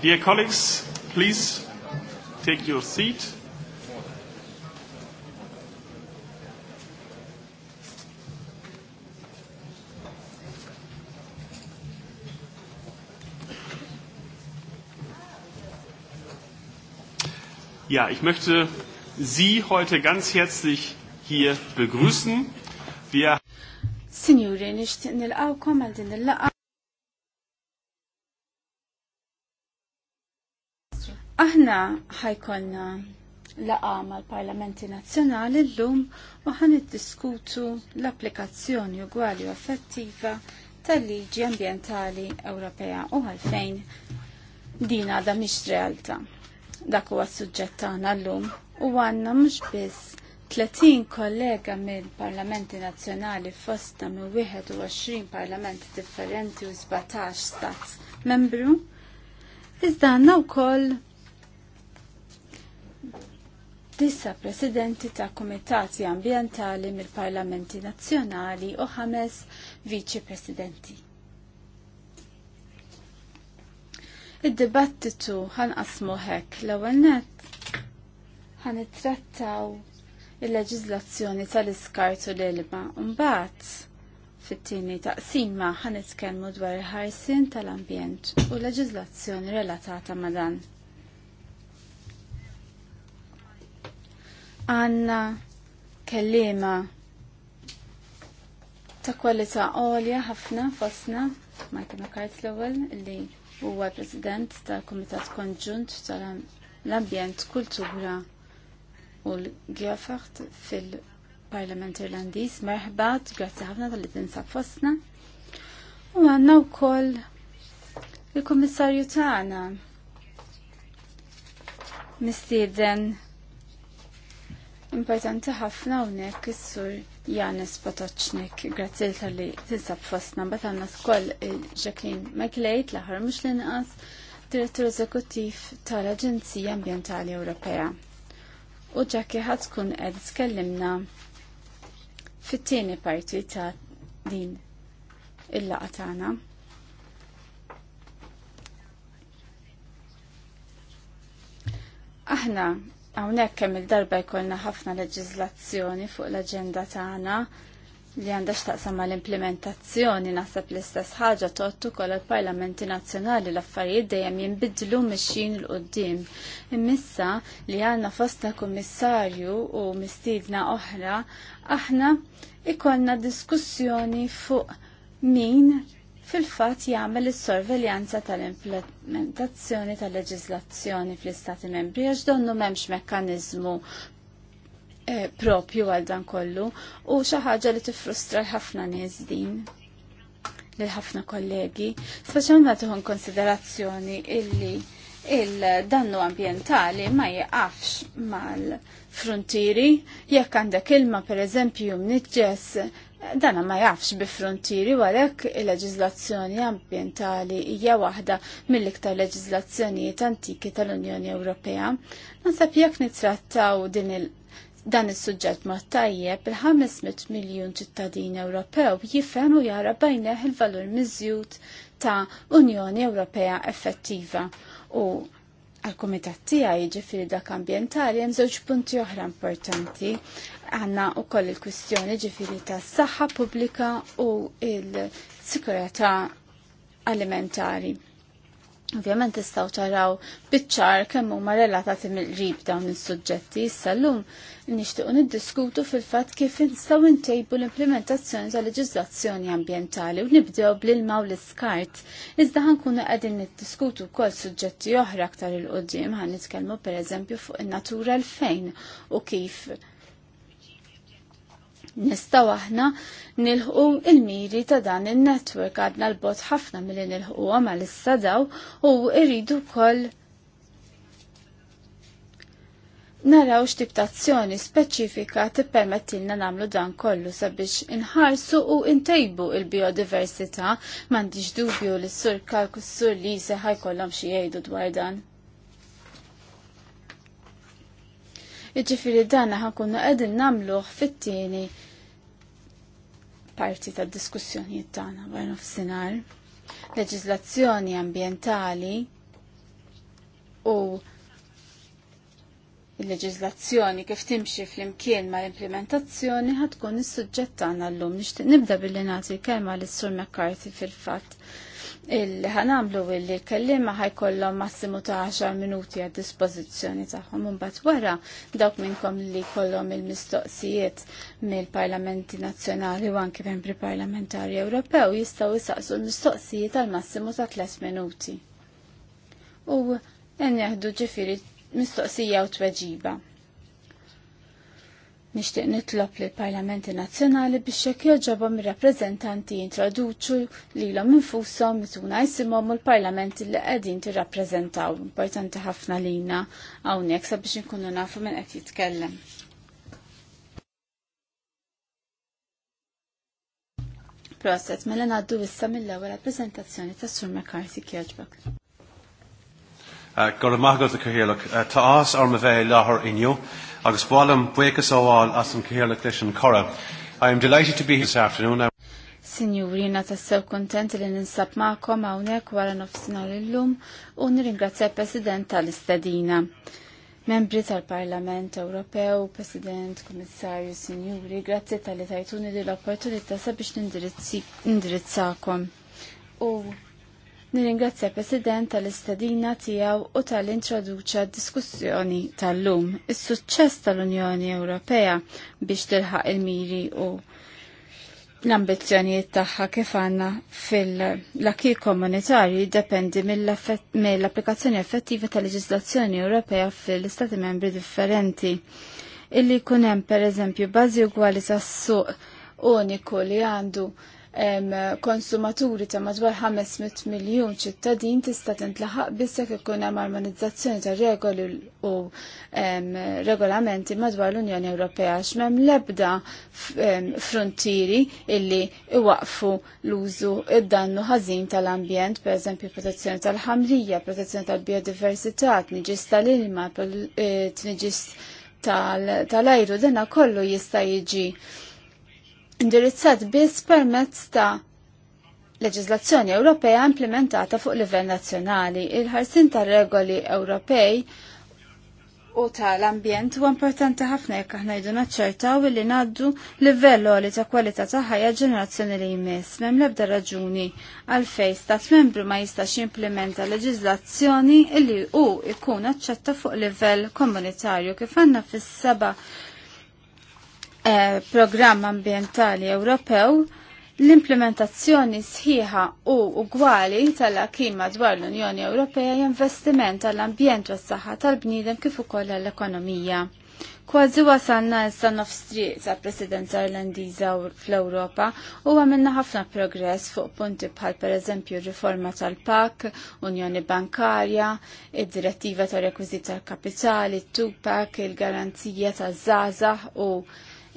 Dear colleagues, please take your seat. Ja, ich möchte Sie heute ganz herzlich hier begrüßen. Wir Signori, nishtiq nil għal din il-laqa Aħna ħajkonna laqa mal-Parlamenti Nazzjonali llum u ħan id-diskutu l-applikazzjoni ugwali u effettiva tal-liġi ambientali Ewropea u għalfejn din għadha mhix realtà. Dak huwa s-suġġett tagħna llum u għandna mhux biss 30 kollega mill-Parlamenti Nazzjonali fosta minn 21 Parlamenti differenti u 17 stat membru. Iżda għandna wkoll Tissa presidenti ta' komitati ambientali mill-parlamenti nazzjonali u ħames viċi presidenti. Id-dibattitu ħanqasmu hekk l-ewwel nett trattaw il-leġiżlazzjoni tal-iskartu l-ilma mbagħad fit-tieni taqsima ħanitkellmu dwar il-ħarsien tal-ambjent u leġizlazzjoni relatata ma' dan. għanna kellima ta' kwalità għolja ħafna fosna Michael McCart l ewel li huwa president tal-Kumitat Konġunt tal-Ambjent Kultura u l-Geofacht fil-Parlament Irlandiż. Merħba, grazzi ħafna tal-li tinsab fosna. U għandna wkoll il-Kummissarju Mr. Mistieden Importanti ħafna hawnhekk is-sur Janis Potocnik, grazzi tal-li tinsab fostna mbagħad għandna skoll Jacqueline McLeod l-aħħar mhux l-inqas direttur eżekuttiv tal-Aġenzija Ambjentali Ewropea. U Jackie ħad tkun qed tkellimna fit-tieni parti ta' din il-laqgħa tagħna. Aħna Hawnhekk kemm il-darba jkollna ħafna leġiżlazzjoni fuq l-aġenda tagħna li għandha x'taqsam mal-implementazzjoni naħseb l-istess ħaġa tottu ukoll il-Parlamenti Nazzjonali l-affarijiet dejjem jinbidlu mixin l qudiem Immissa li għandna fostna kummissarju u mistiedna oħra aħna ikollna diskussjoni fuq min fil-fatt jagħmel is-sorveljanza tal-implementazzjoni tal-leġiżlazzjoni fl-Istati Membri għax donnu m'hemmx mekkaniżmu eh, propju għal dan kollu u xi ħaġa li tiffrustra ħafna nies din lil ħafna kollegi, speċjalment tieħu konsiderazzjoni illi il-dannu ambientali ma jieqafx mal-frontieri, jekk għandek ilma per eżempju mniġġess dana ma jafx bi frontieri għalek il-leġiżlazzjoni ambjentali hija waħda mill-iktar leġiżlazzjonijiet antiki tal-Unjoni Ewropea. Nasab jekk nittrattaw din il- dan is-suġġett ma tajjeb il-500 miljun ċittadin Ewropew jifhem u jara bajneħ il-valur miżjud ta' Unjoni Ewropea effettiva u għal-komitat tiegħi jiġifieri dak ambientali hemm żewġ punti oħra importanti għanna u koll il-kwistjoni ġifiri ta' s-saxħa publika u il-sikurata alimentari. Ovvjament istaw taraw biċ-ċar kemm huma relatati mill-qrib dawn is-suġġetti issa llum nixtiequ niddiskutu fil-fatt kif nistgħu ntejbu l-implementazzjoni tal-leġiżlazzjoni ambjentali u nibdew bl-ilma u l-iskart. Iżda ħankunu qegħdin niddiskutu wkoll suġġetti oħra aktar il qudiem ħan nitkellmu pereżempju fuq in-natura l fejn u kif nistaw aħna nilħu il-miri ta' dan il-network għadna l-bot ħafna mill nilħu għama l daw u irridu kol naraw x'tiptazzjoni speċifika tippermettilna namlu dan kollu sabiex inħarsu u intajbu il-biodiversità m'għandix dubju l sur kalku s-sur li se ħajkollhom xi jgħidu dwar dan. Iġifiri dana ħankunna qegħdin nagħmluh fit-tieni parti tad diskussjonijiet tagħna wara f'sinar. Leġiżlazzjoni ambjentali u il-leġizlazzjoni kif timxi fl-imkien ma l-implementazzjoni ħatkun is-suġġett tagħna llum. Nixtieq nibda billi nagħti l-kelma lis sur McCarthy fil-fatt il ħanamlu illi l-kellima ħajkollhom massimu ta' 10 minuti għad dispożizzjoni tagħhom bat wara dawk minnkom li kollhom il-mistoqsijiet mill-Parlamenti Nazzjonali u anke membri parlamentari Ewropew jistgħu jisaqsu l-mistoqsijiet għal massimu ta' 3 minuti. U hemm jaħdu ġifieri mistoqsija u tweġiba. Nixtieq nitlob li parlamenti nazzjonali biex jekk jogħġobhom ir-rappreżentanti jintroduċu lilhom infushom mituna jsimhom u l-parlamenti li qegħdin tirrappreżentaw. Importanti ħafna lina hawnhekk sabiex inkunu nafu minn qed jitkellem. Proset, mela ngħaddu issa mill-ewwel rappreżentazzjoni ta' Sur McCarthy Kjoġbok. Għor maħgħod l-kħielok, ta' għas għor lahor laħor agus bhalam buchas óháil as an leis an chora. I am delighted to be here this afternoon. Sinjurina tassew kontent li ninsab ma'kom hawnhekk wara nofsinhar illum u nirringrazzja President tal istadina Membri tal-Parlament Ewropew, President, Kummissarju, Sinjuri, grazzi tal-li tajtuni li l-opportunità sabiex nindirizzakom. U Nirringrazzja President tal-istadina tiegħu u tal-introduċa diskussjoni tal-lum. Is-suċċess tal-Unjoni Ewropea biex tilħaq il-miri u l-ambizzjonijiet tagħha kif għandna fil-laki komunitarju jiddependi mill-applikazzjoni effettiva tal-leġislazzjoni Ewropea fil-Istati membri differenti. Illi jkun hemm pereżempju bażi ugwali tas-suq uniku li għandu konsumaturi ta' madwar 500 miljon ċittadin tista' tintlaħaq biss jekk ikun hemm armonizzazzjoni ta' regoli u regolamenti madwar l-Unjoni Ewropea għax m'hemm l-ebda frontieri illi iwaqfu l-użu id-dannu ħażin tal-ambjent, pereżempju protezzjoni tal-ħamrija, protezzjoni tal-biodiversità, tniġis tal-ilma, eh, tniġis tal-ajru, dena kollu jista' jiġi indirizzat biss permezz ta' leġislazzjoni Ewropea implementata fuq livell nazzjonali. Il-ħarsin ta' regoli Ewropej u tal-ambjent huwa importanti ħafna jekk aħna jdu naċċertaw li ngħaddu livell li ta' kwalità ta' ħajja ġenerazzjoni li jmiss. M'hemm l-ebda raġuni għalfejn stat membru ma jistax jimplementa leġiżlazzjoni li hu jkun aċċetta fuq livell komunitarju kif għandna fis-seba' E, programm ambientali Ewropew l-implementazzjoni sħiħa u ugwali tal-akima dwar l-Unjoni Ewropea jinvestiment għall-ambjent u s-saħħa tal-bniedem kif ukoll għall-ekonomija. Kważi wasalna issa nofstriq sa' presidenza irlandiża fl-Ewropa u għamilna ħafna progress fuq punti bħal pereżempju riforma tal-PAK, Unjoni Bankarja, id-direttiva tal rekwiżit tal-kapitali, 2 pac il-garanzija tal-żazah u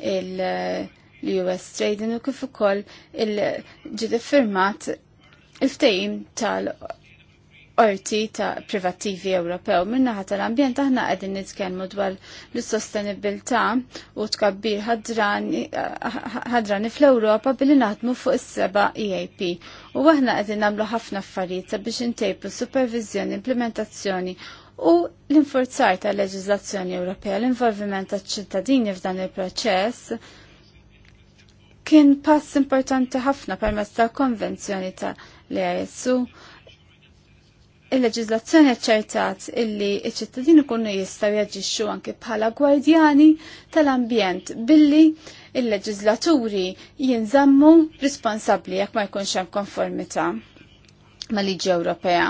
il-US Trading u kif ukoll il-ġid firmat il-ftejim tal- orti ta' privattivi Ewropew. Minnaħat tal-ambjent aħna qegħdin nitkellmu dwar l-sostenibilità u tkabbir ħadrani fl-Ewropa billi naħdmu fuq is-seba' EAP. U aħna qegħdin nagħmlu ħafna affarijiet biex intejpu supervizjoni, implementazzjoni u l-infurzar tal leġiżlazzjoni Ewropea, l-involviment ta' ċittadini f'dan il-proċess kien pass importanti ħafna permezz tal-konvenzjoni ta' l-ISU. Il-leġizlazzjoni ċertat illi iċ-ċittadini kunu jistaw jaġixxu anke bħala gwardjani tal-ambjent billi il-leġizlaturi jinżammu responsabli jekk ma jkunx hemm konformità mal-liġi Ewropea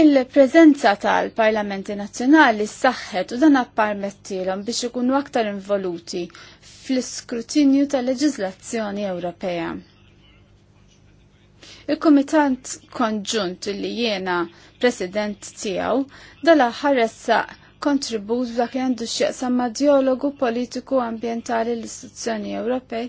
Il-prezenza tal-Parlamenti Nazzjonali s-saxħet u dan apparmettilhom biex ikunu aktar involuti fl-iskrutinju tal-leġiżlazzjoni Ewropea. il komitant Konġunt li jiena President tiegħu dala aħħar kontribut dak li għandu ma' dialogu politiku ambjentali l-istituzzjoni Ewropej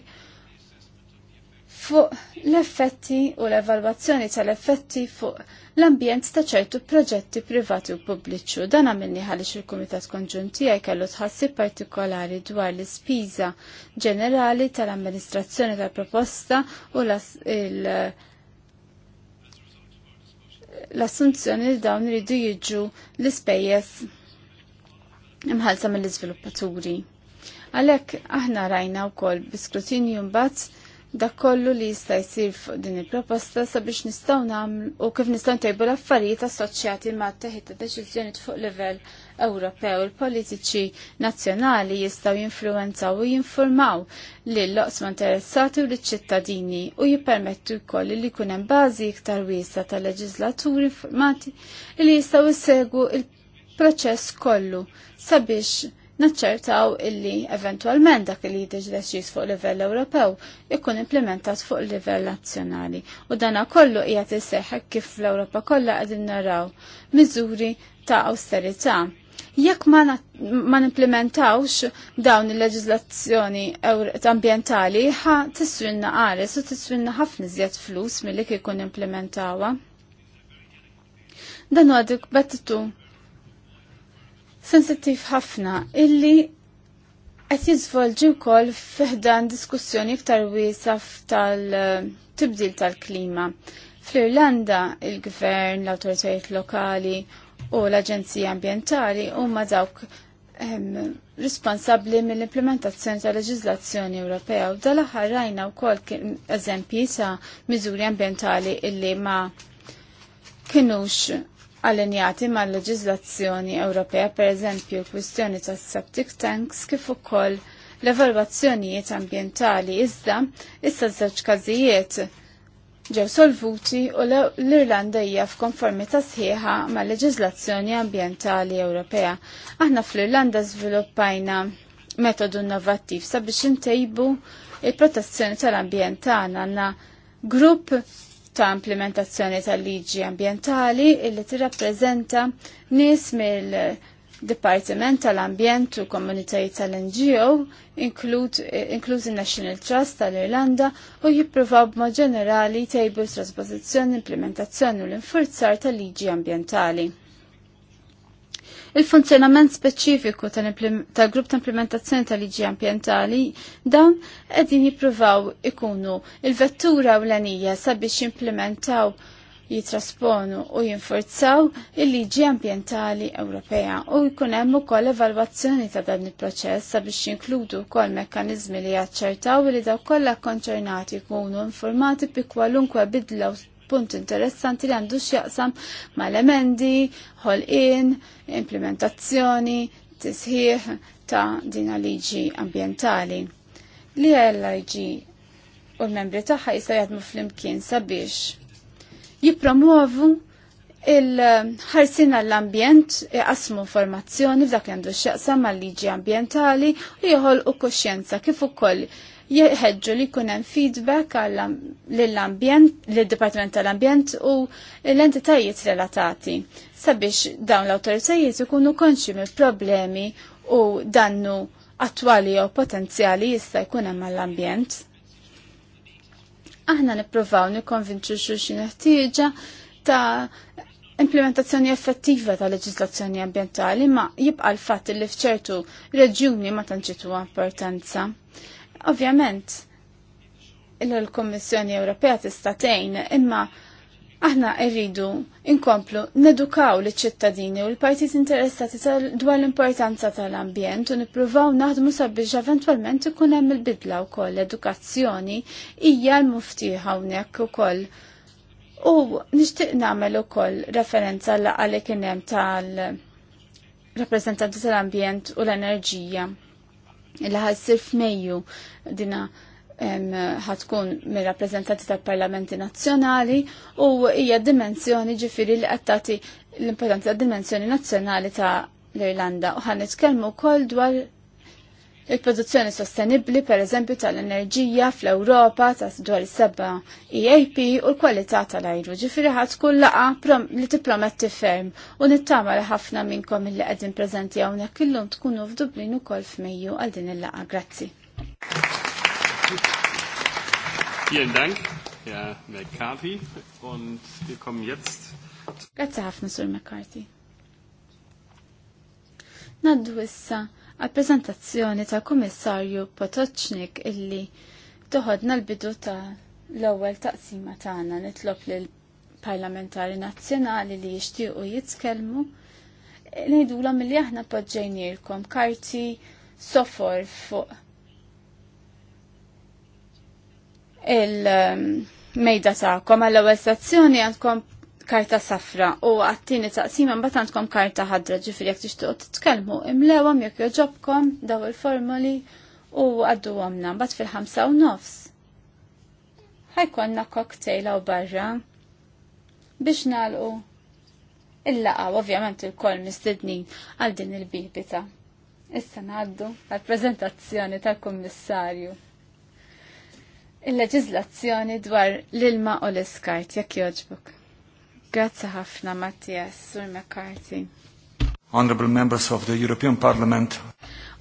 fuq l-effetti u l-evalwazzjoni tal-effetti fuq l-ambjent ta' ċertu proġetti privati u pubbliċu. Dan għamilni ħalix il-Kumitat Konġunti għaj kellu tħassib partikolari dwar l-ispiża ġenerali tal-amministrazzjoni tal-proposta u l-assunzjoni li dawn ridu jiġu l-ispejjeż imħalsa mill-iżviluppaturi. Għalhekk aħna rajna wkoll bi skrutinju mbagħad dak kollu li jista' jsir fuq din il-proposta sabiex nistgħu nagħmlu u kif nistgħu ntajbu l-affarijiet assoċjati ma' teħid ta' deċiżjoni fuq livell Ewropew. Il-politiċi nazzjonali jistgħu jinfluenzaw u jinformaw lil loqsma interessati u liċ-ċittadini u jippermettu wkoll li jkun hemm bażi iktar wiesa ta' leġislaturi informati li jistgħu jissegu il-proċess kollu sabiex naċċertaw illi eventualment dak li jiddeċiż fuq livell Ewropew ikun implementat fuq livell nazzjonali. U dana kollu qiegħed isseħħ kif fl-Ewropa kollha qegħdin naraw miżuri ta' austerità. Jekk ma nimplementawx dawn il-leġiżlazzjoni ambientali, ħa tiswilna għares u tiswilna ħafna iżjed flus milli kikun implementawa. Dan huwa dik bettitu sensittiv ħafna illi qed jiżvolġi wkoll fiħdan diskussjoni iktar wiesa tal-tibdil tal-klima. Fl-Irlanda il-gvern, l-awtoritajiet lokali u l-Aġenzija Ambientali huma dawk ehm, responsabbli mill-implementazzjoni tal leġizlazzjoni Ewropea u dal-aħħar rajna wkoll eżempji ta' miżuri ambientali illi ma kinux allinjati mal leġiżlazzjoni Ewropea pereżempju l-kwistjoni tas septic tanks kif ukoll l-evalwazzjonijiet ambjentali iżda issa żewġ każijiet ġew solvuti u l-Irlanda hija f'konformità sħiħa mal leġiżlazzjoni ambjentali Ewropea. Aħna fl-Irlanda żviluppajna metodu innovattiv sabiex intejbu il-protezzjoni tal-ambjent tagħna għandna grupp ta' implementazzjoni tal-liġi ambientali illi tirrappreżenta nies mill Dipartiment tal-Ambjent u Komunitajiet tal-NGO, inkluż il-National Trust tal-Irlanda u jippruvaw b'mod ġenerali tejbu s-trasposizzjoni, implementazzjoni u l-infurzar tal-liġi ambientali il-funzjonament speċifiku tal-grupp ta' implementazzjoni tal-liġi ambientali dawn qegħdin jippruvaw ikunu il-vettura ewlenija sabiex jimplementaw jitrasponu u jinforzaw il-liġi ambientali Ewropea u jkun hemm ukoll evalwazzjoni ta' dan il-proċess sabiex jinkludu wkoll mekkaniżmi li jaċċertaw li daw kollha konċernati jkunu informati bi kwalunkwe bidla punt interessanti li għandu x'jaqsam mal-emendi, ħolqien, implementazzjoni, tisħiħ ta' din liġi ambientali. Li liġi u l-membri tagħha jista' fl flimkien sabiex jippromuovu il ħarsina l ambjent jaqsmu informazzjoni f'dak jandu għandu x'jaqsam mal-liġi ambientali u jħol u koxjenza kif ukoll jieħedġu li kunem feedback l-ambjent, l-Departiment tal-Ambjent u l-entitajiet relatati sabiex dawn l-autoritajiet ikunu konxi mill problemi u dannu attwali jew potenzjali jista' jkun hemm mal ambjent Aħna nippruvaw nikkonvinċu xulxin ħtieġa ta' implementazzjoni effettiva ta' leġislazzjoni ambientali ma jibqa l-fatt li fċertu reġjuni ma tanċitu importanza. Ovvjament, il-Kommissjoni Ewropea tista' tgħin, imma aħna rridu inkomplu nedukaw li ċittadini u l-partit interessati dwar l-importanza tal-ambjent u nippruvaw naħdmu sabiex eventwalment ikun hemm il-bidla wkoll edukazzjoni hija l-muftiħ hawnhekk ukoll. U nixtieq nagħmel ukoll referenza laqgħa li kien hemm tal-rappreżentanti tal-ambjent u l-enerġija li ħassir f'Mejju dina ħatkun mir rappreżentanti tal-Parlamenti Nazzjonali u hija dimensjoni ġifiri li qed tagħti l-importanza tad dimensjoni nazzjonali ta' l-Irlanda u ħanitkellmu wkoll dwar il-produzzjoni sostenibli per eżempju tal-enerġija fl-Ewropa ta' dwar is-seba EAP u l-kwalità tal-ajru. Ġifieri ħadd kull laqa li tipprometti ferm u nittama li ħafna minnkom li qegħdin preżenti hawnhekk illum tkunu f'Dublin ukoll f'Mejju għal din il-laqa. Grazzi. Vielen Dank, Herr McCarthy. Und wir kommen jetzt. Grazie ħafna, Sur McCarthy. Naddu issa għal-prezentazzjoni ta' Kummissarju Potoċnik illi toħodna l-bidu ta' l-ewwel taqsima tagħna nitlob lil parlamentari nazzjonali li jixtiequ jitkellmu ngħidulhom milli aħna poġġejnielkom karti sofor fuq il-mejda tagħkom għall-ewwel stazzjoni għandkom karta safra u għattini taqsima mbagħad għandkom karta ħadra ġifieri jekk tixtieq titkellmu imlewhom jekk joġobkom daw il-formuli u għaddu għomna mbagħad fil-ħamsa u nofs. Ħajkonna koktejla u barra biex nalqu il-laqa ovvjament il kol mistednin għal din il-bibita. Issa ngħaddu għal-preżentazzjoni tal-Kummissarju. Il-leġizlazzjoni dwar l-ilma u l-iskart jekk joġbuk. Grazzi ħafna Mattias Sur McCarthy. Honorable members of the European Parliament.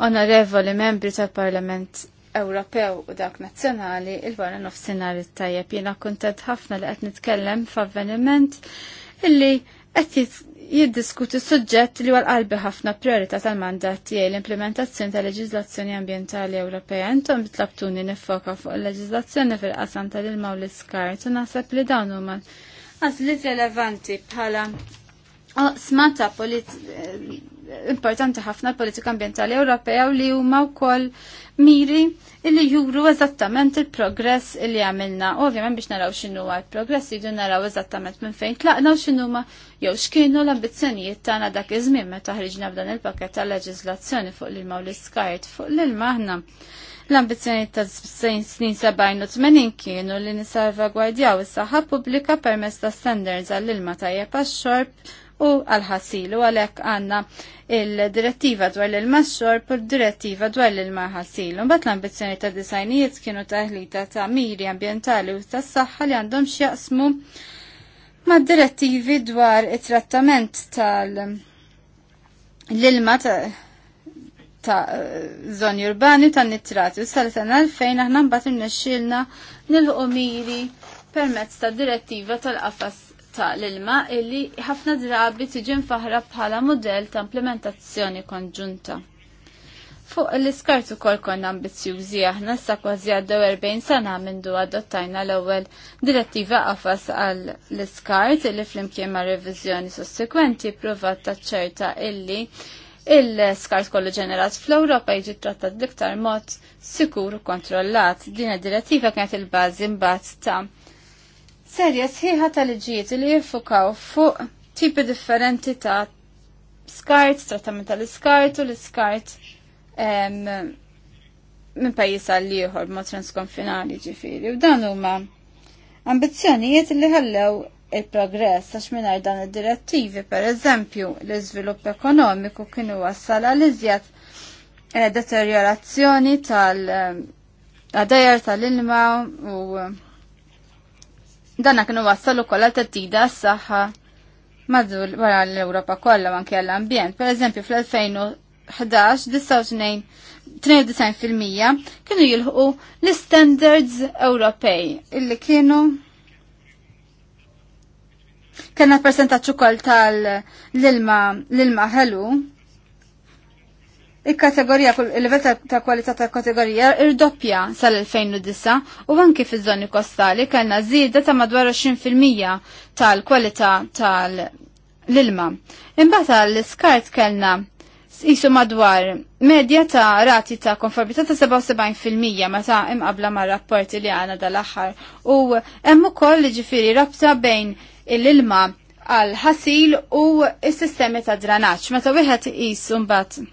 Onorevoli membri tal-Parlament Ewropew u dak nazzjonali il-wara nofsinhar it-tajjeb jiena kuntent ħafna li qed nitkellem f'avveniment illi qed jiddiskuti suġġett li għal qalbi ħafna priorità tal-mandat tiegħi l-implementazzjoni ta' leġiżlazzjoni ambjentali Ewropea. Intom bitlabtuni nifoka fuq il-leġiżlazzjoni fil-qasam tal-ilma u l u naħseb li dawn huma għażliet relevanti bħala smata importanti ħafna politika ambientali Ewropea u li huma wkoll miri illi juru eżattament il-progress li għamilna. Ovvjament biex naraw x'inhu l-progress jidu naraw eżattament minn fejn tlaqna u x'inhuma jew x'kienu l-ambizzjonijiet tagħna dak iż-żmien meta ħriġna b'dan il-pakket tal-leġiżlazzjoni fuq l-ilma u l-iskajt fuq l-ilma aħna L-ambizjoni ta' 90 snin 70 kienu li nisalvagwardjaw is-saħħa pubblika permezz ta' standards għall-ilma tajjeb għax-xorb u għal-ħasil u għalhekk għandna il-direttiva dwar l-ilma xorb u l-direttiva dwar l-ilma ħasil. Mbagħad l-ambizzjoni ta' disajnijiet kienu taħlita ta' miri ambjentali u tas-saħħa li għandhom x'jaqsmu ma' direttivi dwar it-trattament tal- l-ilma ta' zoni urbani ta' nitrati. sal-sena għalfejn aħna mbagħad irnexxielna nilħu miri permezz ta' direttiva tal-qafas ta' l-ilma illi ħafna drabi tiġi faħra bħala modell ta' implementazzjoni konġunta. Fuq l iskartu ukoll konna ambizzjużi aħna sa kważi għaddew 40 sena mindu adottajna l-ewwel direttiva qafas għal l-iskart illi flimkien ma' reviżjoni sostekwenti provat taċċerta illi il-skart kollu ġenerat fl-Ewropa jiġi trattat bliktar mod sikur u kontrollat. Din id-direttiva kienet il-bażi mbagħad ta' serja sħiħa tal-liġijiet li jiffukaw fuq tipi differenti ta' skart, trattament tal skart u l skart minn pajjiż għal liħor mod transkonfinali ġifiri. U dan huma ambizzjonijiet li ħallew il-progress għax minar dan id-direttivi, per eżempju, l-izvilupp ekonomiku kienu wassal għal iżjed eh, deteriorazzjoni tal-għadajer eh, tal-ilma u eh, danna kienu wassal ukoll t-tida s-saħħa madwar wara l-Ewropa kollha anke għall-ambjent. Per eżempju, fl-2011 dissaw 92% kienu jilħu l-standards Ewropej illi kienu kena percentaċ ukoll tal-ilma l-ilma ħelu. Il-kategorija, il-level ta' kwalità ta' kategorija ir-doppja sal-2009 u anki fiż-żoni kostali kellna zida ta' madwar 20% tal-kwalità tal-ilma. Imbagħad l skart kellna Isu madwar medja ta' rati ta' konformità ta' 77% meta imqabla ma' rapporti li għana dal-axar u hemm ukoll ġifiri rabta bejn l-ilma għal ħasil u s-sistemi ta' dranaċ. Meta wieħed iqis mbagħad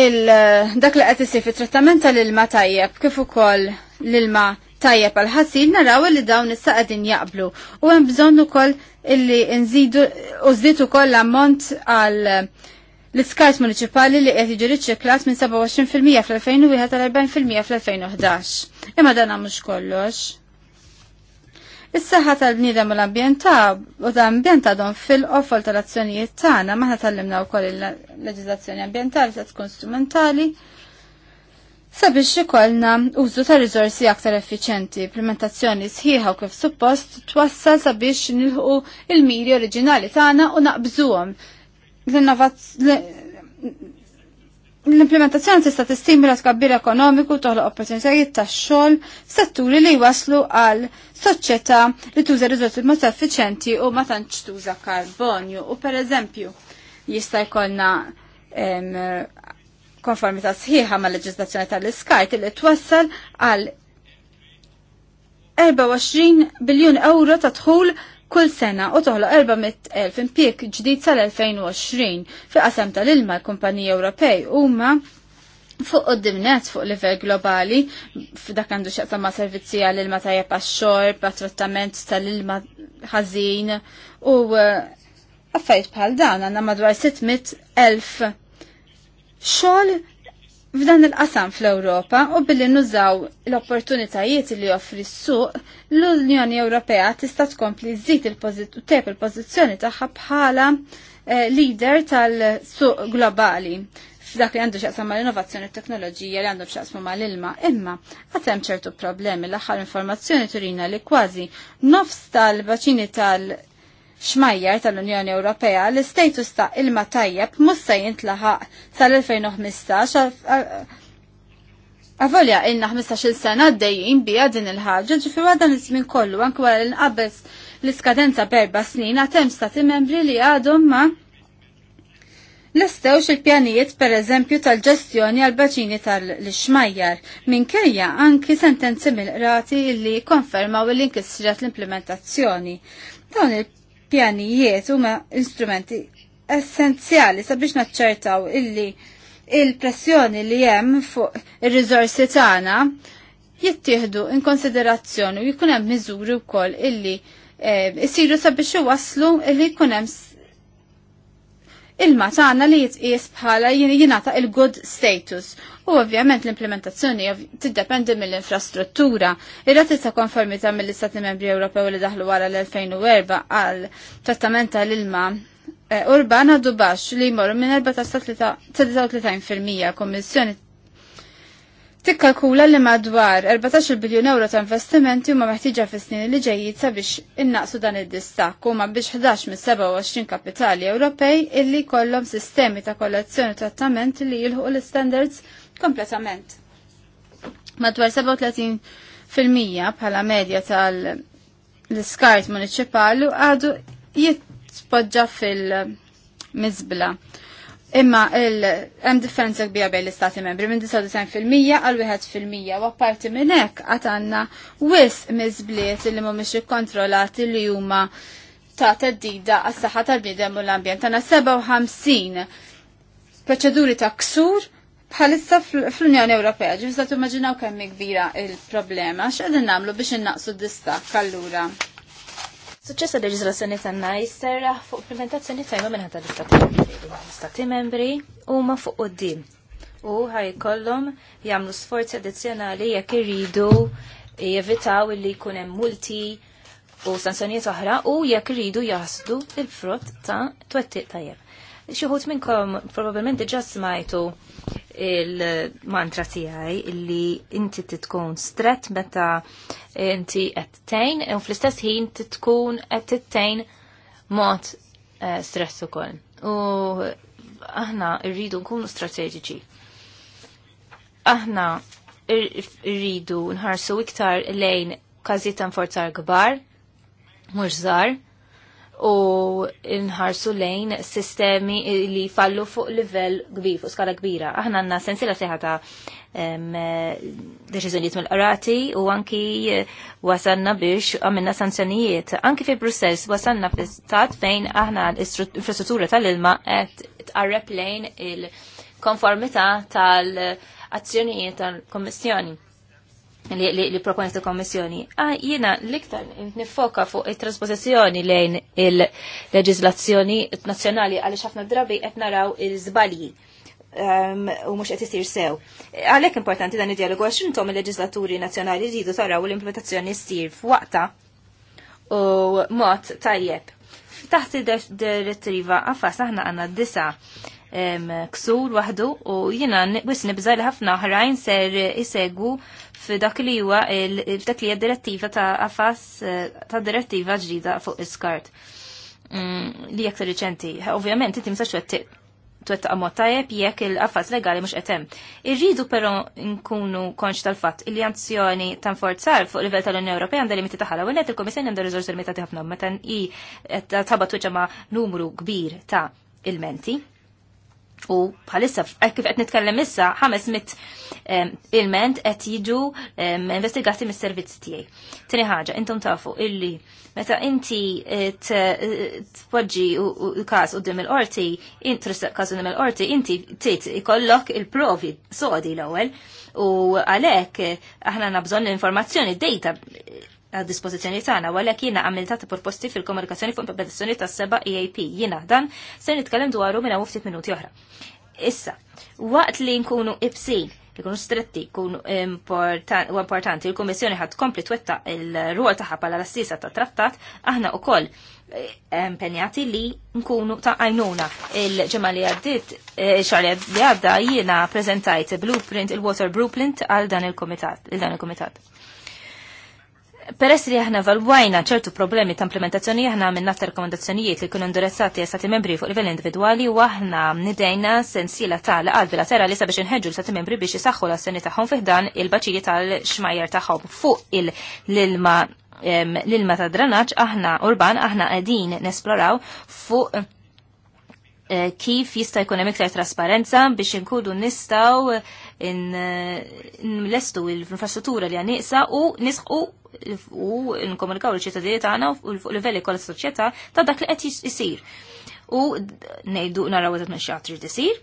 il-dak li qed isir fit-trattament tal-ilma tajjeb kif ukoll l-ilma tajjeb għal ħasil naraw li dawn issa qegħdin jaqblu u hemm bżonn ukoll illi nżidu u żdiet ukoll l-ammont għal l-iskart municipali li qed jiġi riċċiklat minn 27% fl-2001 tal-40% fl-2011. Imma dan mhux kollox. Is-saħħa tal-bniedem u l ambjenta u l-ambjent għadhom fil-qofol tal-azzjonijiet tagħna maħna tallimna wkoll il-leġiżlazzjoni ambjentali se tkun strumentali sabiex ikollna użu ta' riżorsi aktar effiċenti, implementazzjoni sħiħa u kif suppost twassal sabiex nilħu il-miri oriġinali tagħna u naqbżuhom l-implementazzjoni tista' tistimila tkabbir ekonomiku toħloq opportunitajiet tax-xogħol f'setturi li waslu għal soċjetà li tuża riżorsi mod effiċenti u ma tantx tuża karbonju. U pereżempju jista' jkollna konformità sħiħa mal leġislazzjoni tal-iskajt li twassal għal 24 biljun euro ta' dħul kull sena u toħloq 400.000 impjieg ġdid sal-2020 fi qasam tal-ilma l-kumpaniji Ewropej huma fuq dimnet fuq livell globali f'dak għandu xaqsam ma' servizzi għall-ilma tajjeb għax-xorb, trattament tal-ilma ħażin u għaffajt uh, bħal dan għanna madwar 600.000 xogħol f'dan il-qasam fl-Ewropa u billi nużaw l-opportunitajiet li joffri s-suq, l-Unjoni Ewropea tista' tkompli żżid il-pożizzjoni il-pożizzjoni tagħha bħala eh, leader tal-suq globali f'dak li għandu xaqsam mal innovazzjoni teknoloġija li għandu xaqsam mal ilma imma għatem ċertu problemi l aħħar informazzjoni turina li kważi nofs tal-baċini tal xmajjar tal-Unjoni Ewropea l istatus ta' ilma tajjeb mussa jintlaħaq sal-2015 Avolja ilna 15 sena għaddejjin bija din il-ħagġa ġifiru għadan iż-żmien kollu għal l-qabbes l-iskadenza berba snina tem stati membri li għadhom ma L-istewx il-pjanijiet per eżempju tal-ġestjoni għal-baċini tal-xmajjar minkejja anki sentenzi mill-rati li konfermaw l inkisġat l-implementazzjoni. Dawn il pjanijiet huma instrumenti essenzjali sabiex naċċertaw illi il-pressjoni li hemm fuq ir-riżorsi tagħna jittieħdu in konsiderazzjoni u jkun hemm miżuri wkoll illi eh, isiru sabiex iwasslu illi jkun hemm ilma tagħna li jitqies bħala jingħata il-good status. U ovvjament l-implementazzjoni tiddependi mill-infrastruttura. Ir-rati ta' konformità mill-Istati Membri Ewropew li daħlu wara l-2004 għal trattament tal-ilma eh, urbana dubax li jmorru minn 4 33% kommissjoni tikkalkula li madwar 14 biljun euro ta' investimenti huma meħtieġa fis-snin li ġejjin sabiex innaqsu dan id-distakk huma biex 11 mis-27 kapitali Ewropej illi kollhom sistemi ta' kollezzjoni trattament li jilħu l-standards kompletament. Madwar 37 fil-mija bħala medja tal l-iskart municipali għadu jitpoġġa fil-mizbla. Imma il-em differenza kbira bejn l-istati membri minn 99% għal 1% u apparti minn hekk qatt għandna wis mizbliet li mhumiex ikkontrolati li huma ta' teddida għas saħħa tal-bniedem u l-ambjent. Għandna 57 proċeduri ta' ksur bħalissa fl-Unjoni Ewropea, ġifza timmaġinaw kemm kbira il-problema, x'qegħdin nagħmlu biex innaqsu d-distakk allura. Suċċessa leġislazzjoni tanna jisserra fuq implementazzjoni tajma minn ħata l-istati membri u ma fuq qoddim. U ħajkollhom jagħmlu sforzi addizzjonali jekk iridu jevitaw li jkun hemm multi u sanzjonijiet oħra u jekk iridu jaħsdu il-frott ta' twettiq tajjeb. Xuħut minnkom probabilment diġà smajtu il-mantra tijaj illi inti titkun stret meta inti qed tejn u fl-istess ħin titkun qed tittejn mod eh, stress ukoll. U aħna rridu nkunu strateġiċi. Aħna rridu nħarsu iktar lejn każijiet ta' forzar kbar, mhux żgħar, u nħarsu lejn sistemi li fallu fuq livell kbir, fuq skala kbira. Aħna għanna sensila seħa ta' deċiżjonijiet mill-qrati u anki wasanna biex għamilna sanzjonijiet. Anki fi Brussels wasanna fi stat fejn aħna l-infrastruttura tal-ilma qed tqarreb lejn il-konformità tal-azzjonijiet tal-Kommissjoni li proponi ta' kommissjoni. Ah, jina l-iktar nifoka fuq il-trasposizjoni lejn il-leġizlazzjoni nazjonali għal ħafna drabi qed naraw il-żbalji um, u mux qed isir sew. Għalhekk importanti dan id-dialogu għax intom il-leġislaturi nazzjonali jridu taraw l-implementazzjoni ssir f'waqta u mod tajjeb. Taħt id-direttiva għaffa aħna għandna disa' um, ksur waħdu, u jina wisni bżal ħafna ħrajn ser isegu f'dak li huwa f'dak li direttiva ta' qafas eh, ta' direttiva ġdida fuq iskart mm, li jekk riċenti. Ovvjament inti msax twettiq twettaq mod tajjeb jekk il-qafas legali mhux qed hemm. Irridu però nkunu konx tal-fatt li azzjoni ta' nforzar fuq livell tal-Unjoni Ewropea għandha limiti taħala u net il-Kummissjoni għandha riżorsi limitati ħafna meta hi qed tabat wiċċa ma' numru kbir ta' ilmenti U bħalissa, kif qed nitkellem issa, 500 ilment qed jiġu investigati mis-servizzi tiegħi. Tieni ħaġa, intom tafu illi meta inti eh, eh, tpoġġi l-każ qudiem il-qorti, intressaq każ qudiem il-qorti, inti tit ikollok il-provi sodi l-ewwel u għalhekk eh, aħna nabżon l-informazzjoni data għad-dispozizjoni tagħna, għalhekk jiena għamilta ta' proposti fil-komunikazzjoni fuq implementazzjoni ta' seba EAP. Jiena dan se nitkellem dwaru minn hawn ftit minuti oħra. Issa, waqt li nkunu ibsin ikunu stretti, jkunu u importanti, il-Komissjoni ħad kompli twetta il-ruol taħħa pala l-assisa ta' trattat, aħna u koll eh, impenjati li nkunu ta' għajnuna. Il-ġemma li għaddit, eh, xar li għadda jiena prezentajt blueprint, il-water blueprint għal dan il-komitat. Peress li aħna valwajna ċertu problemi ta' implementazzjoni aħna minna ta' rekomendazzjonijiet li kunu indirizzati jessati membri fuq livell individwali u aħna nidejna sensiela ta' laqal bilaterali sabiex nħedġu l sati membri biex jisaxħu l seni tagħhom fiħdan il-baċiri tal xmajer tagħhom fuq il-lilma ilma l-ilma ta' dranaċ aħna urban aħna qegħdin nesploraw fuq eh, kif jista' jkun hemm iktar trasparenza biex inkunu nistgħu eh, nlestu l-infrastruttura li għanniqsa u nisħu u nkomunikaw il-ċittadini tagħna u fuq livelli kollha s soċjetà ta' dak li qed isir. U ngħidu naraw qed mexxi trid isir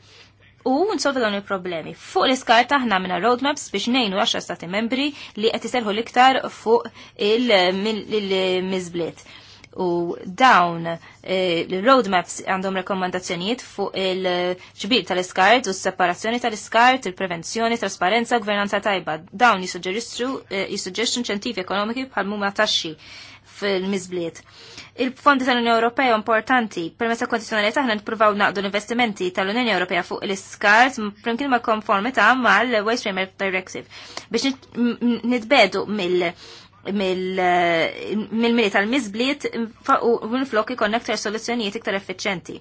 u nsolvu dawn il-problemi. Fuq l-iskarta aħna minna roadmaps biex nejnu 10 stati membri li qed iserħu l-iktar fuq il-miżbliet. il miżbliet il u dawn il-roadmaps eh, għandhom rekomandazzjonijiet fuq il-ġbir tal-iskart u s-separazzjoni tal-iskart, il-prevenzjoni, trasparenza, gvernanza tajba. Dawn jisuġġerixxu eh, inċentivi ekonomiki bħal mumma taxxi fil-mizbliet. Il-fondi tal-Unjoni Ewropea importanti, permessa ta' kondizjonalità aħna nippruvaw naqdu l-investimenti tal-Unjoni Ewropea fuq l-iskart flimkien ma' konformità mal-Waste Framework Directive biex nitbedu mill- mill-mini tal-mizbliet u minflok ikonnektar soluzzjonijiet iktar effiċenti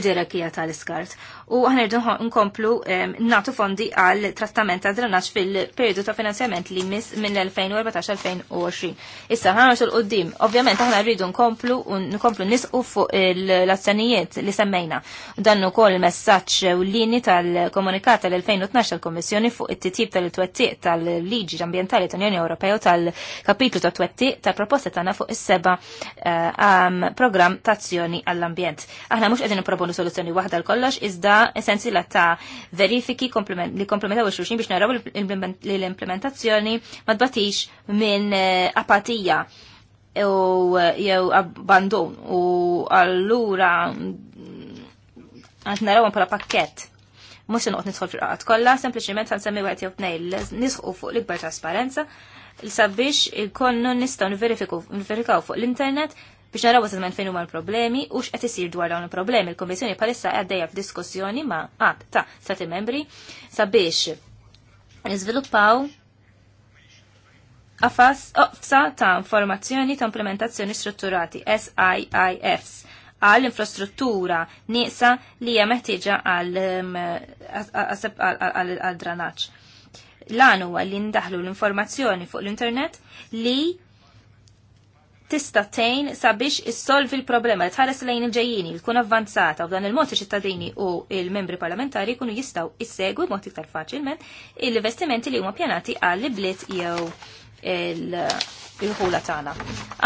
fil kija tal-iskart. U aħna rridu nkomplu natu fondi għal trattament ta' drenaġġ fil-periodu ta' finanzjament li miss minn l-2014-2020. Issa ħana xol qoddim. Ovvjament aħna rridu nkomplu u nkomplu nisqu fuq l-azzjonijiet li semmejna. Dan ukoll messaġġ u lini tal-komunikat tal-2012 tal-Kommissjoni fuq it-titjib tal-twettiq tal-liġi ambientali tal-Unjoni Ewropea tal-kapitlu ta' twettiq tal-proposta tagħna fuq is-seba eh, program tazzjoni għall-ambjent. Aħna mhux qegħdin ħajkunu soluzzjoni waħda l-kollox, iżda la ta' verifiki li komplementaw il-xulxin biex naraw li l-implementazzjoni ma tbatix minn eh, apatija u eh, jew abbandon u allura mm, għant narawon pala pakket mux nqot nidħol fil-qaqat kollha, sempliċiment ħansemmi wieħed jew tnejn nisħu fuq l-ikbar trasparenza sabiex konnu nistgħu nverifikaw fuq l-internet biex naraw eżattament fejn huma l-problemi u x'qed isir dwar dawn il-problemi. Il-Kommissjoni bħalissa għaddejja f'diskussjoni ma' qatt ta' stati membri sabiex niżviluppaw għafas oqsa ta' informazzjoni ta' implementazzjoni strutturati SIIFs għall infrastruttura nieqsa li hija meħtieġa għal um, dranaġġ. L-għan huwa li ndaħlu l-informazzjoni fuq l-internet li tista' tgħin sabiex issolvi l-problema li tħares lejn il-ġejjini li tkun avvanzata u dan il-mod iċ-ċittadini u il-membri parlamentari jkunu jistgħu issegwu b'mod iktar faċilment l-investimenti li huma pjanati għall bliet jew il-ħula tagħna.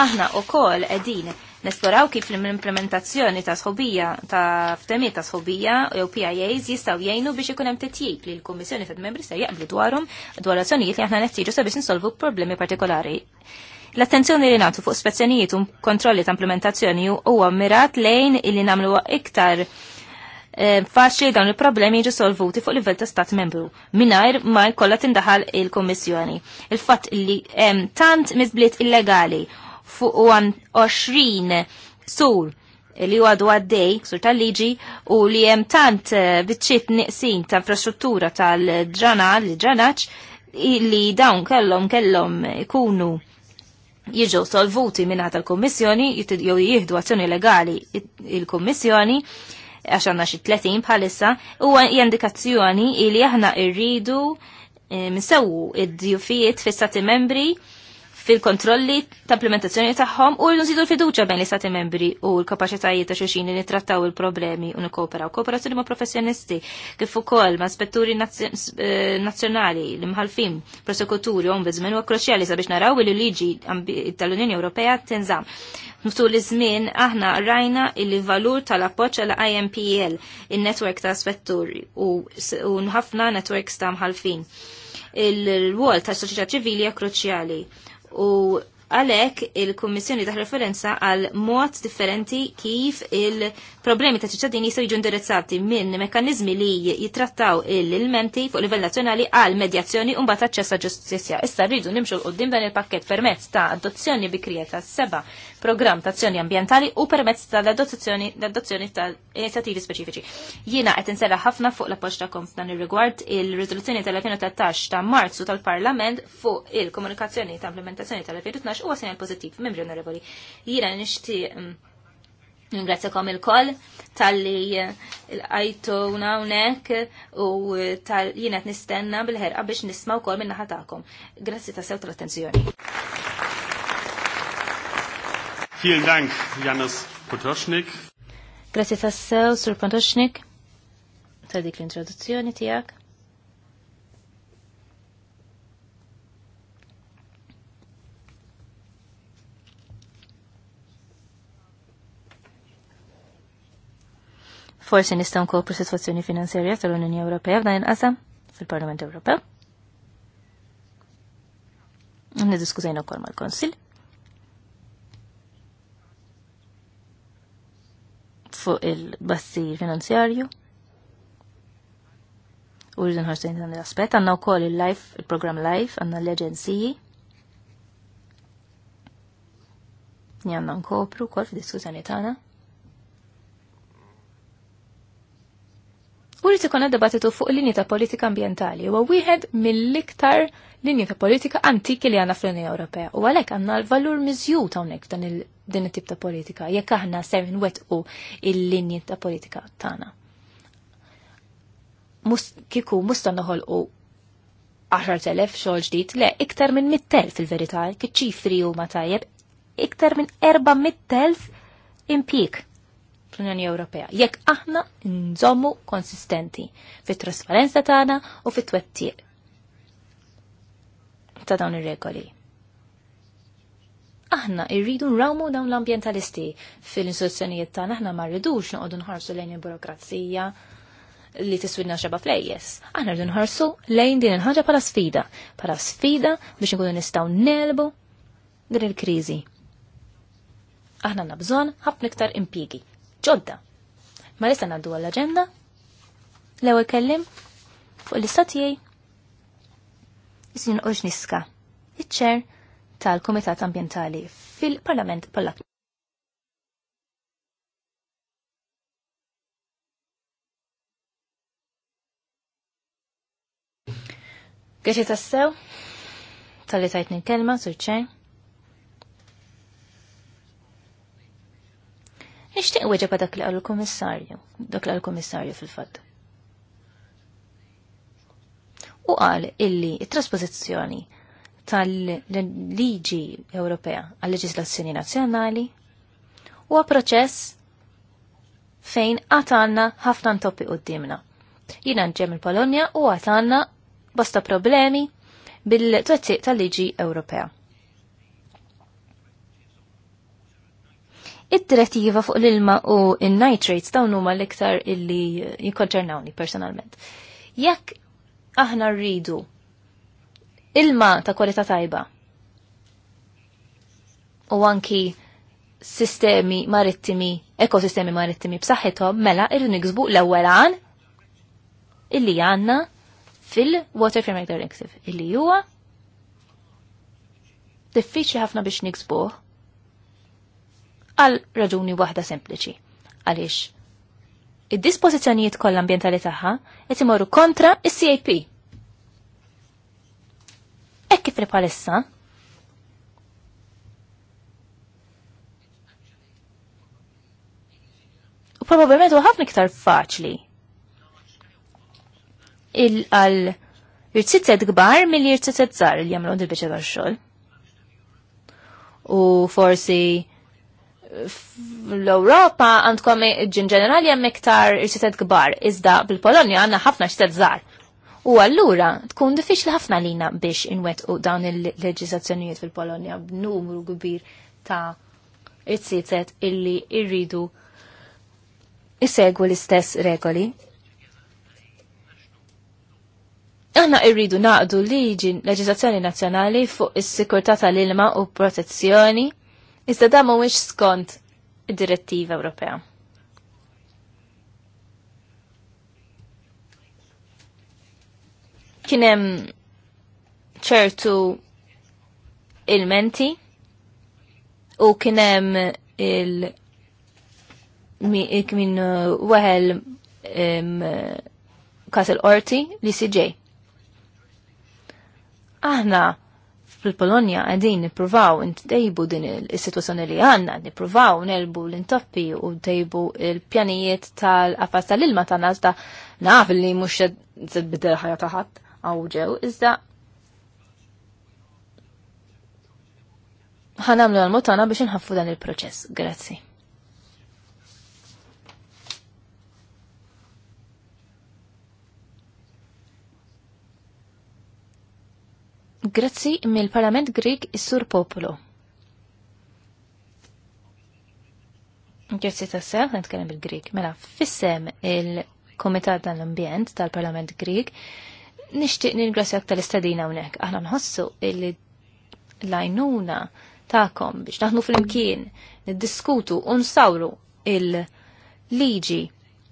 Aħna wkoll qegħdin Nesploraw kif l-implementazzjoni ta' sħobija ta' ftemiet ta' sħobija jew PIAs jistgħu jgħinu biex ikun hemm titjib li l-Kummissjoni ta' membri se jaqblu dwarhom dwar azzjonijiet li aħna neħtieġu sabiex insolvu problemi partikolari. L-attenzjoni li nagħtu fuq spezzjonijiet u kontrolli ta' implementazzjoni huwa mirat lejn illi nagħmluha iktar eh, faċli dawn il-problemi ġi solvuti fuq livell ta' stat membru mingħajr ma jkollha tindaħal il-Kummissjoni. Il-fatt li hemm tant mizbliet illegali fuq 20 sur li għadu għaddej, sur tal-liġi, u li jem tant eh, bitċiet niqsin ta' infrastruttura tal ġana li ġanaċ, li dawn kellom kellom ikunu jiġu solvuti minna tal-Kommissjoni jew jieħdu azzjoni legali il-Kommissjoni għax għandna xi 30 bħalissa huwa indikazzjoni li aħna rridu eh, nsewu id-djufijiet fis membri fil-kontrolli ta' implementazzjoni tagħhom u nżidu l-fiduċa bejn l-istati membri u l-kapaċitajiet ta' xulxin li nittrattaw il-problemi u nikkooperaw. Kooperazzjoni ma' professjonisti kif ukoll ma' spetturi eh, nazzjonali, l-imħalfin, prosekuturi, ombudsman huwa kruċjali sabiex naraw li l liġi tal-Unjoni Ewropea tinżamm. Mtu li żmien aħna rajna il-valur tal-appoċ għal IMPL, il-network ta' spetturi u nħafna networks ta' mħalfin. Il-wol ta' soċjetà ċivili hija kruċjali u għalek il-Kommissjoni taħ referenza għal mod differenti kif il-problemi ta' ċittadini jistaw jiġu indirizzati minn mekanizmi li jitrattaw il-menti fuq livell nazzjonali għal medjazzjoni un bat ċessa ġustizja. Issa rridu nimxu l-qoddim dan il-pakket permezz ta' adozzjoni bikrija ta' seba' programm ta' azzjoni ambientali u permezz tal-adozzjoni ta' inizjattivi speċifiċi. Jiena qed insera ħafna fuq l-appoġġ ta' dan ir-rigward il-riżoluzzjoni tal-2013 ta' Marzu tal-Parlament fuq il-komunikazzjoni ta' implementazzjoni tal-2012 huwa sinjal pożittiv, membri onorevoli. Jiena nixtieq Ringrazzjakom mm, il-koll tal-li għajtuna unek u tal-jienet nistenna bil-ħerqa biex nisma kol minna ħatakom. Grazzi ta' sew tal-attenzjoni. Vielen Dank, Janis Potocznik. Grazie tassew, Sur Potocznik, ta' dik l-introduzzjoni tijak. Forsi nistgħu nkopru sitwazzjoni finanzjarja tal-Unjoni Ewropea f'dan inqasam fil-Parlament Ewropew. Nidiskużejna wkoll mal-Konsil. fuq il-bassi finanzjarju. U rridu nħarsajn dan l-aspet, għanna u koll il-life, il-program life, għanna l-eġenziji. Njanna nkopru koll f-diskussjoni tana. U rridu konna debattitu fuq linji ta' politika ambientali u wieħed mill-iktar linji ta' politika antiki li għanna fl-Unjoni Ewropea. U għalek għanna l-valur miżjut hawnhekk dan il- din it-tip ta' politika, jekk aħna se nwettqu il-linji ta' politika tagħna. kiku musta noħolqu 10.000 xogħol ġdid, le, iktar minn 100.000 fil-verità, kiċifri huma tajjeb, iktar minn 400.000 impjieg fl-Unjoni Ewropea. Jekk aħna nżommu konsistenti fit-trasparenza tagħna u fit-twettiq ta' dawn ir-regoli aħna irridu nrawmu dawn l-ambientalisti fil-istituzzjonijiet tagħna aħna ma rridux noqogħdu nħarsu lejn il-burokrazija li tiswidna xeba flejjes. Aħna rridu nħarsu lejn din il-ħaġa bħala sfida, bħala sfida biex nkunu nistgħu nelbu din il-kriżi. Aħna għandna bżonn ħafna iktar impjiegi. Ġodda. Ma lista ngħaddu għall-aġenda l-ewwel kellim fuq l-istatijej. Isin sinjor niska iċ-ċer tal-Komitat Ambientali fil-Parlament Pollak. Għieċi tassew, tal-li tajtni kelma, surċen. Nishtiq weġeba dak li għal-komissarju, dak li għal-komissarju fil-fat. U għal illi it-trasposizjoni tal-liġi Ewropea għal leġislazzjoni nazzjonali huwa proċess fejn għatanna ħafna ntoppi d-dimna. Jina nġem il-Polonja u għatanna bosta problemi bil-twettiq tal-liġi Ewropea. Id-direttiva fuq l-ilma u il-nitrates dawn huma l-iktar illi jikkonċernawni personalment. Jekk aħna rridu ilma ta' kwalità tajba. U anki sistemi marittimi, ekosistemi marittimi b'saħħithom mela irridu niksbu l-ewwel għan illi għandna fil-Water Framework Directive illi huwa diffiċli ħafna biex niksbuh għal raġuni waħda sempliċi. Għaliex, id-dispożizzjonijiet kollha ambjentali tagħha qed imorru kontra is-CAP Ek kif palissa. U probabilment u ħafna iktar faċli. Il-għal jirtsitzet gbar mill jirtsitzet zar li jamlu għandil bieċa xol. U forsi l-Europa għandkom ġin ġenerali hemm iktar jirtsitzet gbar. iżda bil-Polonja għanna ħafna xtet zar. U allura tkun diffiċli ħafna lina biex inwet u dawn il-leġizazzjonijiet fil-Polonja b'numru kbir ta' irtsitet illi irridu isegwu l-istess regoli aħna irridu naqdu liġi leġislazzjoni nazzjonali fuq is-sikurtà tal-ilma u protezzjoni, iżda dan mhuwiex skont id-direttiva Ewropea. Kienem ċertu il-menti u kienem il- min uh, weħel kas il-orti li ġej. Aħna fil-Polonja għadin nipruvaw ntejbu din il-situazzjoni li għanna, nipruvaw nelbu l-intoppi u tejbu il-pjanijiet tal-qafas tal-ilma ta' nazda naf li mux t-bidder ħajja taħat għawġew, iżda ħanamlu għal-motana biex nħaffu dan il-proċess. Grazzi. Grazzi mill-Parlament Grieg is-Sur Popolo. Grazzi ta' sew, nitkellem bil-Grieg. Mela, fissem il-Komitat tal-Ambjent tal-Parlament Grieg nixtieq ningrassjak tal-istadina hawnhekk. Aħna nħossu illi lajnuna tagħkom biex naħnu fl-imkien niddiskutu u sawru il-liġi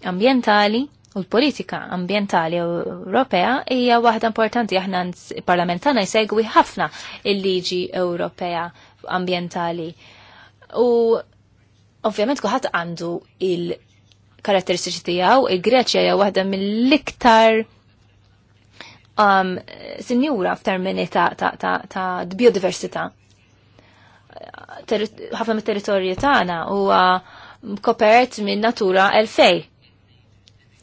ambjentali u l-politika ambjentali Ewropea hija waħda importanti aħna parlamentana jsegwi ħafna il-liġi Ewropea ambjentali. U ovvjament kuħat għandu il- karatteristiċi tijaw, il-Greċja hija waħda mill-iktar um, sinjura f'termini ta', ta, ta, ta biodiversità. ħafna mit territorji tagħna huwa kopert minn natura elfej.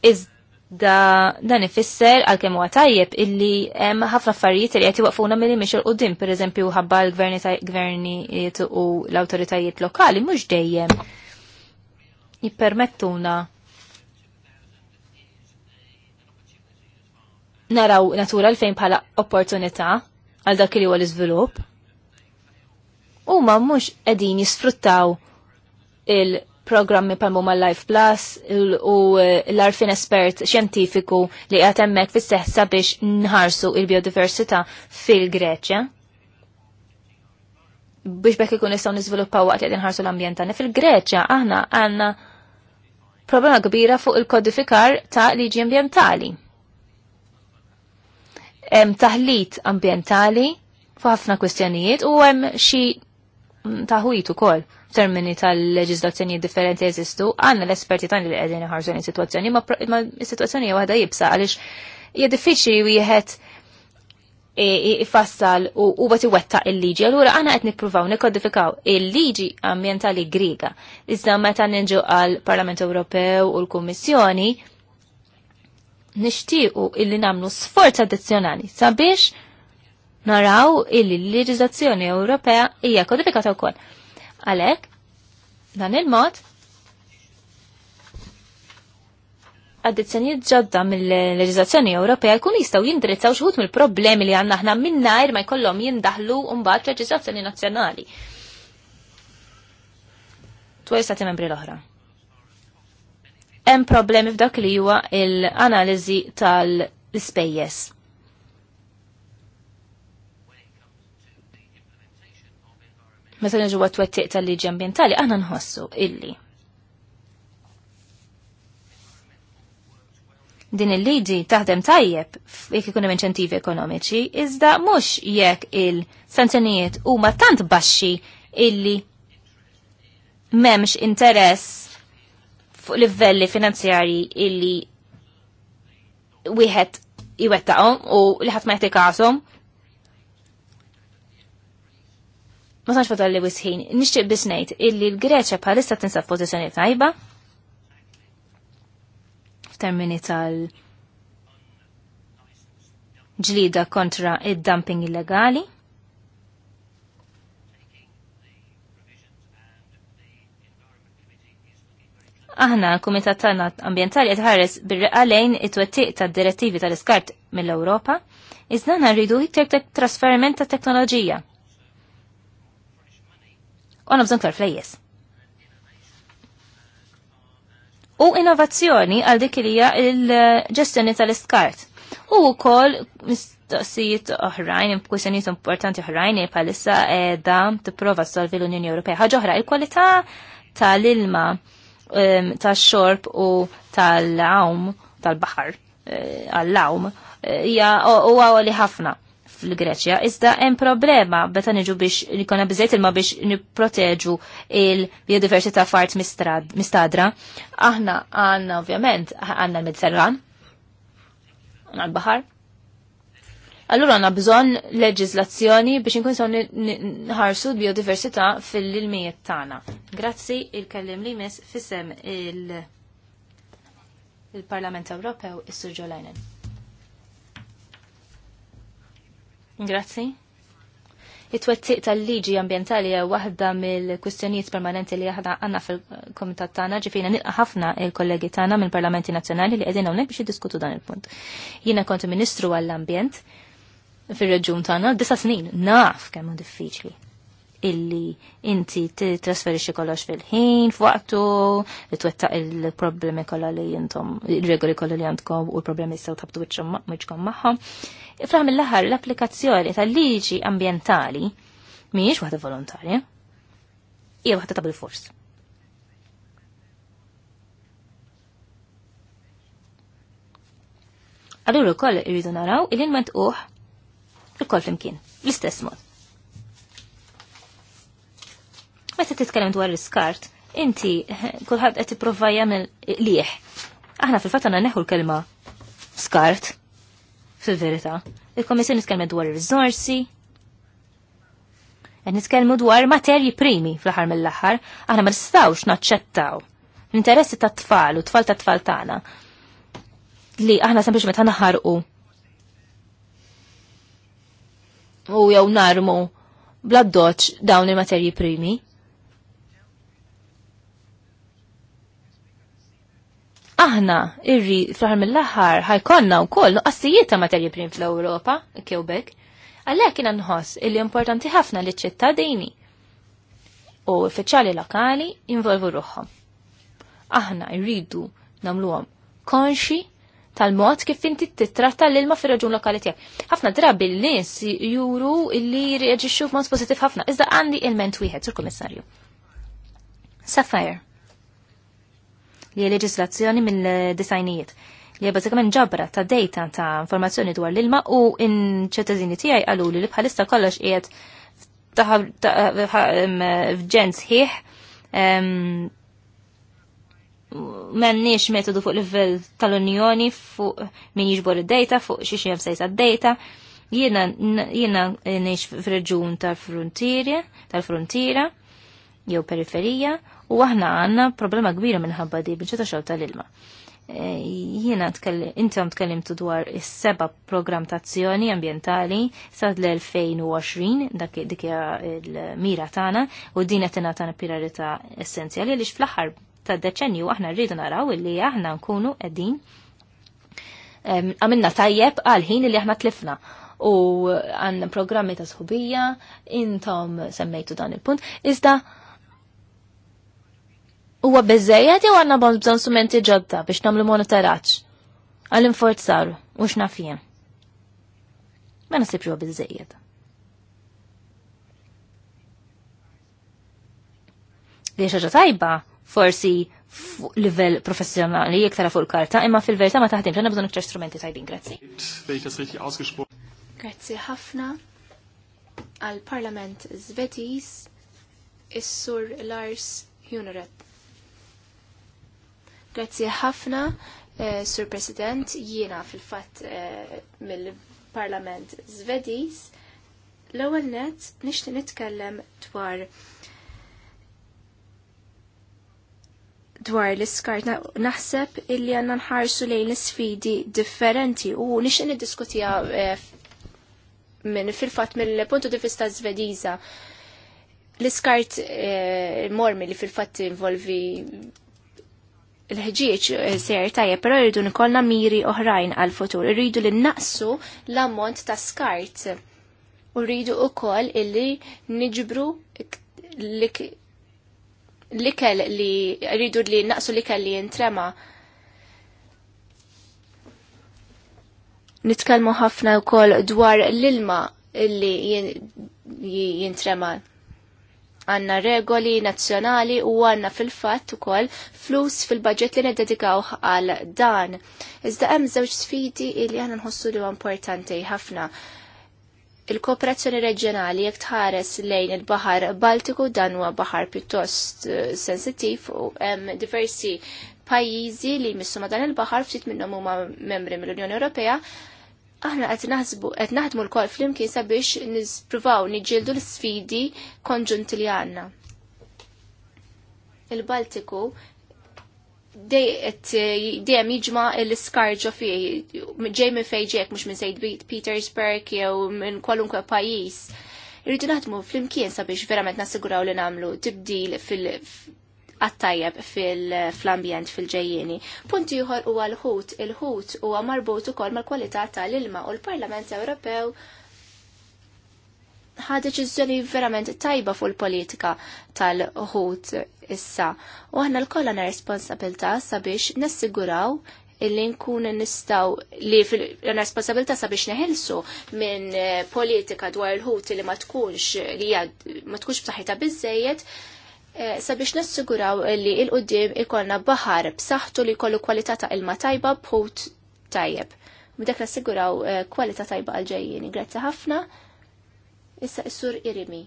Iżda dan ifisser għalkemm huwa tajjeb illi hemm ħafna affarijiet li qed iwaqfuna milli mhix il qudiem, pereżempju ħabba l-gvernijiet u l-awtoritajiet lokali mhux dejjem jippermettuna naraw natura l-fejn bħala opportunità għal dak li huwa l-iżvilupp. Huma mhux qegħdin jisfruttaw il-programmi pal huma Life Plus u l-arfin espert xjentifiku li għatemmek hemmhekk fis-seħsa biex nħarsu il-biodiversità fil-Greċja biex bekk ikun nistgħu niżviluppaw waqt qegħdin ħarsu l-ambjent tagħna fil-Greċja aħna għandna problema kbira fuq il-kodifikar ta' liġi ambjentali hemm taħlit ambientali f'ħafna kwestjonijiet u hemm xi taħwit ukoll termini tal-leġizlazzjoni differenti jeżistu, għanna l-esperti tani li għedin ħarżu situazzjoni, ma situazzjoni waħda jibsa, għalix hija diffiċli wieħed ifassal u bat iwetta il-liġi. Allura għana qed nippruvaw nikkodifikaw il-liġi ambientali griga. Iżda meta ninġu għal Parlament Ewropew u l-Kummissjoni, nixtiequ illi namlu sforz addizzjonali sabiex naraw illi l-leġiżlazzjoni Ewropea hija kodifikata wkoll. Għalhekk dan il-mod addizzjonijiet ġodda mill-leġiżlazzjoni Ewropea jkun jistgħu jindrizzaw xħut mill-problemi li għandna aħna minnajr ma jkollhom jindaħlu mbagħad leġiżlazzjoni nazzjonali. Twejsa membri l-oħra hemm problemi f'dak li huwa l-analiżi tal-ispejjeż. Meta niġu għat tal-liġi ambientali, aħna nħossu illi. Din il-liġi taħdem tajjeb jekk ikun hemm inċentivi ekonomiċi, iżda mhux jekk il-sanzjonijiet huma tant baxxi illi memx interess fuq livelli finanzjarji illi wieħed iwettaqhom u li ħadd ma jagħti każhom. Ma sanx fadal li wisħin, nixtieq biss ngħid illi l-Greċja bħalissa tinsab f'pożizzjoni tajba f'termini tal- ġlida kontra id-dumping illegali. Aħna l-Kumitat tagħna ambjentali qed ħares bir-reqa lejn it-twettiq tad-direttivi tal-iskart mill-Ewropa, iżda rridu iktar trasferiment ta' teknoloġija. Għana bżon tar flejjes. U innovazzjoni għal dik li hija il-ġestjoni tal-iskart. U wkoll mistoqsijiet oħrajn, kwistjonijiet importanti oħrajn li bħalissa qiegħda tipprova solvi l-Unjoni Ewropea. Ħaġa oħra, il-kwalità tal-ilma tax-xorb u tal awm tal bahar eh, għall-għawm eh, hija huwa għawali ħafna fil-Greċja, iżda hemm problema beta niġu biex nikona biżejt ilma biex nipproteġu il-biodiversità fart mistadra. Aħna għandna ovvjament għandna l-Mediterran, għanna l-baħar, Allura għanna bżon leġizlazzjoni biex nkun sa' nħarsu biodiversità fil-ilmijiet tagħna. Grazzi il-kellim li mis fissem il-Parlament il Ewropew is-Sur Ġolajnen. Grazzi. It-twettiq tal-liġi ambientali hija waħda mill-kwistjonijiet permanenti li aħna għandna fil-komitat tagħna ġifina nilqa' ħafna il-kollegi tagħna mill-Parlamenti Nazzjonali li qegħdin hawnhekk biex jiddiskutu dan il-punt. Jiena kont Ministru għall-Ambjent fil-reġun tagħna disa snin naf kemm hu diffiċli illi inti t-trasferixi kollox fil-ħin, f'waqtu, t-wetta il-problemi kolla li jintom, il-regoli kolla li jantkom u l-problemi s-saw tabtu bieċkom maħħom. Fraħm il-laħar l-applikazzjoni tal-liġi ambientali miex waħda volontarja, hija waħda ta' bil-fors. Allura koll irridu naraw il-inment uħ il flimkien, l-istess mod. Meta titkellem dwar l-iskart, inti kulħadd qed tipprova jagħmel liħ. Aħna fil-fatt għandna neħu l-kelma skart fil-verità. Il-Kommissjoni tkellmet dwar ir-riżorsi, qed nitkellmu dwar materji primi fl-aħħar mill-aħħar, aħna ma nistgħux naċċettaw l-interessi tat-tfal u tfal tat-tfal tagħna li aħna sempliċement ħanaħarqu u jew narmu bla doċ dawn il-materji primi. Aħna, irri, fl-ħar mill-aħħar, ħajkonna u koll għassijiet ta' materji primi fl-Ewropa, Quebec, għalhekk kien nħoss li importanti ħafna li ċittadini u uffiċjali lokali involvu ruħhom. Aħna rridu namluħom konxi tal-mod kif inti titratta l-ilma fir raġun lokali tiegħek. Ħafna drabi l-nies juru li reaġixxu f'mod pozitif ħafna. Iżda għandi ilment wieħed sur kummissarju. Sapphire. Li leġislazzjoni mill-disajnijiet li bazzikament ġabra ta' data ta' informazzjoni dwar l-ilma u in-ċittadini tiegħi qalu li bħalissa kollox qiegħed f'ġen sħiħ m'għandniex metodu fuq livell tal-Unjoni fuq min jiġbor id-data, fuq xi xi sejsa d-data. Jiena jiena ngħix f'reġun tal-frontieri, tal-frontiera jew periferija u aħna għandna problema kbira minħabba di b'ċeta xogħol tal-ilma. E, jiena intom tkellimtu dwar is-seba' programm ta' ambjentali sa l-2020 dak dik il-mira tagħna u din qed tagħna priorità essenzjali għaliex fl-aħħar ta' deċenju aħna rridu naraw illi aħna nkunu qegħdin għamilna tajjeb għal ħin li aħna tlifna u għan programmi ta' sħubija, intom semmejtu dan il-punt, iżda huwa bezzejjed jew għandna bżonn sumenti ġodda biex nagħmlu monitoraġġ għall-inforzar u x'nafien. Ma nasibx huwa biżejjed. Li xaġa tajba forsi fuq livell professjonali tara fuq il-karta, imma fil verta ma taħdimx, għanna bżonn iktar strumenti tajbin, grazzi. Grazzi ħafna għal-Parlament Zvetis, is-Sur Lars Hunerep. Grazzi ħafna, eh, Sur President, jiena fil-fatt eh, mill-Parlament Zvedis. L-ewwel net nixtieq nitkellem dwar dwar l-iskart naħseb illi għanna nħarsu lejn l-sfidi differenti u nixin niddiskutija eh, minn fil-fat mill-puntu di vista zvediza. L-iskart eh, mormi li fil-fat involvi l-ħġieċ eh, sejr tajja, pero rridu nikolna miri oħrajn għal-futur. Rridu li naqsu l-ammont ta' skart. U rridu u koll illi niġbru l-ikel li rridu li naqsu l-ikel li jintrema. Nitkellmu ħafna wkoll dwar l-ilma li jintrema għanna regoli nazzjonali u għanna fil-fatt ukoll flus fil-budget li neddedikaw għal dan. Iżda hemm żewġ sfidi li għanna nħossu li importanti ħafna il-kooperazzjoni reġjonali jekk tħares lejn il-Baħar Baltiku dan huwa baħar pjuttost eh, sensittiv u hemm diversi pajjiżi li jmissu ma dan il-baħar ftit minnhom huma membri mill-Unjoni Ewropea aħna qed naħsbu qed naħdmu l-kol flimkien sabiex nispruvaw niġġieldu l-sfidi konġunti li għandna. Il-Baltiku dejjem eh, jiġma l-iskarġo fih, ġej minn fejġek mhux minn sejt Petersburg jew minn kwalunkwe pajjiż. Irridu naħdmu flimkien sabiex verament nassiguraw li nagħmlu tibdil fil għattajab fil-ambjent fil-ġejjeni. Punti juħor u għal-ħut, il-ħut u għamarbut u kol mal-kualità tal-ilma u l-Parlament Ewropew ħa deċiżjoni verament tajba fuq il-politika tal-ħut issa. U aħna l-koll għandna responsabilità sabiex nassiguraw illi nkun nistaw li għandna responsabilità sabiex neħilsu minn eh, politika dwar il-ħut li ma tkunx li ma tkunx b'saħħitha bizzejiet eh, sabiex nassiguraw li il-qoddim ikollna baħar b'saħħtu li jkollu kwalità ta' ilma tajba b'ħut tajjeb. B'dek nassiguraw eh, kwalità tajba għal ġejjin. Grazzi ħafna. Issa is-sur Irimi.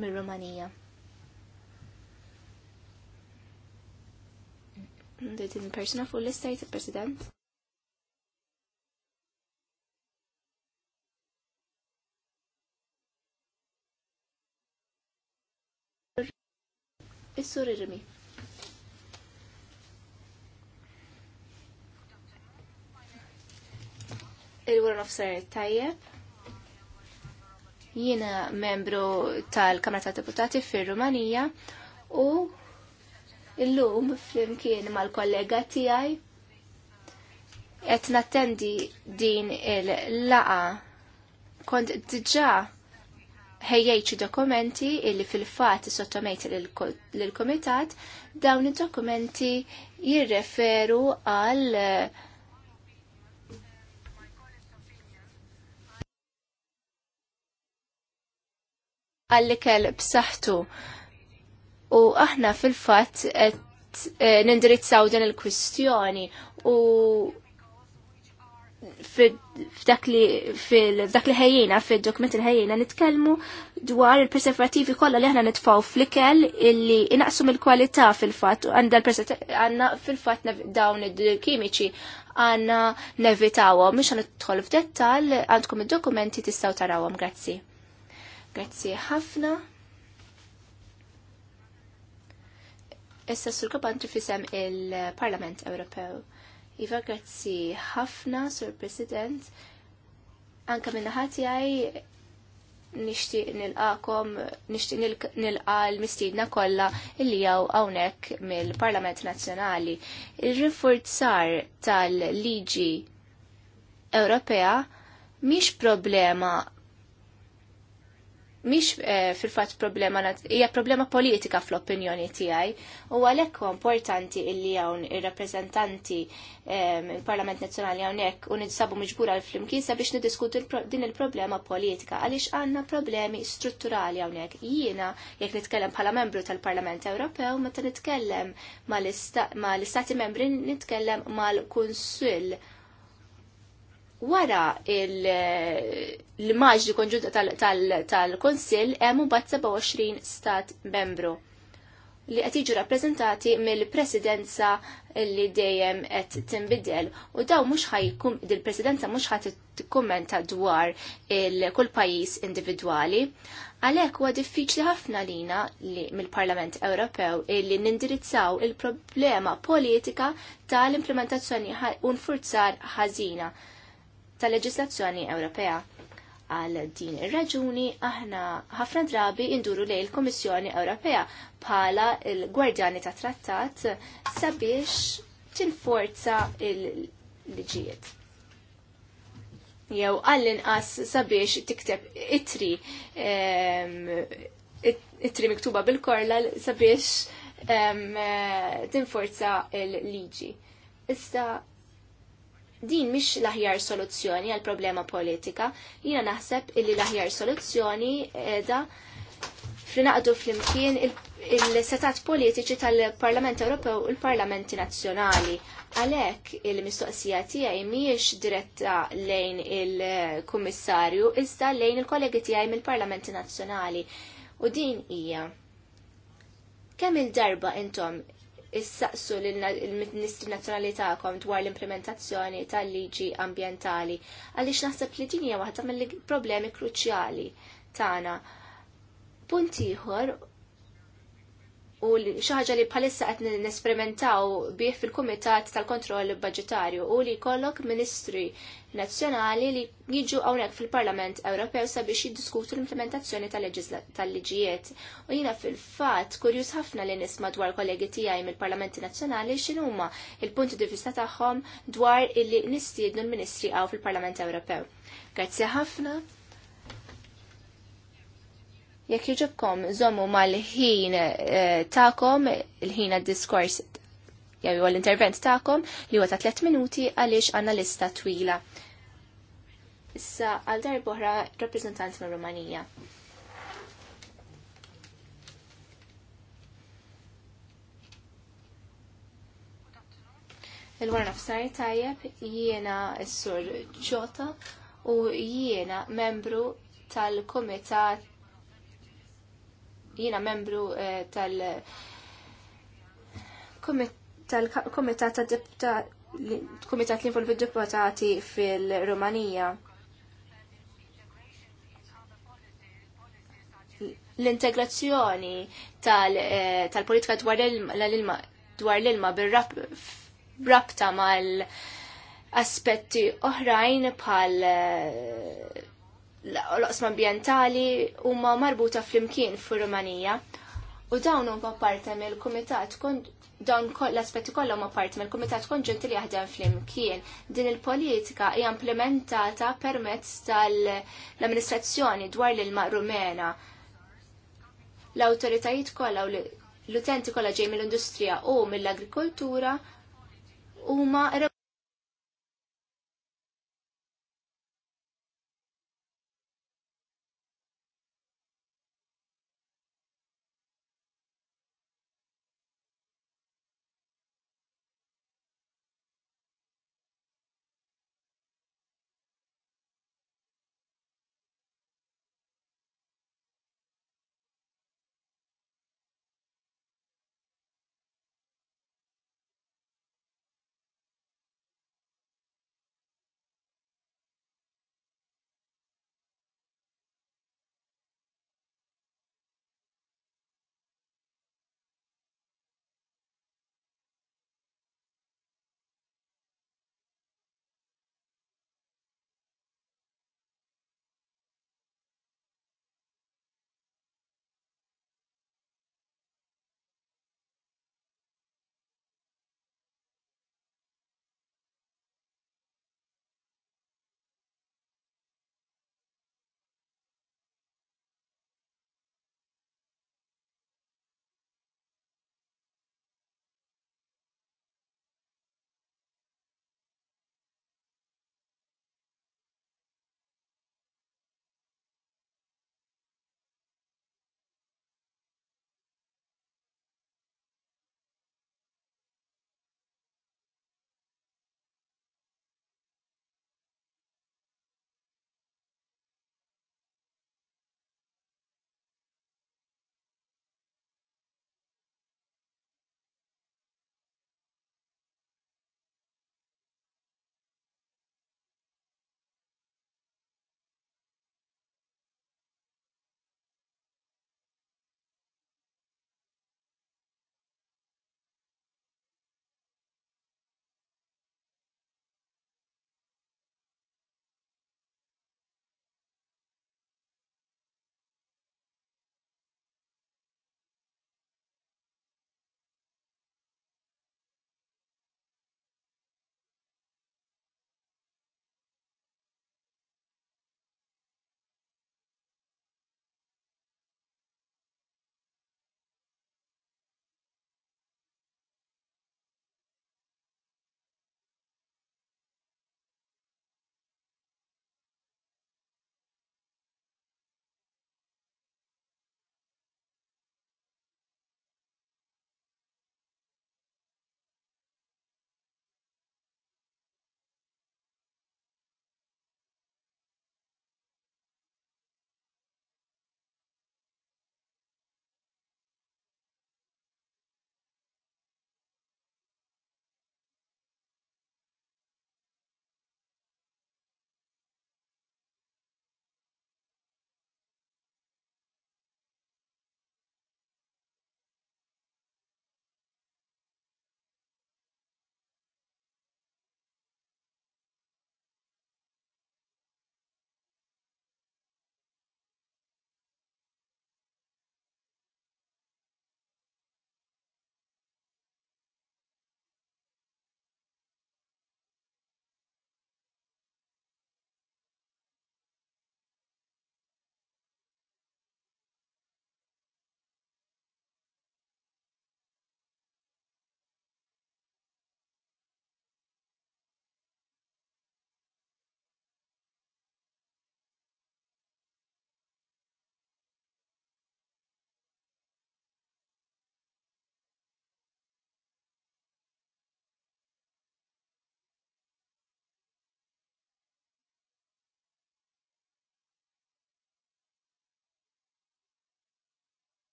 Mir-Rumanija. Dejt in persuna fuq l-istajt il-President. Is-sur Irimi. il-War of Sir Tajjeb. Jiena membru tal-Kamra ta' Deputati fir-Rumanija u illum flimkien mal-kollega tiegħi qed nattendi din il-laqa. Kont diġà xi dokumenti illi fil-fat sottomejt lill-Kumitat dawn id-dokumenti jirreferu għal uh, għallikel ikel b'saħħtu. U aħna fil-fatt qed e, nindirizzaw din il-kwistjoni u f'dak li ħejjina, fil-dokument il-ħejjina, nitkellmu dwar il-preservativi kollha li aħna nitfaw fl-ikel illi inaqsum il-kwalità fil-fatt u għandna fil-fatt dawn id-kimiċi għandna nevitawhom, mhux ħanidħol f'dettall għandkom id-dokumenti tistgħu tarawhom, grazzi. Grazzi ħafna. Issa sur kapantri fisem il-Parlament Ewropew. Iva, grazzi ħafna, sur President. Anka minna ħati għaj nishtiq nil-għakom, nishtiq nilqa l-mistidna kolla illi jaw għawnek mill-Parlament Nazzjonali. Il-rifurzar tal-liġi Ewropea miex problema mhix eh, fil-fatt problema hija problema politika fl-opinjoni tiegħi u għalhekk huwa importanti illi hawn ir-rappreżentanti ehm, il parlament Nazzjonali hawnhekk u nitsabu miġbura għal flimkien sabiex niddiskutu din il-problema politika għaliex għandna problemi strutturali hawnhekk. Jiena jekk nitkellem bħala membru tal-Parlament Ewropew meta nitkellem mal-istati membri nitkellem mal-Kunsill Wara l eh, li konġunta tal-Konsil hemm bat 27 stat membru li qed jiġu rappreżentati mill-presidenza li dejjem qed tinbidel u daw mhux ħajkun il-presidenza mhux ħadd tikkummenta dwar kull pajjiż individwali. Għalhekk huwa diffiċli ħafna lina li mill-Parlament Ewropew li nindirizzaw il-problema politika tal-implementazzjoni u nfurzar ħażina tal-leġislazzjoni Ewropea. Għal din ir-raġuni aħna ħafna drabi induru lejn il-Kummissjoni Ewropea bħala l-Gwardjani ta' Trattat sabiex tinforza il-liġijiet. Jew għall-inqas sabiex tikteb itri it miktuba bil-korla sabiex tinforza l liġi Issa din mhix l-aħjar soluzzjoni għal problema politika, jiena naħseb illi l-aħjar soluzzjoni edha fl-naqdu il-setat politiċi tal-Parlament Ewropew u l-Parlamenti Nazzjonali. Għalhekk il-mistoqsija tiegħi mhijiex diretta lejn il-Kummissarju, iżda lejn il-kollegi tiegħi mill-Parlamenti Nazzjonali. U din hija. Kemm il-darba intom issaqsu l-Ministri Nazzjonali ta'kom dwar l-implementazzjoni tal-liġi ambjentali għaliex naħseb li din hija waħda mill-problemi kruċjali tagħna. Punt ieħor u xaħġa li bħalissa qed nesperimentaw bih fil-Kumitat tal-Kontroll Budgetarju u li jkollok Ministri Nazzjonali li jiġu hawnhekk fil-Parlament Ewropew sabiex jiddiskutu l-implementazzjoni tal-liġijiet. U jiena fil-fatt kurjuż ħafna li nisma' dwar kollegi tiegħi mill-Parlamenti Nazzjonali x'in huma il-punti di vista tagħhom dwar illi nistiednu l-Ministri għaw fil-Parlament Ewropew. Grazzi ħafna. Jekk jiġobkom żommu mal-ħin eh, tagħkom, il-ħin għad-diskors jew l-intervent tagħkom li huwa ta' 3 minuti għaliex għanna lista twila. Issa għal darb'oħra rappreżentant ma' Rumanija. il f-sari tajjeb jiena s-sur ċota u jiena membru tal-komitat Jiena membru eh, tal tal-komitat kumitat li involvi deputati fil-Romanija. L-integrazzjoni eh, tal-politika dwar l-ilma dwar rabta mal aspetti oħrajn bħal eh, l-oqsma ambientali huma marbuta fl-imkien rumanija u dawn huma parti mill-Kumitat dawn l-aspetti kollha huma parti mill-Kumitat Konġunti li jaħdem fl-imkien. Din il-politika hija implementata permezz tal-amministrazzjoni dwar l-ilma rumena. L-awtoritajiet kollha u l-utenti kollha ġej mill-industrija u mill-agrikoltura huma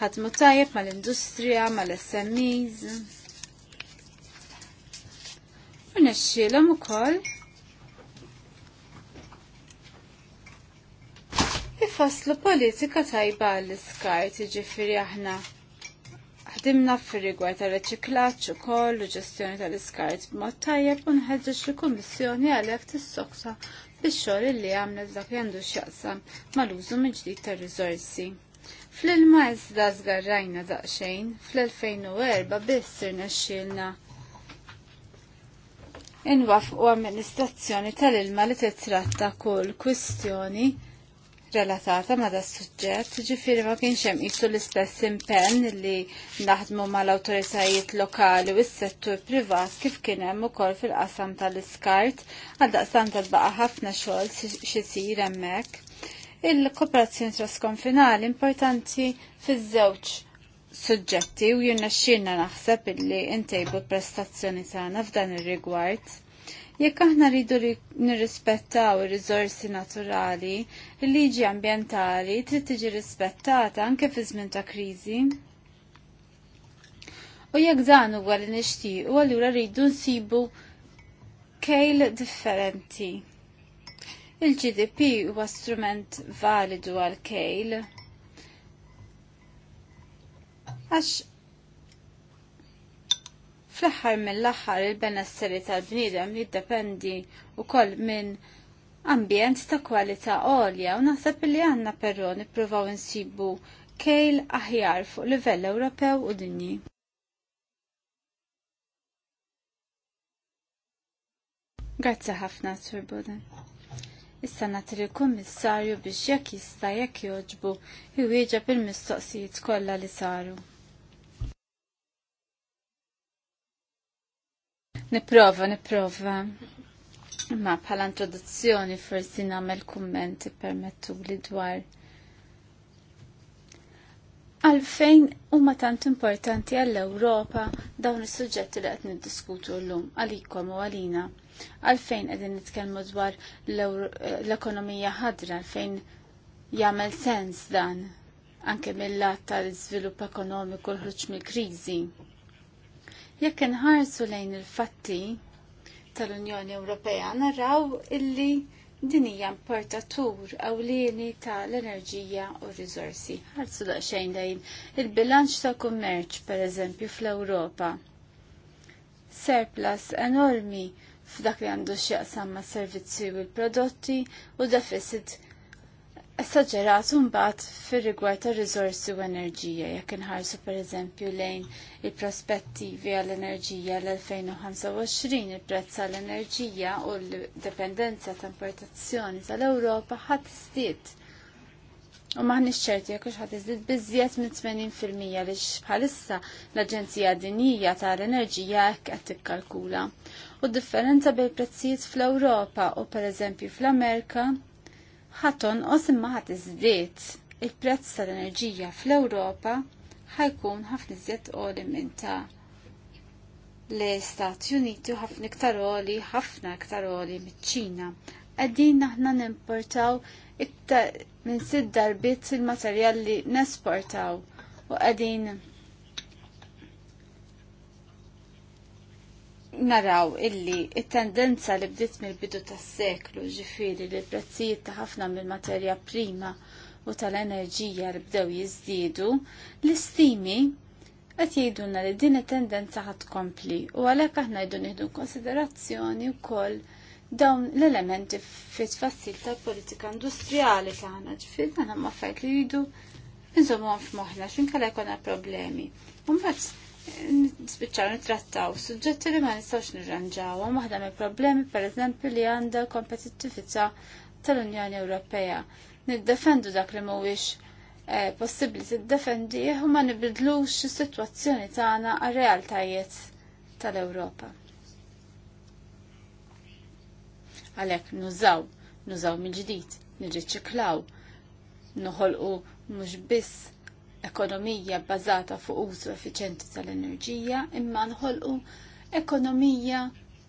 ħatmu tajjeb mal-industrija, mal-SMEs. U nexxielhom ukoll ifasslu politika tajba għall iskar tiġifieri aħna ħdimna fir-rigward tar-reċiklaġġ ukoll u ġestjoni tal-iskart b'mod tajjeb u nħeġġeġ il-Kummissjoni għalhekk soksa bix-xogħol li għamlet dak li għandu x'jaqsam mal-użu mill ġdid tar-riżorsi. Fl-ilma iżda zgarrajna daqxejn, fl-2004 biss sirna inwafqu amministrazzjoni tal-ilma li titratta kull kwistjoni relatata ma da suġġett, ġifiri ma kienx hemm qisu l-istess impenn li naħdmu mal-awtoritajiet lokali u s-settur privat kif kien hemm ukoll fil-qasam tal-iskart għal daqsam tal-baqa' ħafna xogħol xi sir hemmhekk il-kooperazzjoni trasconfinali importanti fiż-żewġ suġġetti u jirna xirna naħseb illi intejbu prestazzjoni tagħna f'dan ir-rigward. Jekk aħna rridu nirrispettaw ir-riżorsi naturali, il-liġi ambjentali trid tiġi rispettata anke fi żmien ta' kriżi. U jekk dan huwa li nixtiequ allura rridu nsibu kejl differenti Il-GDP huwa strument validu għal kejl. Għax fl-aħħar mill-aħħar il-benesseri tal-bniedem jiddependi wkoll minn ambjent ta' kwalità għolja u naħseb li għanna però nippruvaw insibu kejl aħjar fuq livell Ewropew u dinji. Grazzi ħafna, Sir Boden. Issa nagħti l kummissarju biex jekk jista' jekk jogħġbu iwieġeb il-mistoqsijiet kollha li saru. Nipprova, nipprova. Ma bħala introduzzjoni forsi nagħmel kummenti permettu li dwar Għalfejn huma tant importanti għall-Ewropa dawn is-suġġetti li qed niddiskutu llum għalikom u għalina. Għalfejn qegħdin nitkellmu dwar l-ekonomija ħadra, għalfejn jagħmel sens dan anke mill-lat tal-iżvilupp ekonomiku l mill-kriżi. Jekk inħarsu lejn il-fatti tal-Unjoni Ewropea naraw illi din hija importatur ewlieni tal-enerġija u r-riżorsi. Ħarsu daqsxejn lejn il-bilanċ ta' kummerċ pereżempju fl-Ewropa. Surplus enormi f'dak li għandu x'jaqsam samma servizzi u l-prodotti u deficit un mbagħad fir-rigward ta' rizorsi u enerġija jekk inħarsu pereżempju lejn il-prospettivi għall-enerġija l-2025 il-prezz għall-enerġija u l dependenza ta' importazzjoni tal-Ewropa ħadd iżdied. U maħniex ċerti jekk ħadd iżdied biżjed minn 80% li bħalissa l-Aġenzija Dinjija tal-Enerġija hekk qed tikkalkula u differenza bej prezzijiet fl-Ewropa u pereżempju fl-Amerika ħaton os imma iżdiet il-prezz tal-enerġija fl-Ewropa ħajkun ħafna iżjed qoli minn ta' l-Istati Uniti u ħafna iktar qoli, ħafna iktar qoli miċ-Ċina. Għaddin aħna nimportaw iktar minn sid darbit il-materjal li nesportaw u għaddin naraw illi it-tendenza li bdiet mill-bidu tas-seklu ġifiri li l-prezzijiet ta' ħafna mill-materja prima u tal-enerġija li bdew jiżdiedu, l-istimi qed jgħidulna li din it-tendenza ħad tkompli u għalhekk aħna jdu nieħdu konsiderazzjoni wkoll dawn l-elementi fit-tfassil tal-politika industrijali tagħna ġifieri tagħna ma' li jridu inżommhom f'moħħna x'inkella jkollna problemi. U mbagħad nispiċċaw nitrattaw suġġetti li ma nistgħux nirranġaw u waħda mill problemi pereżempju li għandha kompetittività tal-Unjoni Ewropea. Niddefendu dak li mhuwiex eh, possibbli tiddefendi u ma nibidlux is-sitwazzjoni tagħna għar-realtajiet tal-Ewropa. Għalhekk nużaw, nużaw mill-ġdid, nirriċiklaw, noħolqu mhux biss ekonomija bbażata fuq użu effiċenti tal-enerġija imma nħolqu ekonomija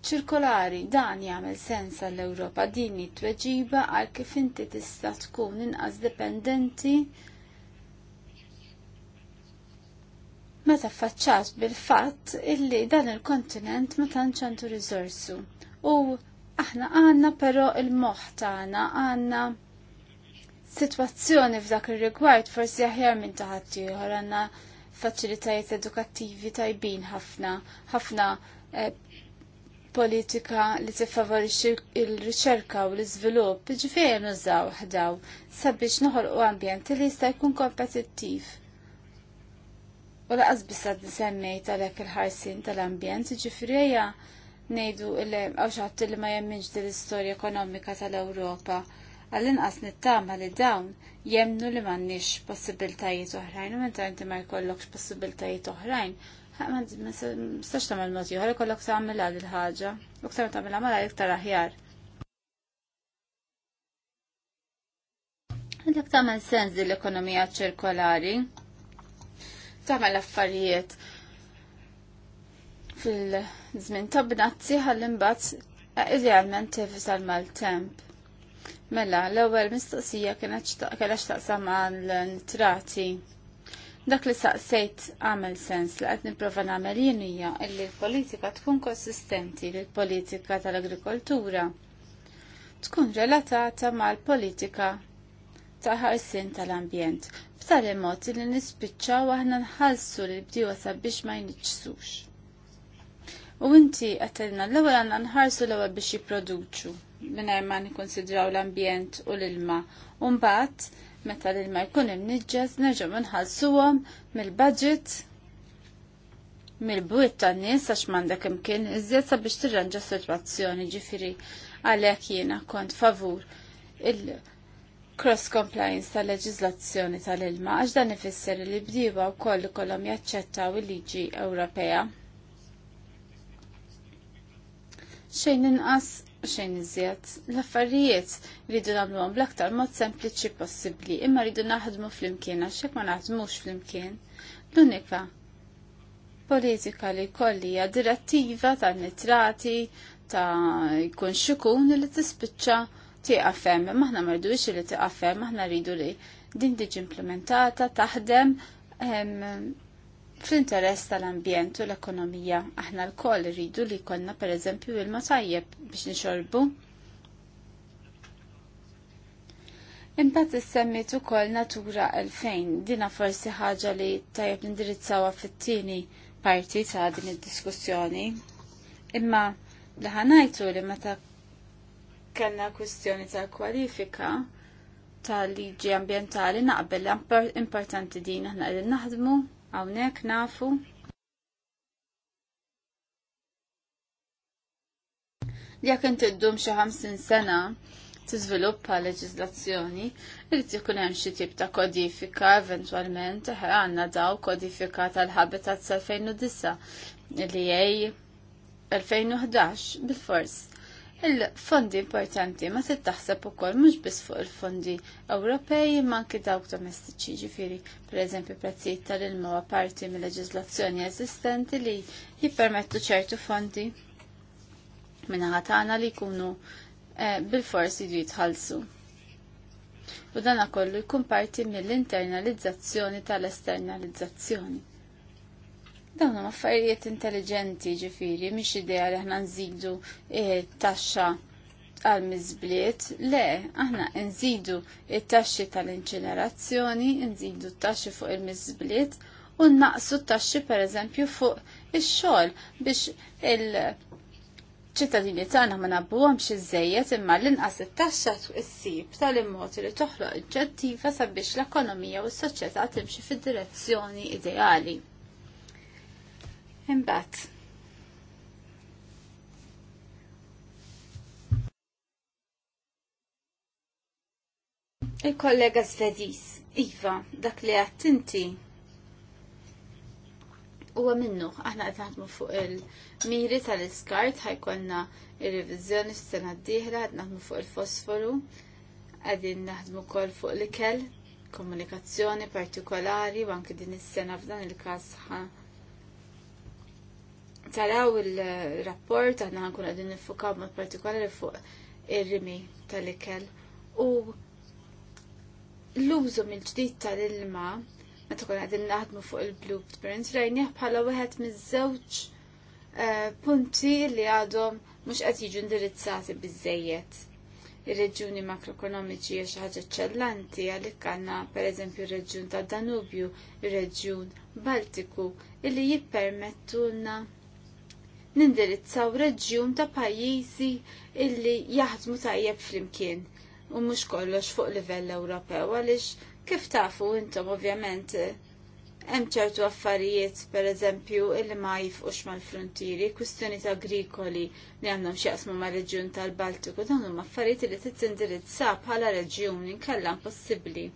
ċirkolari dan jagħmel sens għall ewropa din tweġiba għal kif inti tista' tkun inqas dipendenti meta faċċat bil-fatt illi dan il-kontinent ma tantx għandu riżorsu. U aħna għandna però il-moħħ tagħna għandna situazzjoni f'dak ir-rigward forsi aħjar minn taħat ieħor għandna faċilitajiet edukattivi tajbin ħafna, ħafna eh, politika li tiffavorixxi il-riċerka u l-iżvilupp, ġifieri nużaw ħdaw sabiex noħolqu ambjent li jista' jkun kompetittiv. U laqas biss qed għalhekk il-ħarsin tal-ambjent, ġifieri ngħidu li hawn xi li ma jemminx dil l-istorja ekonomika tal-Ewropa għall-inqas nittama li dawn jemnu li m'għandniex possibiltajiet oħrajn u menta inti ma jkollokx possibiltajiet oħrajn, ma nistax tagħmel mod ieħor ikollok tagħmilha lil ħaġa, u ktar tagħmilha għal iktar aħjar. Għandek tagħmel sens di l-ekonomija ċirkolari, tagħmel affarijiet fil-żmien ta' bnazzi ħalli mbagħad idealment tifisal mal-temp. Mela, l-ewwel mistoqsija kellha taqsam għall trati. Dak li saqsejt għamel sens li qed nipprova nagħmel jien hija li l-politika tkun konsistenti li l-politika tal-agrikoltura tkun relatata mal-politika ta' ħarsin tal-ambjent b'tali mod li nispiċċaw aħna nħallsu li bdiewa sabiex ma jniċċsux. U inti qed l-ewwel għandna nħarsu l-ewwel biex jipproduċu minnaj ma nikonsidraw l-ambjent u l-ilma. Umbat, meta l-ilma jkun imniġġez, nerġu nħalsuhom mill-budget mill-bwiet tan-nies għax m'għandek imkien iżjed sabiex tirranġa sitwazzjoni ġifiri għalhekk jiena kont favur il-cross compliance tal-leġiżlazzjoni tal-ilma għax dan ifisser li bdiewa wkoll ikollhom jaċċettaw il-liġi Ewropea. Xejn inqas xejn iżjed. L-affarijiet rridu nagħmluhom bl-aktar mod sempliċi possibbli, imma rridu naħdmu flimkien għax ma naħdmux flimkien. L-unika politika li jkolli hija direttiva ta' nitrati ta' jkun xikun li tispiċċa tiqafem, maħna ma rridux li tiqafem, maħna rridu li din tiġi implementata, taħdem fl-interess tal-ambjent u l-ekonomija. Aħna l-koll rridu li konna per eżempju ilma tajjeb biex nixorbu. Imbagħad tu ukoll Natura 2000, dina forsi ħaġa li tajjeb nindirizzawha fit-tieni parti ta' din id-diskussjoni. Imma li ħanajtu li meta kellna kwistjoni ta' kwalifika tal liġi ambjentali naqbel importanti din aħna qegħdin naħdmu Hawnhekk nafu li jekk inti d xi xaħamsin sena tiżviluppa leġiżlazzjoni, irid ikun hemm xi tip ta' kodifika eventwalment għandna daw kodifika tal-habitat sa' 2009 li jgħi 2011 bil-fors il-fondi importanti ma tittaħseb ukoll mhux biss fuq il-fondi Ewropej ma anki dawk domestiċi ġifieri pereżempju prezzijiet tal-ilma parti mill-leġiżlazzjoni eżistenti li jippermettu ċertu fondi minna għatana li jkunu eh, bil-forsi jdu jitħallsu. U dan kollu jkun parti mill-internalizzazzjoni tal-esternalizzazzjoni. Dawn huma affarijiet intelligenti ġifiri, mhix idea li aħna nżidu eh, taxxa għal miżbliet, le, aħna nżidu it-taxxi tal-inċinerazzjoni, nżidu t-taxxi fuq il-miżbliet u naqsu t-taxxi pereżempju fuq ix-xogħol biex il- ċittadini tagħna ma nabbuhomx iż imma l-inqas it-taxxa issib tal-immod li toħloq iġġettiva sabiex l-ekonomija u s-soċjetà timxi fid-direzzjoni ideali. Imbagħad. Il-kollega Svediż, Iva, dak li għattinti huwa minnu aħna qed naħdmu fuq il-miri tal-iskart ħajkonna ir revizjoni s-sena d-dieħla qed naħdmu fuq il-fosforu għadin naħdmu kol fuq l-ikel, komunikazzjoni partikolari, u anke din is-sena f'dan il-każ taraw il-rapport għanna għankun għadin nifukaw ma' partikolari fuq ir-rimi tal-ikel u l-użu mill-ġdid tal-ilma meta kun għadin naħdmu fuq il-blueprint rajnieh bħala wieħed miż-żewġ eh, punti li għadhom mhux qed jiġu indirizzati bizzejiet. Ir-reġjuni makroekonomiċi hija xi ħaġa eċċellenti għalhekk għandna pereżempju ir-reġjun tad-Danubju, ir-reġjun Baltiku illi jippermettulna nindirizzaw reġjun ta' pajjiżi illi jaħdmu tajjeb flimkien u mhux kollox fuq livell Ewropew għaliex kif tafu intom ovvjament hemm ċertu affarijiet pereżempju illi ma jifqux mal-frontieri, kwistjoni ta' agrikoli li għandhom x'jaqsmu mar reġjun tal-Baltiku dan huma affarijiet li trid tindirizzaw bħala reġjun inkella impossibbli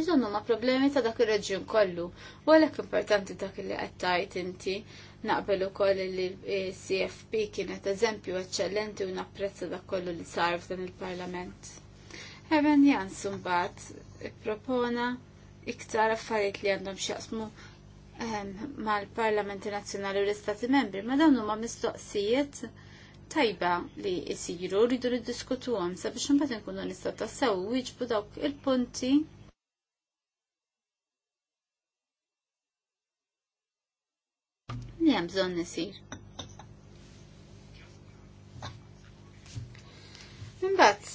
Iżonnu ma problemi ta' dak ir reġjun kollu, u għalhekk importanti dak li tajt inti, Naqbel ukoll li l-CFP kienet eżempju eċċellenti u napprezza da kollu li sar f'dan il-Parlament. Eben Jan mbagħad ippropona iktar affarijiet li għandhom x'jaqsmu ehm, mal-Parlamenti Nazzjonali u l-Istati Membri, ma dawn huma mistoqsijiet tajba li jisiru rridu niddiskutuhom sabiex imbagħad nkunu nistgħu u wieġbu dawk il-punti li hemm bżonn isir. Imbagħad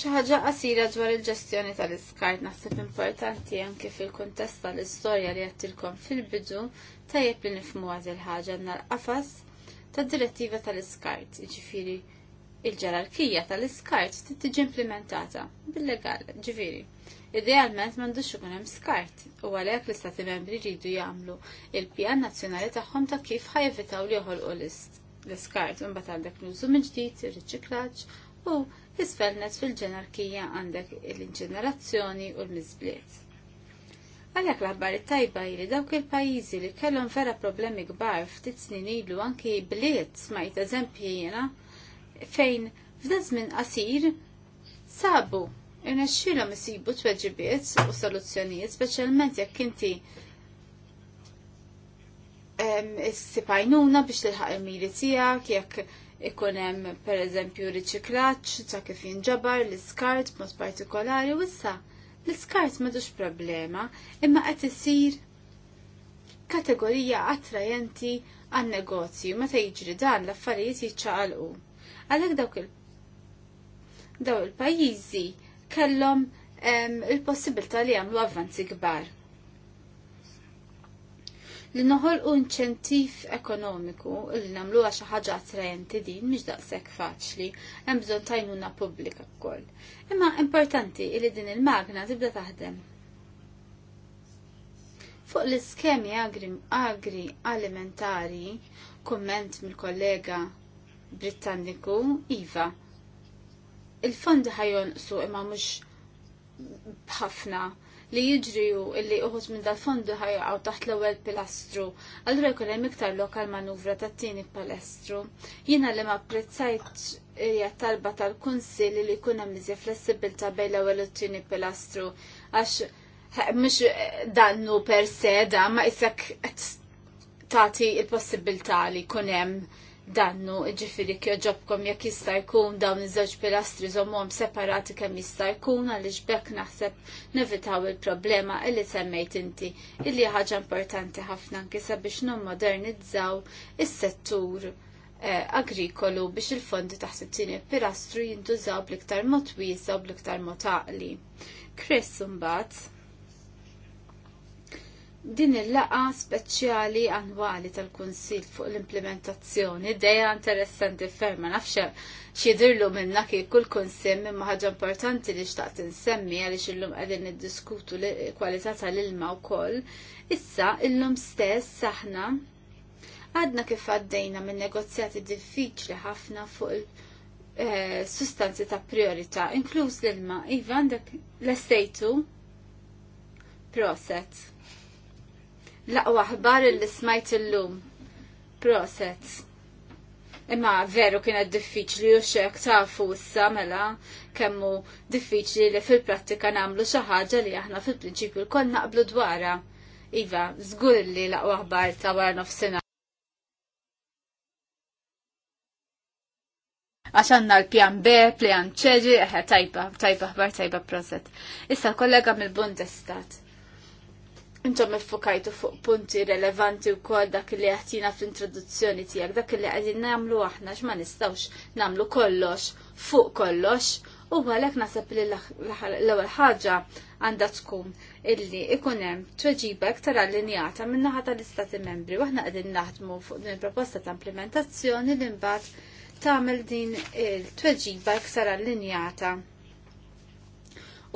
xi ħaġa qasira dwar il-ġestjoni tal-iskart naħseb importanti anke fil-kuntest tal-istorja li għattilkom fil-bidu tajjeb li nifmu għad il-ħaġa l-qafas tad-direttiva tal-iskart, ġifiri il-ġerarkija tal-iskart tiġi implementata bil-legal, ġifiri. Idealment m'għandux ikun hemm skart u għalhekk l-istati membri jridu jagħmlu il-pjan nazzjonali tagħhom ta' kif ħajevitaw li joħolqu l-iskart u mbagħad għandek nużu minn mill-ġdid, ir-riċiklaġġ u isfelnet fil-ġenarkija għandek l-inġenerazzjoni u l-miżbliet. Għalhekk l-aħbar it-tajba jiri dawk il-pajjiżi li kellhom vera problemi kbar ftit snin ilu anki bliet smajt eżempji jiena fejn f'dan żmien qasir sabu irnexxilhom misibu tweġibiet u soluzzjonijiet speċjalment jekk inti sipajnuna biex tilħaq il-miri tiegħek jekk ikun hemm pereżempju riċiklaġġ ta' kif jinġabar l-iskart b'mod partikolari u issa l-iskart m'għadux problema imma qed isir kategorija attrajenti għan negozju meta jiġri dan l-affarijiet jiċċaqalqu. Għalhekk dawk il daw il-pajjiżi kellhom il-possibilità li jagħmlu avvanzi kbar. Li noħolqu inċentiv ekonomiku li nagħmluha xi ħaġa attrajenti din mhix daqshekk faċli, hemm bżonn tajnuna pubblika wkoll. Imma importanti li din il-magna tibda taħdem. Fuq l-iskemi agri, agri alimentari, komment mill-kollega Britanniku, Iva, il-fondi su imma mhux bħafna li jiġriju illi uħut minn dal-fondi ħajqaw taħt l-ewwel pilastru, allura jkun hemm iktar lokal manuvra tat-tieni palestru. Jiena li ma apprezzajt eh, hija talba tal-Kunsill li jkun hemm iżjed flessibilta bejn l-ewwel u t-tieni pilastru għax eh, mhux eh, dannu per se da ma issek tagħti l-possibilità li jkun hemm dannu ġifiri ġobkom jekk jista' jkun dawn iż-żewġ pilastri żommhom separati kemm jista' jkun għaliex bekk naħseb nevitaw il-problema illi semmejt inti illi ħaġa importanti ħafna anke sabiex nimmodernizzaw is-settur eh, agrikolu biex il-fondi taħseb tieni pilastru jintużaw bl-iktar mod wiesa u bl-iktar mod għaqli. Chris mbagħad din il-laqa speċjali annwali tal-Kunsil fuq l-implementazzjoni dejja interessanti ferma nafxa xidirlu minna kif kull kunsim imma ħaġa importanti li xtaqt insemmi għaliex illum qegħdin niddiskutu kwalità tal-ilma wkoll. Issa illum stess aħna għadna kif għaddejna minn negozjati diffiċli ħafna fuq il-sustanzi eh, ta' priorità, inkluż l-ilma. Iva għandek l-estejtu proset l-aqwa ħbar li smajt illum. Proset. Imma veru kienet diffiċli u xek tafu issa mela kemmu diffiċli li fil-prattika namlu xi ħaġa li aħna fil-prinċipju lkoll naqblu dwarha. Iva, żgur li l-aqwa ħbar ta' wara nofsinhar. għaxanna l-pjan B, pjan ċeġi, eħe, tajba, tajba, ħbar tajba proset. Issa kollega mill-Bundestat intom iffokajtu fuq punti relevanti u kol dak li għatina fl-introduzzjoni tijak, dak li għadin namlu aħna x'ma nistawx namlu kollox, fuq kollox, u għalek nasab li l-ewel ħaġa għanda tkun illi ikunem tweġiba iktar allinjata minn naħa tal-istati membri u aħna għadin naħdmu fuq din proposta ta' implementazzjoni li mbagħad tagħmel din il-tweġiba iktar allinjata.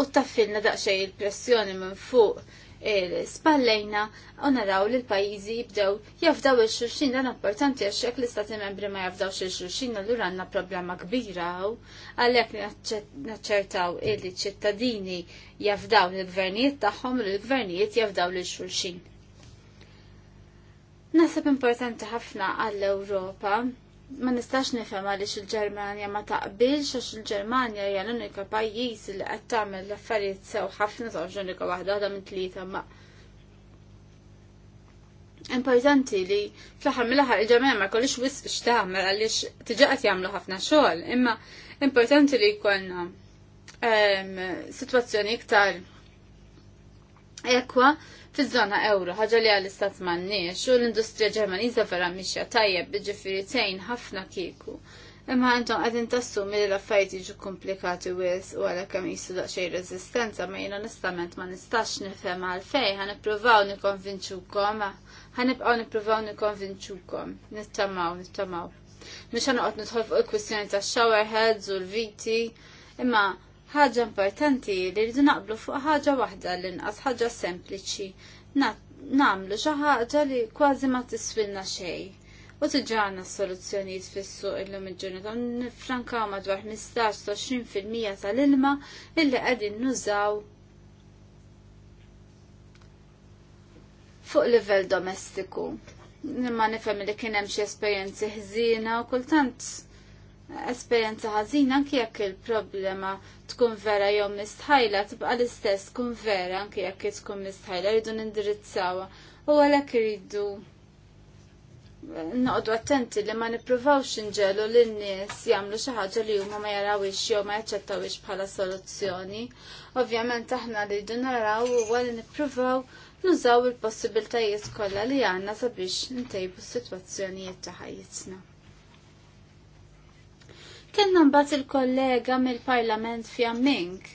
U taffilna daqsxejn il-pressjoni minn fuq spallejna u naraw li l-pajizi jibdew jafdaw il-xurxin dan importanti għaxek li l-istati membri ma jafdawx il-xurxin allura għandna problema kbira u għalhekk naċċertaw li ċittadini jafdaw l-gvernijiet tagħhom u l-gvernijiet jafdaw l xulxin Nasab importanti ħafna għall-Ewropa ma nistax nifhem għaliex il-Ġermanja ma taqbilx għax il-Ġermanja hija l-unika pajjiż li qed tagħmel l-affarijiet sew ħafna sa unika waħda waħda minn tlieta ma. Importanti li fl-aħħar mill ħar il-Ġermanja ma kollix wisq x'tagħmel għaliex diġà qed jagħmlu ħafna xogħol, imma importanti li jkollna ehm, sitwazzjoni iktar ekwa fiż-żona euro, ħaġa li għal-istat manni, u l-industrija Ġermaniża vera mixja tajjeb bieġi jiġifieri tgħin ħafna kieku. Imma intom għadin tassumi li l-affarijiet jiġu komplikati wis u għalek hemm jissu daqsxejn rezistenza, ma jien onestament ma nistax nifhem għalfejn ħa nippruvaw nikkonvinċukom ħanibqgħu nippruvaw nikkonvinċukom. Nittamaw, nittamaw. għan ħanoqgħod nidħol fuq il-kwistjoni shower heads u l-viti, imma ħaġa importanti li rridu naqblu fuq ħaġa waħda li inqas ħaġa sempliċi. Namlu xi ħaġa li kważi ma tiswilna xejn. U tiġana s-soluzzjonijiet fis-suq illum il ta' franka madwar 15-20% tal-ilma illi qegħdin nużaw fuq livell domestiku. Ma nifhem li kien hemm xi esperjenzi ħżina u kultant esperjenza ħażina anke jekk il-problema tkun vera jew mistħajla tibqa' l-istess tkun vera anke jekk tkun mistħajla rridu nindirizzawha u għalhekk irridu eh, noqdu attenti li ma nippruvawx inġelu lin nies jagħmlu xi ħaġa li huma ma jarawix jew ma jaċċettawix bħala soluzzjoni. Ovvjament aħna li rridu naraw u li nippruvaw nużaw il-possibiltajiet kollha li għandna sabiex ntejbu s-sitwazzjonijiet ta' ħajjitna. Kenna mbagħad il-kollega mill-Parlament fjamming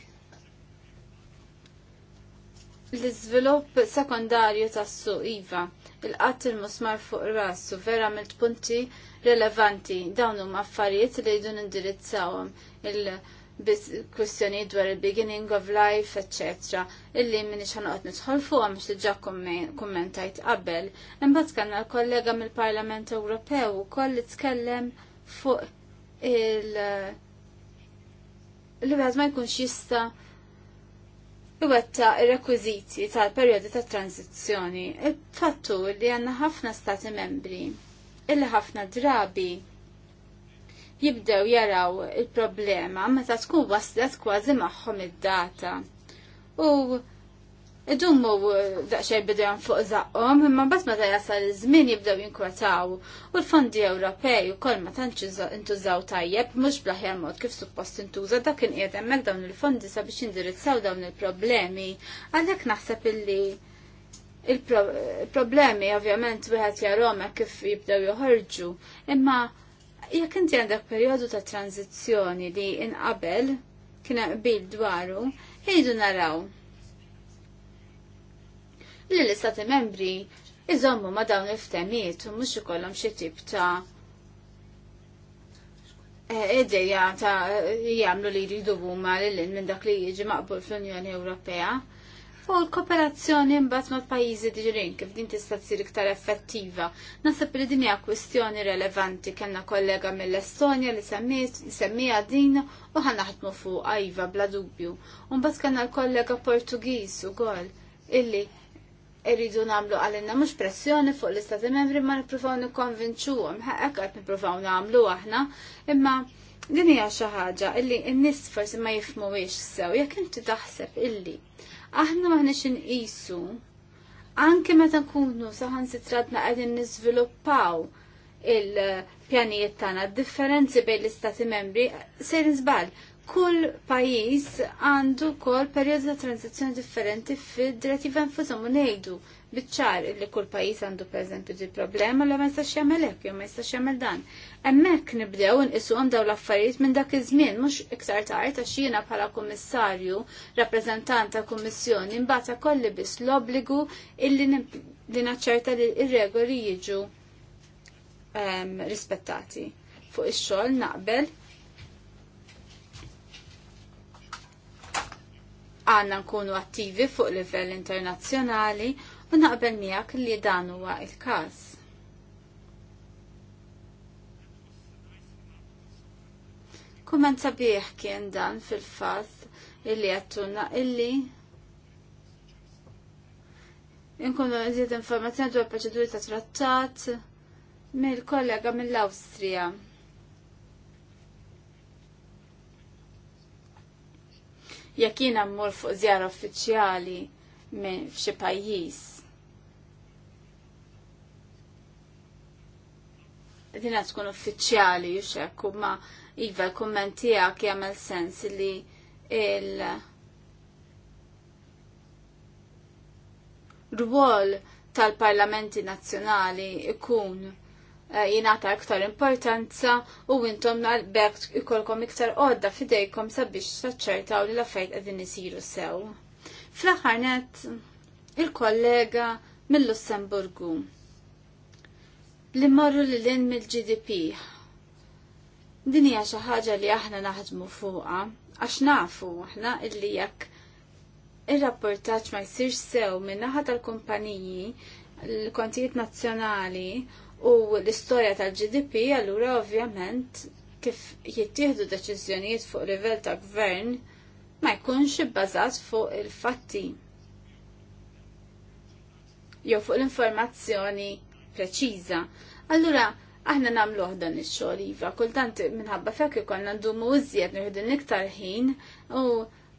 l-iżvilupp sekondarju tas-suq iva, il-qatt il-musmar fuq rasu vera mill-punti relevanti dawn huma affarijiet li jdu indirizzawhom il-kwistjoni dwar il-beginning of life, etc. illi minni nitħol nidħol fuqhom li ġa kummentajt qabel. Imbagħad kellna l-kollega mill-Parlament Ewropew ukoll li tkellem fuq il- li ma jkunx jista' iwetta il-rekwiziti tal-periodi ta' tranzizzjoni, il-fattu li għanna ħafna stati membri, illi ħafna drabi jibdew jaraw il-problema meta tkun waslet kważi magħhom id-data. U idummu eh, bidu għan fuq zaqqom, imma bas ma jasal iż-żmien jibdew jinkwetaw u l-fondi Ewropej ukoll ma tantx intużaw tajjeb mhux blaħjar mod kif suppost intuża dakin qiegħed hemmhekk dawn il-fondi sabiex indirizzaw dawn il-problemi. Għalhekk naħseb illi il-problemi ovvjament wieħed jarhom kif jibdew joħorġu, imma jekk inti għandek perjodu ta' tranzizzjoni li inqabel kien qbil dwaru, ejdu naraw li l-istati membri iżommu ma dawn il-ftemiet u mux ikollhom xi tip ta' eh, ideja ta' eh, jagħmlu li jridu l lil minn dak li jiġi maqbul fl-Unjoni Ewropea. U l-kooperazzjoni mbagħad ma' pajjiżi diġrin kif din tista' tsir iktar effettiva. Nasab li din hija kwistjoni relevanti kellna kollega mill-Estonja li semmija din u ħanaħdmu fuq ajva bla dubju. U mbagħad kellna l-kollega Portugiż ukoll illi irridu namlu għalinna mux pressjoni fuq l-istati membri ma niprofaw nikonvinċu għom, ħaqqa għat niprofaw namlu aħna, imma din hija xi ħaġa illi n-nies forsi ma jifmu wiex sew, jek inti taħseb illi aħna maħniex inqisu anke meta nkunu saħan sitradna qegħdin niżviluppaw il-pjanijiet tagħna, differenzi bejn l-istati membri se zbal, kull pajjiż għandu kol periodi ta' tranzizzjoni differenti fid-direttiva nfushom u ngħidu biċċar li kull pajjiż għandu pereżempju di problema li ma jistax jagħmel hekk jew ma jistax jagħmel dan. Hemmhekk nibdew inqisuhom dawn l-affarijiet minn dak iż-żmien mhux iktar tard għax jiena bħala kummissarju, rappreżentant ta' kummissjoni, mbagħad kolli biss l-obbligu illi li naċċerta li r-regoli jiġu ehm, rispettati. Fuq ix-xogħol naqbel għanna nkunu attivi fuq livell internazzjonali u naqbel miegħek li dan huwa il-każ. Kumman sabiħ kien dan fil-fatt illi għattuna illi inkunu nżid informazzjoni dwar proċeduri ta' trattat mill-kollega mill-Awstrija. jekk jiena mmur fuq żjara uffiċjali minn f'xi pajjiż. Dina tkun uffiċjali u hekk, u ma iva l-kommentijak jagħmel sens li il rwol tal-parlamenti nazzjonali ikun Eh, jinata aktar importanza u intom naqbek ikolkom iktar għodda fidejkom sabiex taċċertaw li l-affajt għadin isiru sew. Fl-aħħar il-kollega mill-Lussemburgu li marru li l-in mill-GDP. Din hija xi ħaġa li aħna naħdmu fuqha għax nafu aħna illi jekk il-rapportaċ ma jsirx sew min naħa tal-kumpaniji l-kontijiet nazzjonali U l-istorja tal-GDP allura ovvjament kif jittieħdu deċiżjonijiet fuq livell ta' gvern ma jkunx ibbażat fuq il-fatti jew fuq l-informazzjoni preċiża. Allura aħna nagħmlu dan ix-xogħol iva, kultant minħabba fekk ikollna ndumu iżjed nieħdu iktar ħin u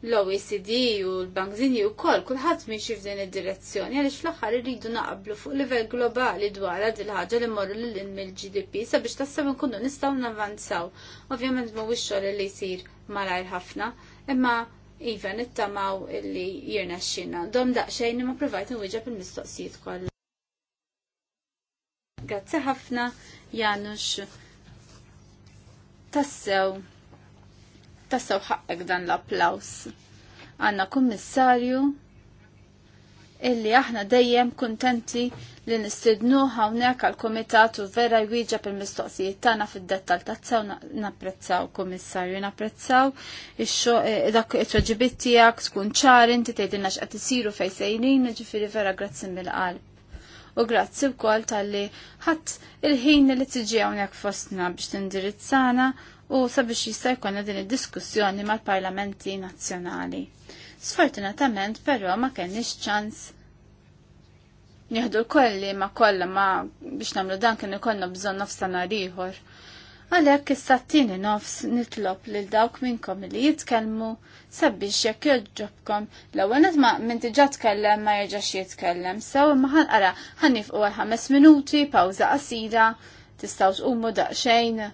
l-OECD u l-Bankzini u kol, kullħat minn f'din id-direzzjoni, għalix fl-axħar irridu naqblu fuq livell globali dwar il ħaġa li morru l mill-GDP sabiex tassab nkunu nistaw navanzaw. Ovvjament ma wisċo xogħol li jsir malajr ħafna, imma Iva, tamaw illi jirna xina. Dom daqxajn ma provajt nwiġab il-mistoqsijiet kollha. Grazzi ħafna, Janux. Tassew tassaw ħaqek dan l-applaus. Għanna kummissarju illi aħna dejjem kuntenti li nistidnu hawnhekk għal komitatu vera jwieġa per mistoqsijiet tagħna fid-dettal tazzaw napprezzaw kummissarju napprezzaw eh, dak it-tweġibiet tiegħek tkun ċar inti tgħidilna x'qed isiru fejn sejrin, ġifieri vera grazzi mill-qalb. U grazzi wkoll tal-li ħadd il-ħin li tiġi hawnhekk fostna biex tindirizzana u sabiex jista' jkollna din id-diskussjoni mal-parlamenti nazzjonali. Sfortunatament però ma kenniex ċans nieħdu kolli ma kollha ma biex nagħmlu dan kien konna bżonn nofsa nhar ieħor. Għalhekk issa t-tieni nofs nitlob lil dawk minnkom li jitkellmu sabiex jekk joġġobkom l-ewwel ma minn diġà tkellem ma jerġax jitkellem sew imma ħanqara u għal ħames minuti pawża qasida, tistgħu tqumu daqsxejn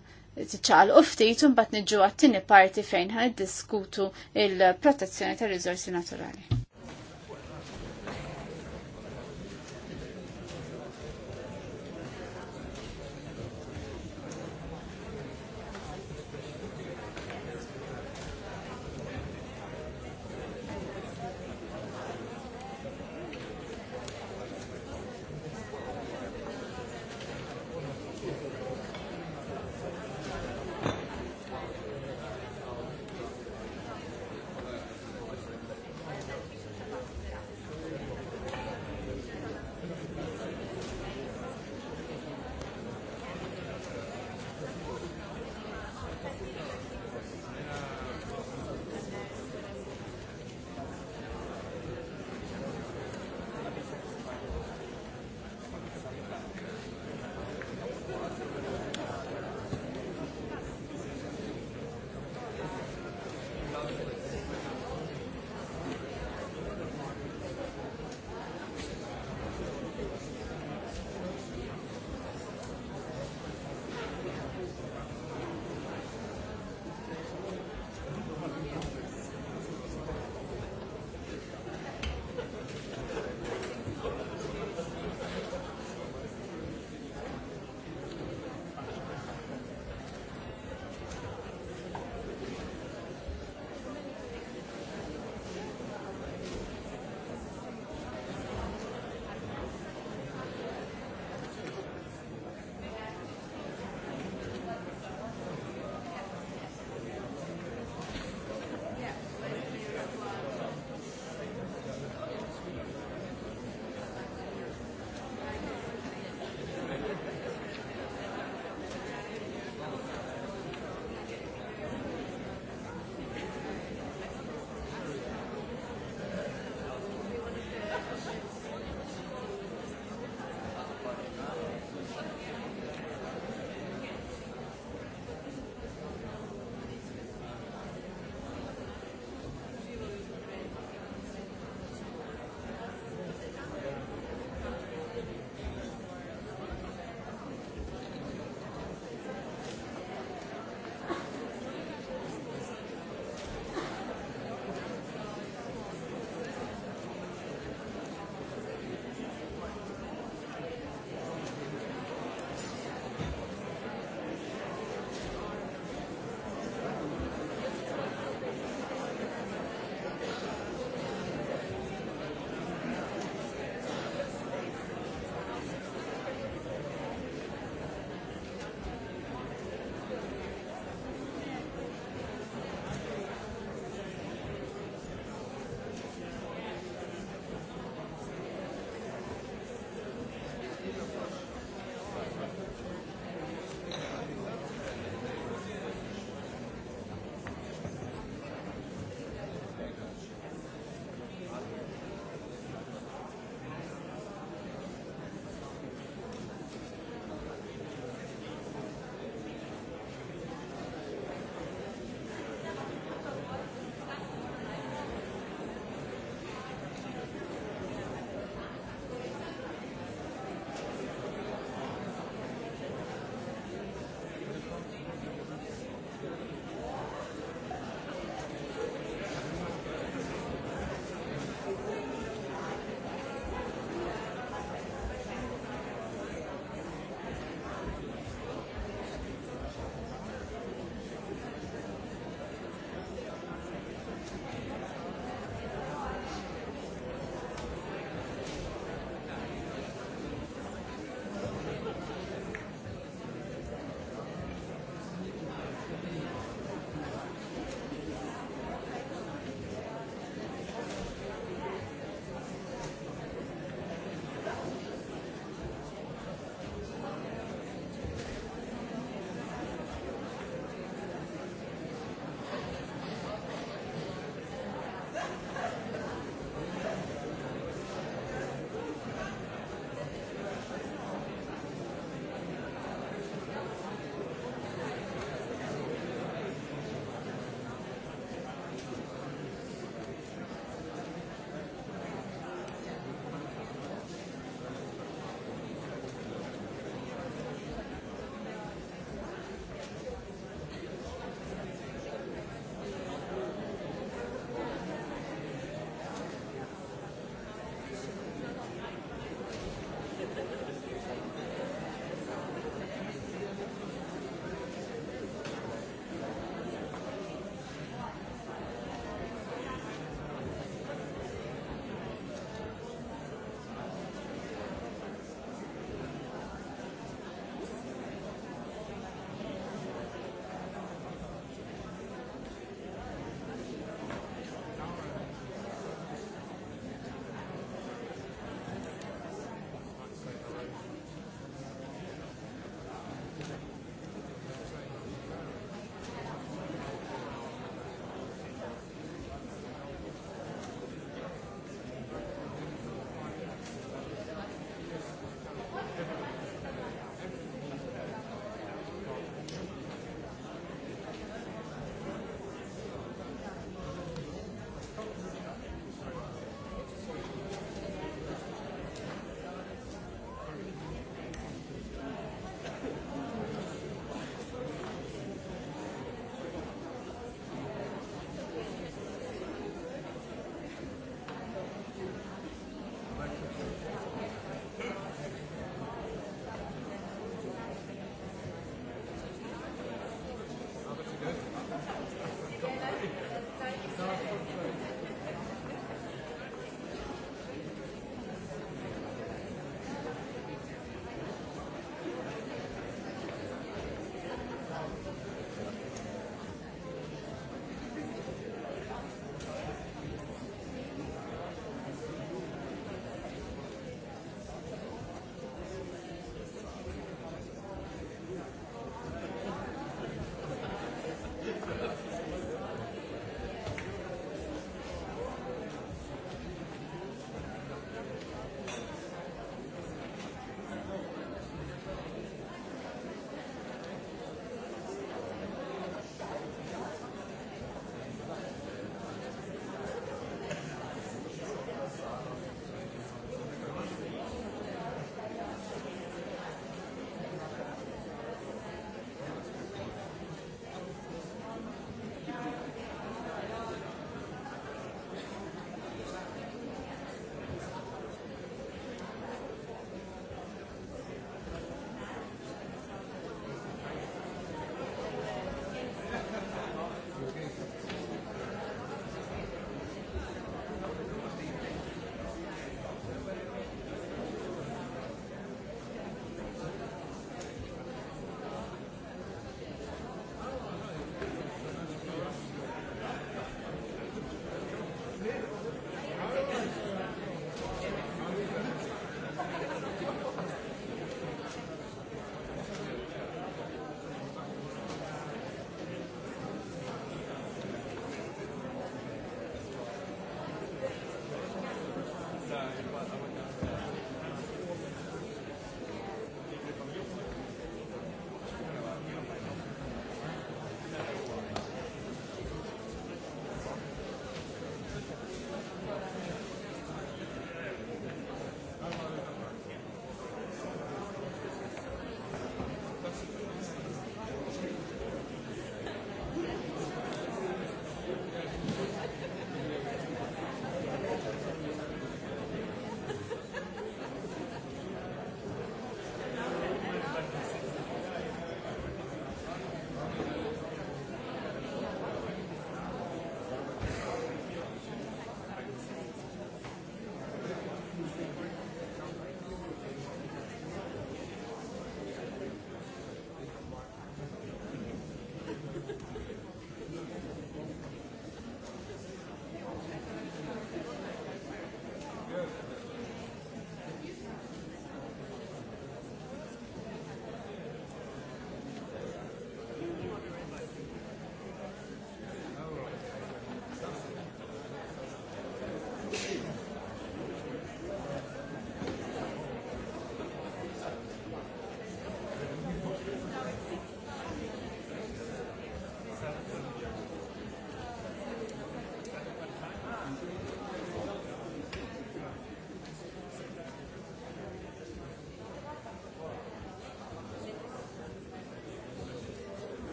tiċċaqal ftit un bat nġu għattini parti fejn ħan diskutu il-protezzjoni tal-rizorsi naturali.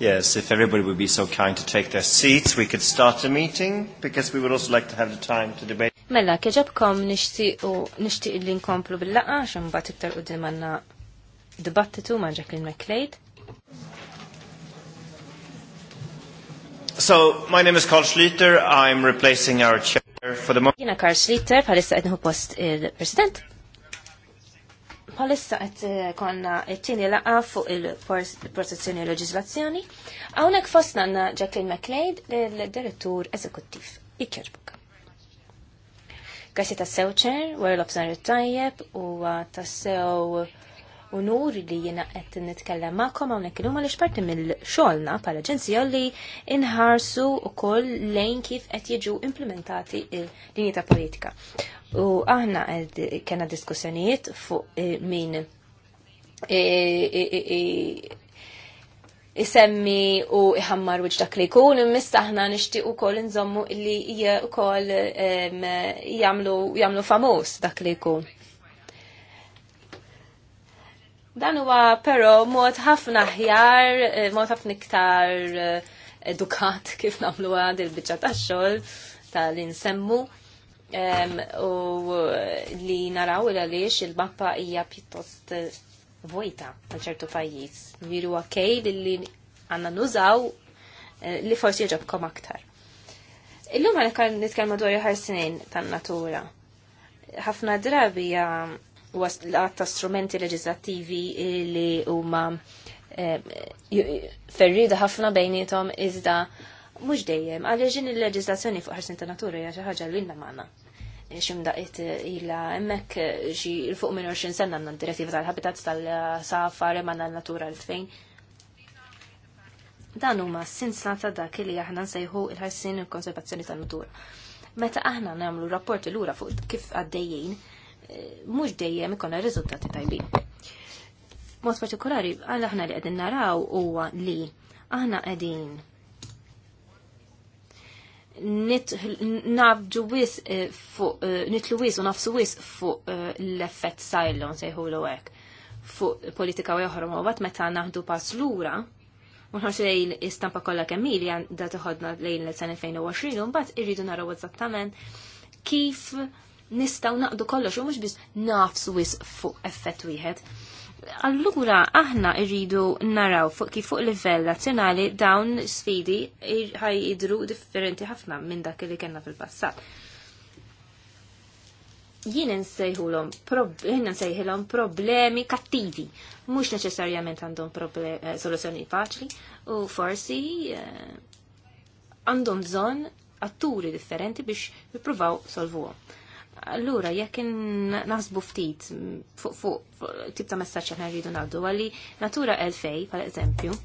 Yes, if everybody would be so kind to take their seats, we could start the meeting, because we would also like to have the time to debate. Mela, keġabkom nishtiq li nkomplu bil-laqa, xan bat iktar u dimanna dibattitu ma' Jacqueline McLeod. So, my name is Carl Schlitter, I'm replacing our chair for the moment. Jina Carl Schlitter, palissa għednħu post il-president palissa qed eh, konna t-tieni laqa fuq il-protezzjoni leġislazzjoni. Hawnhekk fostna għanna Jacqueline McLeod, l direttur eżekuttiv. Ikkjerbuk. Grazzi ta' sew ċer, wara l-obżarju tajjeb u ta' sew unur li jena qed nitkellem għawnek hawnhekk illum għal parti mill-xogħolna bħala ġenzija li inħarsu wkoll lejn kif qed jiġu implementati il-linji ta' politika. U aħna kena diskussjonijiet fuq eh, min eh, eh, isemmi u iħammar wieġ dak li jkun, imissa aħna nixtieq ukoll nżommu li hija wkoll jagħmlu famuż dak li jkun. Dan huwa però mod ħafna ħjar, mod ħafna iktar edukat kif nagħmluha dil-biċċa tax-xogħol tal-insemmu. Ta u li naraw il għaliex il-mappa hija pjuttost eh, vojta għal ċertu pajjiż. Viru għakej li għanna nużaw eh, li forsi jġobkom aktar. Illum kan nitkelmu dwar ħarsin tan-natura. Ħafna drabi għat ta' strumenti leġislattivi li huma eh, ferrida ħafna bejnietom iżda mhux dejjem għaliex ġin il-leġislazzjoni fuq ħarsin ta' natura hija xi ħaġa li lna magħna. Eh, Ximdaqiet eh, ilha hemmhekk eh, xi fuq minn 20 sena għandna d-direttiva tal-habitat tal-safar hemm għandna natura l tfejn Dan huma s-sinsa ta' dak li aħna nsejħu il-ħarsin il-konservazzjoni tan-natura. Meta aħna nagħmlu rapporti lura fuq kif għaddejjin, mhux dejjem ikonna riżultati tajbin. Mod partikolari, għal aħna li qegħdin naraw huwa li aħna qegħdin nafġu wis eh, fuq, eh, nitlu wis u nafsu wis fuq eh, l-effett sajlon sejħu l hekk fuq politika u joħrom u meta naħdu pass lura, unħarx lejn istampa kollha kemm da għandha toħodna lejn l-sen 2020 un mbagħad irridu naraw eżattament kif nistgħu naqdu kollox u mhux biss nafsu wis fuq effett wieħed. Allura aħna rridu naraw fuq kif fuq livell nazzjonali dawn sfidi ħajidru differenti ħafna minn dak li kellna fil-passat. Jien nsejħulhom nsejħilhom problemi kattivi, mhux neċessarjament għandhom eh, soluzzjoni faċli u forsi eh, għandhom bżonn atturi differenti biex jippruvaw solvuhom. Allura, jekk naħsbu ftit fuq fuq tip ta' messaġġ li rridu ngħaddu għalli natura elfej bħal eżempju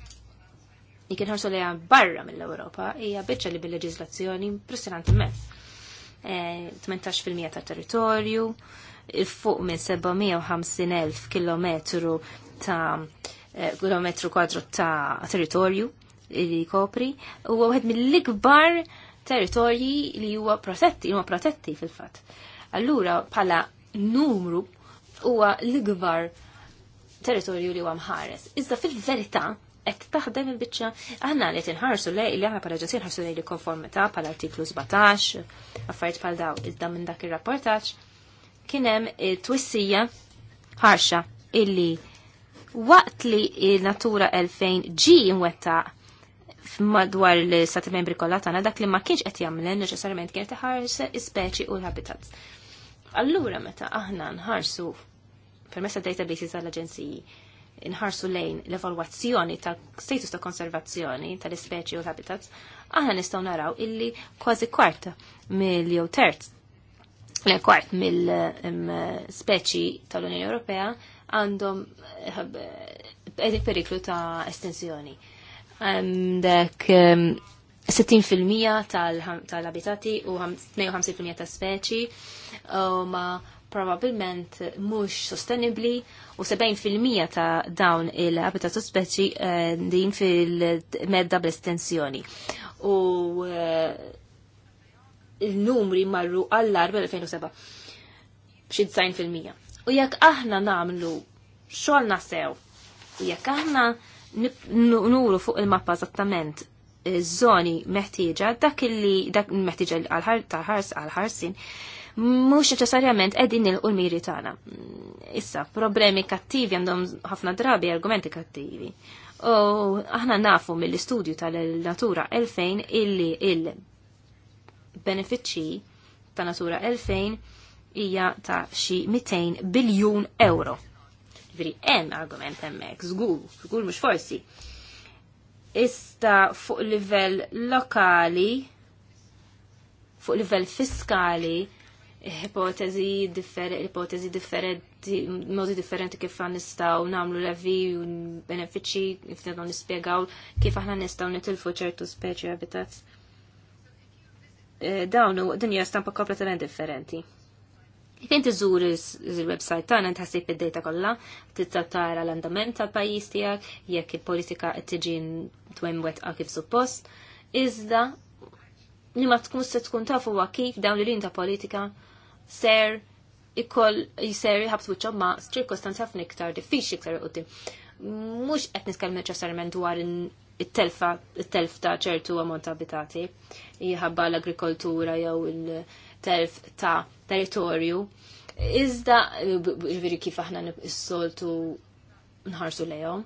li kien ħarsu lejha barra mill-Ewropa hija biċċa li bil-leġiżlazzjoni impressjonanti mezz. 18% eh, ta' territorju, fuq minn 750.000 km ta' eh, kilometru kwadru ta' territorju li kopri u għed mill-ikbar territorji li huwa protetti, huwa protetti fil-fatt. Allura pala numru huwa l gvar territorju li huwa mħares. Iżda fil-verità qed taħdem il-biċċa aħna li tinħarsu lej li aħna pala ġasir ħarsu lej li konformità bħala artiklu 17, affarijiet bħal daw iżda minn dak ir-rapportaġġ kien hemm twissija ħarxa illi waqt li natura 2000 ġi nwetta madwar l-stati membri kollha tagħna dak li ma kienx qed jagħmel neċessarjament kienet iħares ispeċi u l-habitats. Allura meta aħna nħarsu permessa databases għall-aġenziji nħarsu lejn l-evalwazzjoni ta' status ta' konservazzjoni tal-ispeċi u l-habitats, aħna nistgħu naraw illi kważi kwart mill jew terz le eh, kwart mill-speċi tal-Unjoni Ewropea għandhom eh, eh, periklu ta' estensjoni. Għandek 60% tal-abitati u 52% ta' speċi ma probabilment mhux sostenibbli u 70% ta' dawn il u speċi eh, din fil-medda bl-estensjoni. U eh, il-numri marru għall bil 2007 b'xi 90%. U jekk aħna namlu xogħolna sew, u jekk aħna nuru fuq il-mappa eżattament żoni meħtieġa dak li dak meħtieġa għal-ħars għal-ħarsin mhux neċessarjament qegħdin nilqu l-miri tagħna. Issa, problemi kattivi għandhom ħafna drabi argumenti kattivi. U aħna nafu mill-istudju tal-Natura 2000 illi il-benefiċċji ta' Natura 2000 hija ta' xi 200 biljun euro. Ġifieri hemm argument hemmhekk, żgur, żgur mhux forsi Ista fuq livell lokali, fuq livell fiskali, ipotezi differenti, ipotezi differenti, modi differenti kif għan nistaw namlu levi u benefici, kif nistaw nispiegaw kif aħna nistaw nitilfu ċertu speċi habitats. Eh, Dawn dinja stampa kompletament differenti. Jek inti żur il-website tagħna inti id-data kollha, tista' tara l-andament tal-pajjiż tiegħek, jekk il-politika qed tiġi twemwet kif suppost, iżda li ma tkun se tkun taf huwa kif dawn l-lin ta' politika ser ikoll jiser jħabs wiċċhom ma' ċirkostanza ħafna iktar diffiċli iktar qudiem. Mhux qed nitkellem neċessarjament dwar it-telfa, it-telf ta' ċertu ammont abitati, jħabba l-agrikoltura jew il- telf ta' territorju. Iżda, ġviri kif aħna nissoltu soltu nħarsu lejom.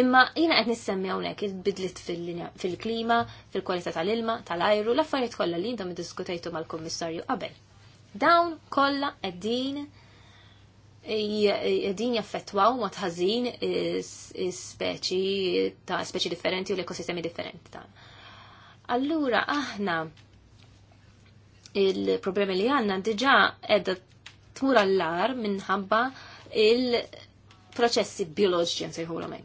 Imma jina għed nissemmi għonek, bidlit fil-klima, fil-kwalità tal-ilma, tal-ajru, l-affarijiet kollha li jintom diskutajtu mal-kommissarju qabel. Dawn kollha qegħdin qegħdin jaffettwaw mod ħażin speċi ta' speċi differenti u l-ekosistemi differenti Allura aħna il-problemi li għanna diġa edda tmur għallar minħabba il-proċessi bioloġiċi nsejħu l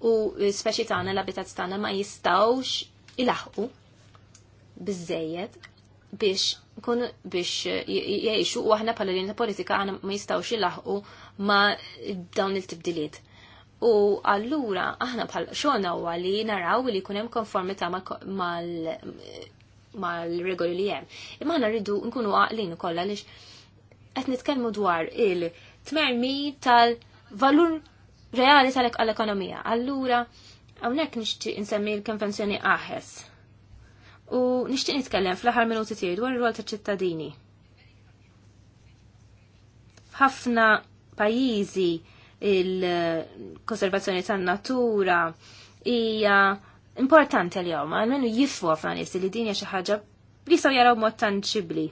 U speċi tagħna l-abitat tagħna ma jistawx il-ħu biżejjed biex kun biex jgħixu u aħna pala ta' politika għana ma jistawx jilaħqu ma dawn il-tibdiliet. U allura aħna bħal xogħolna huwa li naraw li jkun hemm konformità mal mal-regoli li hemm. Imma aħna rridu nkunu għaqlin ukoll lix qed nitkellmu dwar il-tmermi tal-valur reali tal-ekonomija. Allura hawnhekk nixtieq insemmi l-konvenzjoni aħes. U nixtieq nitkellem fl-aħħar minuti tiegħi dwar ir-rwol tal-ċittadini. F'ħafna pajjiżi il-konservazzjoni tan-natura hija importanti għal-jom, għal-menu jiffu għafna nis li dinja xaħġa li saw jaraw mod tanċibli.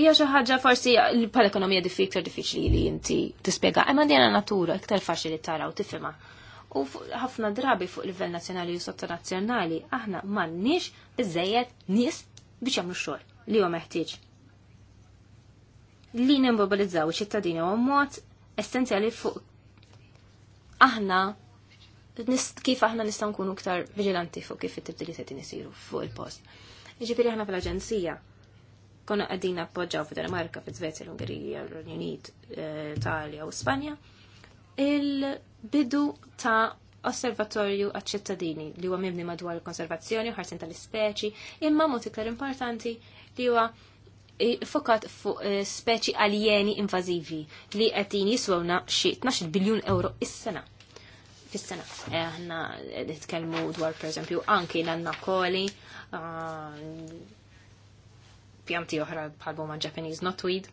Ija xaħġa forsi pal-ekonomija diffi diffiċli li jinti tispiega, imma dina natura iktar faċli li tara u tifima. U ħafna drabi fuq livell nazjonali u sottonazjonali, aħna mannix bizzejet nis biex jamlu xogħol li huwa meħtieġ. Li nimmobilizzaw ċittadini u mod essenzjali fuq aħna kif aħna nistgħu nkunu iktar vigilanti fuq kif it-tibdili se isiru fuq il-post. Jiġifieri aħna fl-aġenzija konna qegħdin appoġġaw fid-Danimarka, fiż-Svezja, l-Ungerija, l-Renju Unit, eh, Italja u Spanja il-bidu ta' osservatorju għad-ċittadini li huwa mibni madwar il-konservazzjoni u ħarsin tal-ispeċi, imma mod iktar importanti li huwa fokat fuq eh, speċi aljeni invażivi li qed jiswewna xi 12 biljun euro is-sena fis ħna eh, Aħna nitkellmu dwar pereżempju anki l-anna koli ah, pjanti oħra bħal ma Japanese knotweed.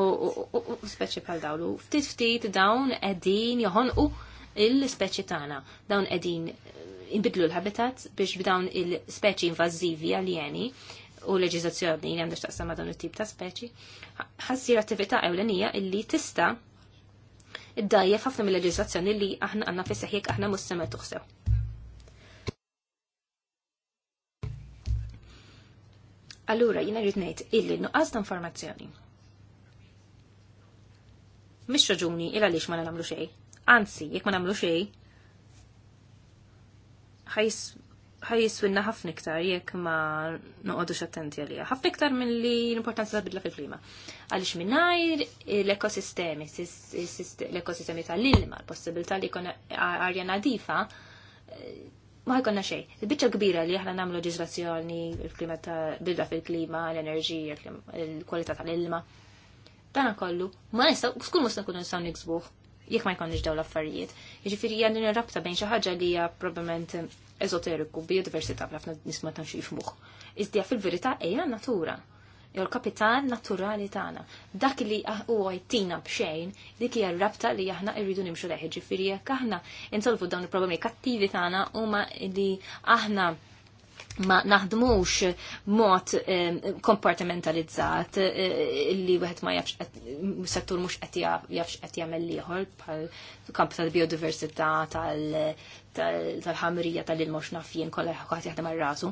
U speċi bħal dawlu, ftit ftit dawn qegħdin u il-speċi tagħna. Dawn qegħdin eh, inbidlu l-habitat biex b'dawn il-speċi invażivi alieni u leġizazzjoni li għandax taqsam dawn it-tip ta' speċi, ħassir attività ewlenija illi tista' D-dajjef ħafna mill leġislazzjoni li aħna għandna fissa jekk aħna mhux tuħseb. Allura jina rrid ngħid illi nuqqas ta' informazzjoni. Mhix raġuni illa għaliex ma nagħmlu xejn. Anzi, jekk ma nagħmlu xejn, ħajs ħajjiswinna ħafna iktar jekk ma noqogħdux attenti għalija. Ħafna iktar milli l-importanza tal-bidla fil-klima. Għaliex mingħajr l-ekosistemi, l-ekosistemi tal-ilma, l-possibilità li jkun arja nadifa, ma jkollna xejn. Il-biċċa kbira li aħna nagħmlu leġislazzjoni, il-klima bidla fil-klima, l-enerġija, l-kwalità tal-ilma. Dan kollu, ma nistgħu skull mhux nkunu nistgħu niksbuh jekk ma jkollniex dawn l-affarijiet. Jiġifieri għandna rabta bejn xi ħaġa li hija probablement ezoteriku, biodiversità b'ħafna nisma tantx jifmuħ. Iżdija fil-verità ejja natura. Jo l-kapitan naturali tagħna. Dak li ah, huwa għajtina b'xejn, dik hija rabta li aħna rridu nimxu leħi ġifiri, jekk aħna insolvu dawn il-problemi kattivi tagħna huma li aħna ma naħdmux mod eh, kompartimentalizzat eh, li wieħed ma jafx settur mhux qed jafx qed jagħmel ieħor bħal kamp tal-biodiversità tal-ħamrija tal-ilmox nafjien kollha ħadd jaħdem ar-rasu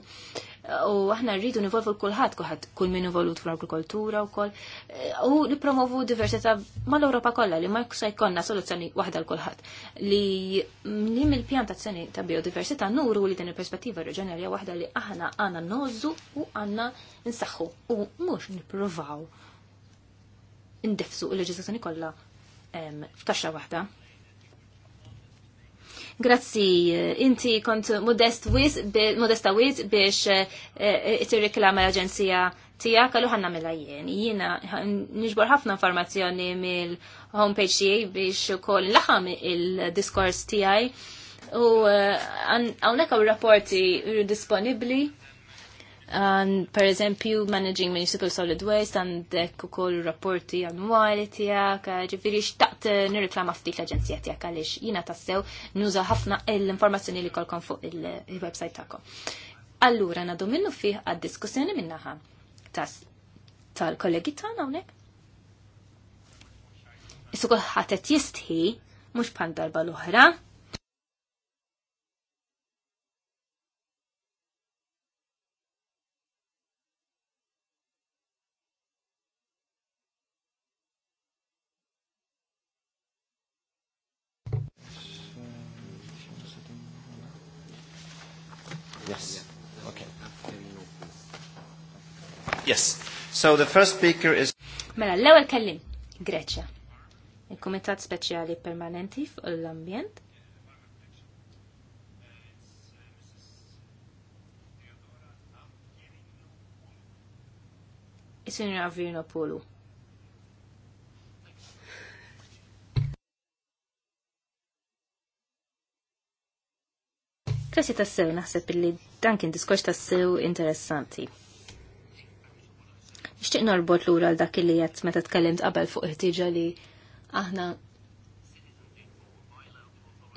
u aħna rridu nivolvu kulħadd kulħadd kull min involut fl-agrikoltura wkoll eh, u nippromovu diversità mal-Ewropa kollha li ma se jkollna soluzzjoni waħda l kulħadd li nim il-pjantazzjoni ta' biodiversità nuru li din il-perspettiva reġjonali waħda li aħna għandna nożu u għandna nsaħħu u mhux nippruvaw indefsu il-leġiżlazzjoni kollha f'kaxxa waħda. Grazzi, eh, inti kont modest wiz, modesta wiz biex eh, eh, it-reklama l-Aġenzija tijak, għallu ħanna mela jien. Jina nġbor ħafna informazzjoni mill-homepage tijaj biex kol laħam il-diskors tijaj. U għawnek għaw rapporti disponibli Um, per eżempju, managing municipal solid waste, għandek u koll rapporti annuali tijak, eh, ġifiri xtaqt eh, nirreklama f'dik l-agenzija tijak għalix jina tassew nuża ħafna l-informazzjoni li kolkom fuq il-websajt tako. Allura, na minnu fih għad-diskussjoni minnaħa tas tal-kollegi tagħna hawnhekk. Issu kulħadd qed jistħi mhux pandal darba l-oħra, Yes. So the first speaker is... Mela, l-ewel kellim, Greċja. Il-Komitat Speċjali Permanenti fuq l-Ambjent. Is-Sinjor polu. Krasi tassew naħseb illi dan kien diskoċ tassew interessanti. Nixtieq norbot lura l dak li qed meta tkellimt qabel fuq ħtieġa li aħna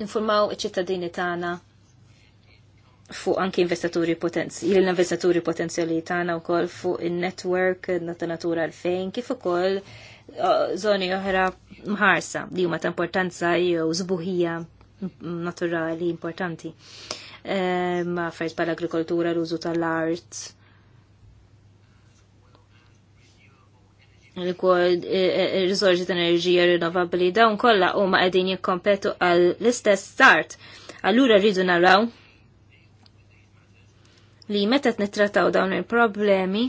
informaw iċ-ċittadini tagħna fuq anki investaturi potenzjali, l-investaturi potenzjali tagħna wkoll fuq in-network ta' natura għalfejn, kif ukoll żoni uh, oħra mħarsa li huma ta' importanza jew zbuħija naturali importanti. Eh, ma fejt pal agrikoltura, l-użu tal-art, rigward il-rizorġi eh, eh, eh, ta' enerġija rinnovabli dawn kollha huma qegħdin jikkompetu għal l-istess start. Allura rridu naraw li meta nittrattaw dawn il-problemi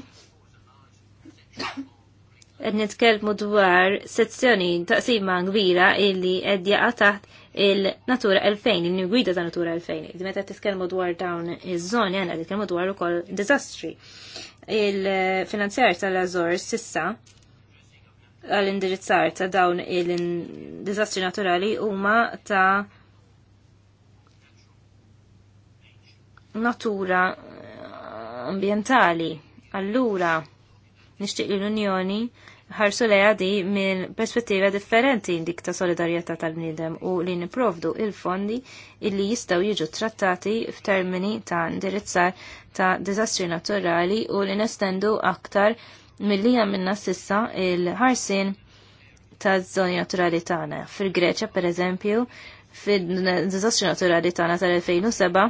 qed nitkellmu dwar sezzjoni taqsima kbira illi qed jaqa' taħt il-Natura 2000, il-gwida ta' Natura 2000. Meta titkellmu dwar dawn iż-żoni għandha titkellmu dwar ukoll diżastri. Il-finanzjar tal-Azor sissa għal-indirizzar ta' dawn il-dizastri naturali huma ta' natura eh, ambientali. Allura, nixtieq li l-Unjoni ħarsu leja di minn perspettiva differenti dik ta' solidarjetà tal-bniedem u li niprovdu il-fondi illi jistaw jiġu trattati f'termini ta' indirizzar ta' dizastri naturali u li nestendu aktar Millija għamilna sissa il-ħarsin ta' zoni naturali tagħna. Fil-Greċja, per eżempju, fil-dizastri naturali tagħna tal-2007,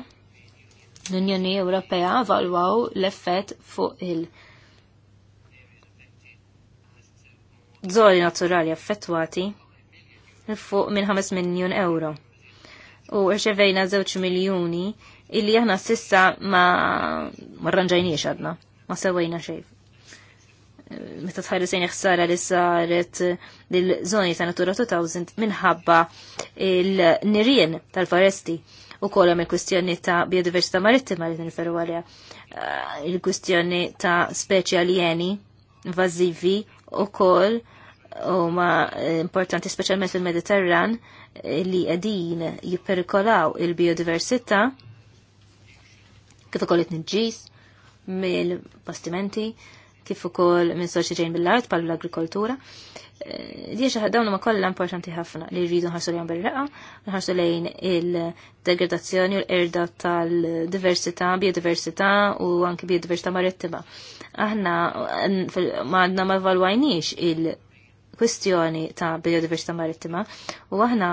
l-Unjoni Ewropea valwaw l-effett fuq il- Zoli naturali affettwati fuq minn 5 miljon euro. U rċevejna 0 miljoni illi aħna sissa ma marranġajniex għadna, ma sewejna xejn meta tħarrisejn ħsara li saret lil-żoni ta' Natura 2000 minħabba il-nirien tal-foresti u kolla me kustjoni ta' biodiversità marittima li nirferu għalija. Ah, il-kwistjoni ta' speċi alieni, invażivi u koll u ma importanti speċjalment fil-Mediterran li qegħdin jipperikolaw il-biodiversità kif ukoll it-tniġġis mill-bastimenti kif ukoll minn sorsi ġejn mill-art bħal l-agrikoltura. Eh, Diex dawn huma kollha importanti ħafna li rridu nħarsu lejn bil raqa nħarsu lejn il-degradazzjoni u l-erda tal-diversità, biodiversità u anke biodiversità marittima. Aħna ma ma valwajniex il-kwistjoni ta' biodiversità marittima u aħna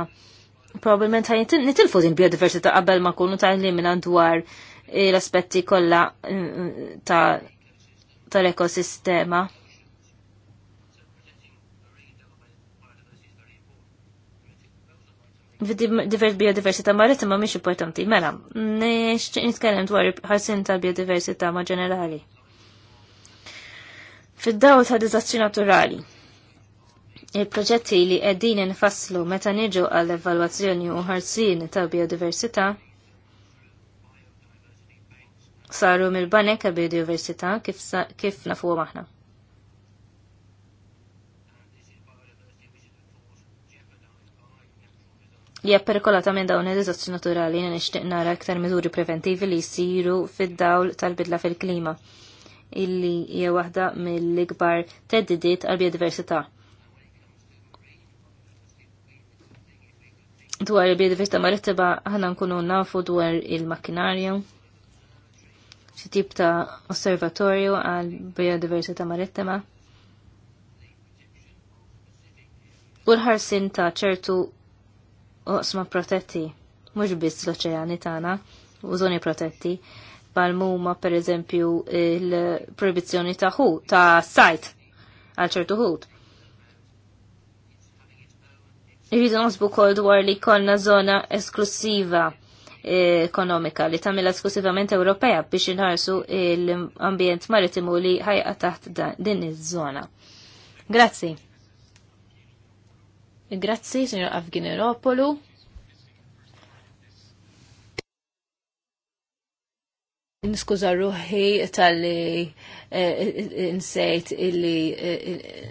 probablement ħajn nitilfu din biodiversità qabel ma kunu ta' dwar l-aspetti kollha mm, mm, ta' tal-ekosistema. Divert biodiversità marittima mhix importanti. Mela, nixtieq nitkellem dwar ħarsin tal-biodiversità ma' ġenerali. Fid-daw ta' diżastri naturali, il-proġetti li qegħdin infasslu meta niġu għall evalwazzjoni u ħarsin tal-biodiversità saru mill-banek biodiversità kif, kif nafu maħna. li apperikolata minn dawn il-dizazzi naturali li nixtieq nara aktar mizuri preventivi li jsiru fid-dawl tal-bidla fil-klima illi hija waħda mill-ikbar teddidiet għal biodiversità. Dwar il-biodiversità marittiba aħna nkunu nafu dwar il-makkinarju, xi tip ta' osservatorju għal biodiversità marittima. U l-ħarsin ta' ċertu oqsma protetti, mhux biss l-oċeani tagħna u żoni protetti, bħal-muma per eżempju il-proibizzjoni ta' hu, ta' sajt għal ċertu ħut. Irridu nosbu kol dwar li konna zona esklusiva ekonomika li tamil esklusivament Ewropea biex inħarsu l-ambjent maritimu li ħajqa taħt din iż-żona. Grazzi. Grazzi, signor Afgineropolu. Niskuża ruħi tal-li eh, eh, insejt illi eh,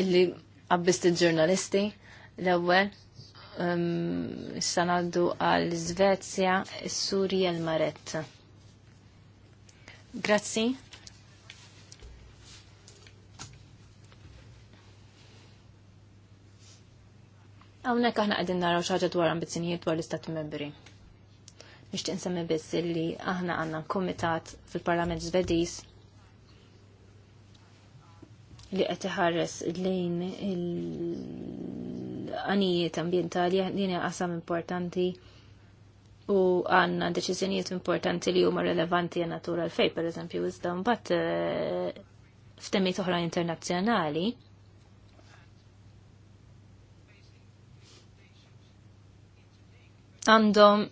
illi għabbist il-ġurnalisti l-ewel. Um, issa sanaddu għal Svezja, is-Surja l-Marett. Grazzi. Għawnek aħna għedin naraw xaġa dwar ambizjonijiet dwar l-Istati membri. Nishtiq nsemmi biss li aħna għanna komitat fil-Parlament Zvediż li qed iħares lejn għanijiet ambientali din għasam importanti u għanna deċiżjonijiet importanti li huma relevanti għan natura l-fej, per eżempju, iżda mbagħad eh, f'temmijiet oħra internazzjonali. Għandhom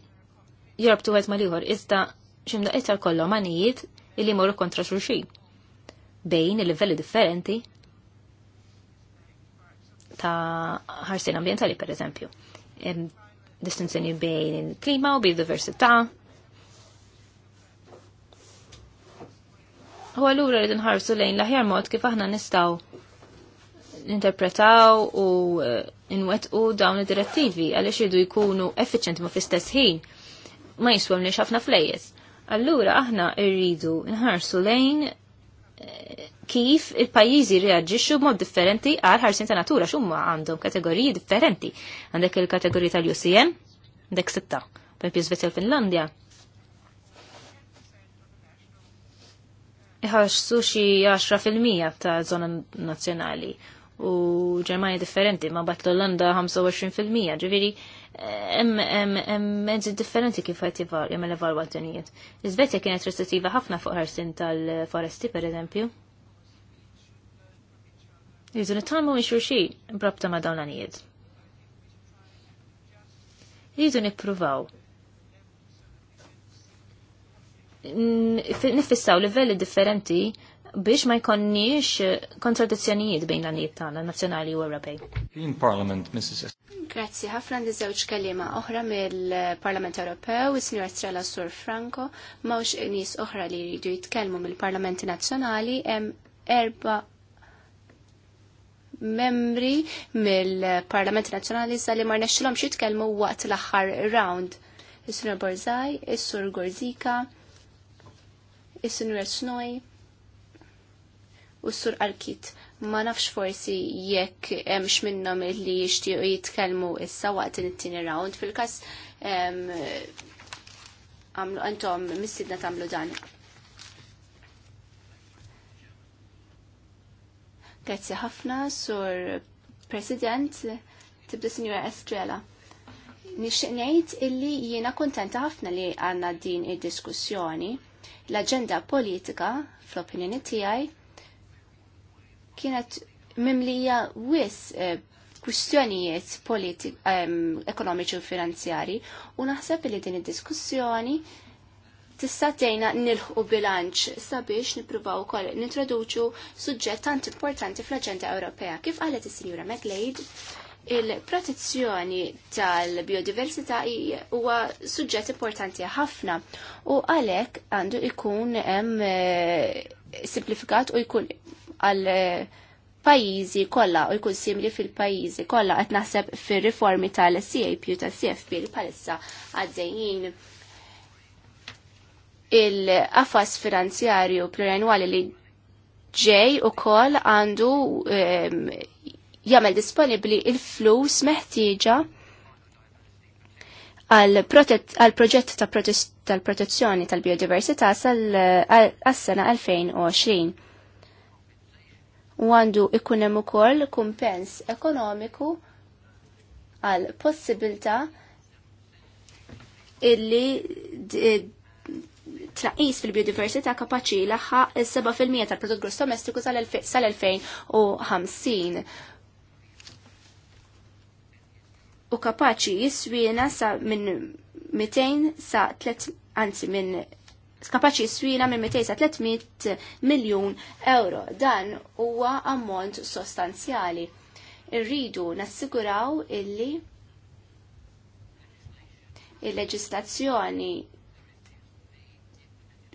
jorbtu għed mal iżda ximda iktar kollom għanijiet li moru kontra xulxin bejn il-livelli differenti ta' ħarsien ambientali per eżempju. Distinzjoni bejn il-klima u biodiversità. U għallura rridu nħarsu lejn l-aħjar mod kif aħna nistaw ninterpretaw u e, nwettqu dawn id-direttivi għaliex irridu jkunu effiċenti ma fistess ħin ma jiswem li xafna flejjes. Allura aħna rridu nħarsu lejn e, kif il-pajjiżi reaġixxu mod differenti għal ħarsin ta' natura x'huma għandhom kategoriji differenti. Għandek il-kategoriji tal-UCM, għandek sitta, per Svezja l-Finlandja. Iħarsu xi 10% ta' zona nazzjonali u Ġermanja differenti, ma bat l-Olanda 25%, ġiviri hemm mezzi differenti kif qed jagħmel evalwazzjonijiet. Iżvezja kienet restrittiva ħafna fuq ħarsin tal-foresti pereżempju it nitalmu minn xurxin brabta ma' dawn l għanijiet Irridu nippruvaw. Nifissaw livelli differenti biex ma jkonniex kontradizzjonijiet bejn l-għaniet tagħna nazzjonali u Ewropej. Parliament, Mrs. Grazzi ħafna għandi żewġ kelliema oħra mill-Parlament Ewropew, is-Sinjor Estrella Sur Franco, mawx nies oħra li jridu jitkellmu mill-Parlamenti Nazzjonali hemm erba' membri mill-Parlament Nazzjonali li ma rnexxilhom jitkellmu waqt l-aħħar round. Is-Sur Borzaj, is-Sur Gorzika, is-Sur Snoj u s-Sur Arkit. Ma nafx forsi jekk hemmx minnhom li jixtiequ jitkellmu issa waqt it-tieni round fil-każ għamlu għantom missidna tamlu dan Grazzi ħafna, sur President, tibda Signora Estrella. Nixtieq ngħid illi jiena kuntenta ħafna li għandna din id-diskussjoni. L-aġenda politika, fl-opinjoni tiegħi, kienet mimlija wis eh, kwistjonijiet ehm, ekonomiċi u finanzjari u naħseb li din id-diskussjoni tista' tgħinna nilħqu bilanċ sabiex nippruvaw ukoll nintroduċu suġġett tant importanti fl-Aġenda Ewropea. Kif qalet is-Sinjura McLeod, il-protezzjoni tal-biodiversità huwa suġġett importanti ħafna u għalhekk għandu jkun hemm eh, simplifikat u jkun għal eh, pajizi kolla u jkun simli fil-pajizi kolla qed naħseb fil-riformi tal-CAP u tal-CFP li palissa għadżejjien il-qafas finanzjarju plurianwali li ġej u kol għandu um, jagħmel disponibli il-flus meħtieġa għal proġett ta' tal-protezzjoni tal-biodiversità għal sena 2020. U għandu ikun hemm ukoll kumpens ekonomiku għal possibilità illi traqis fil-biodiversità kapaċi laħħa 7% tal-prodott gross domestiku sal-2050 u kapaċi jiswina sa minn 200 sa 3 anzi minn kapaċi jiswina minn 200 sa 300 miljon euro. Dan huwa ammont sostanzjali. Irridu nassiguraw illi il-leġislazzjoni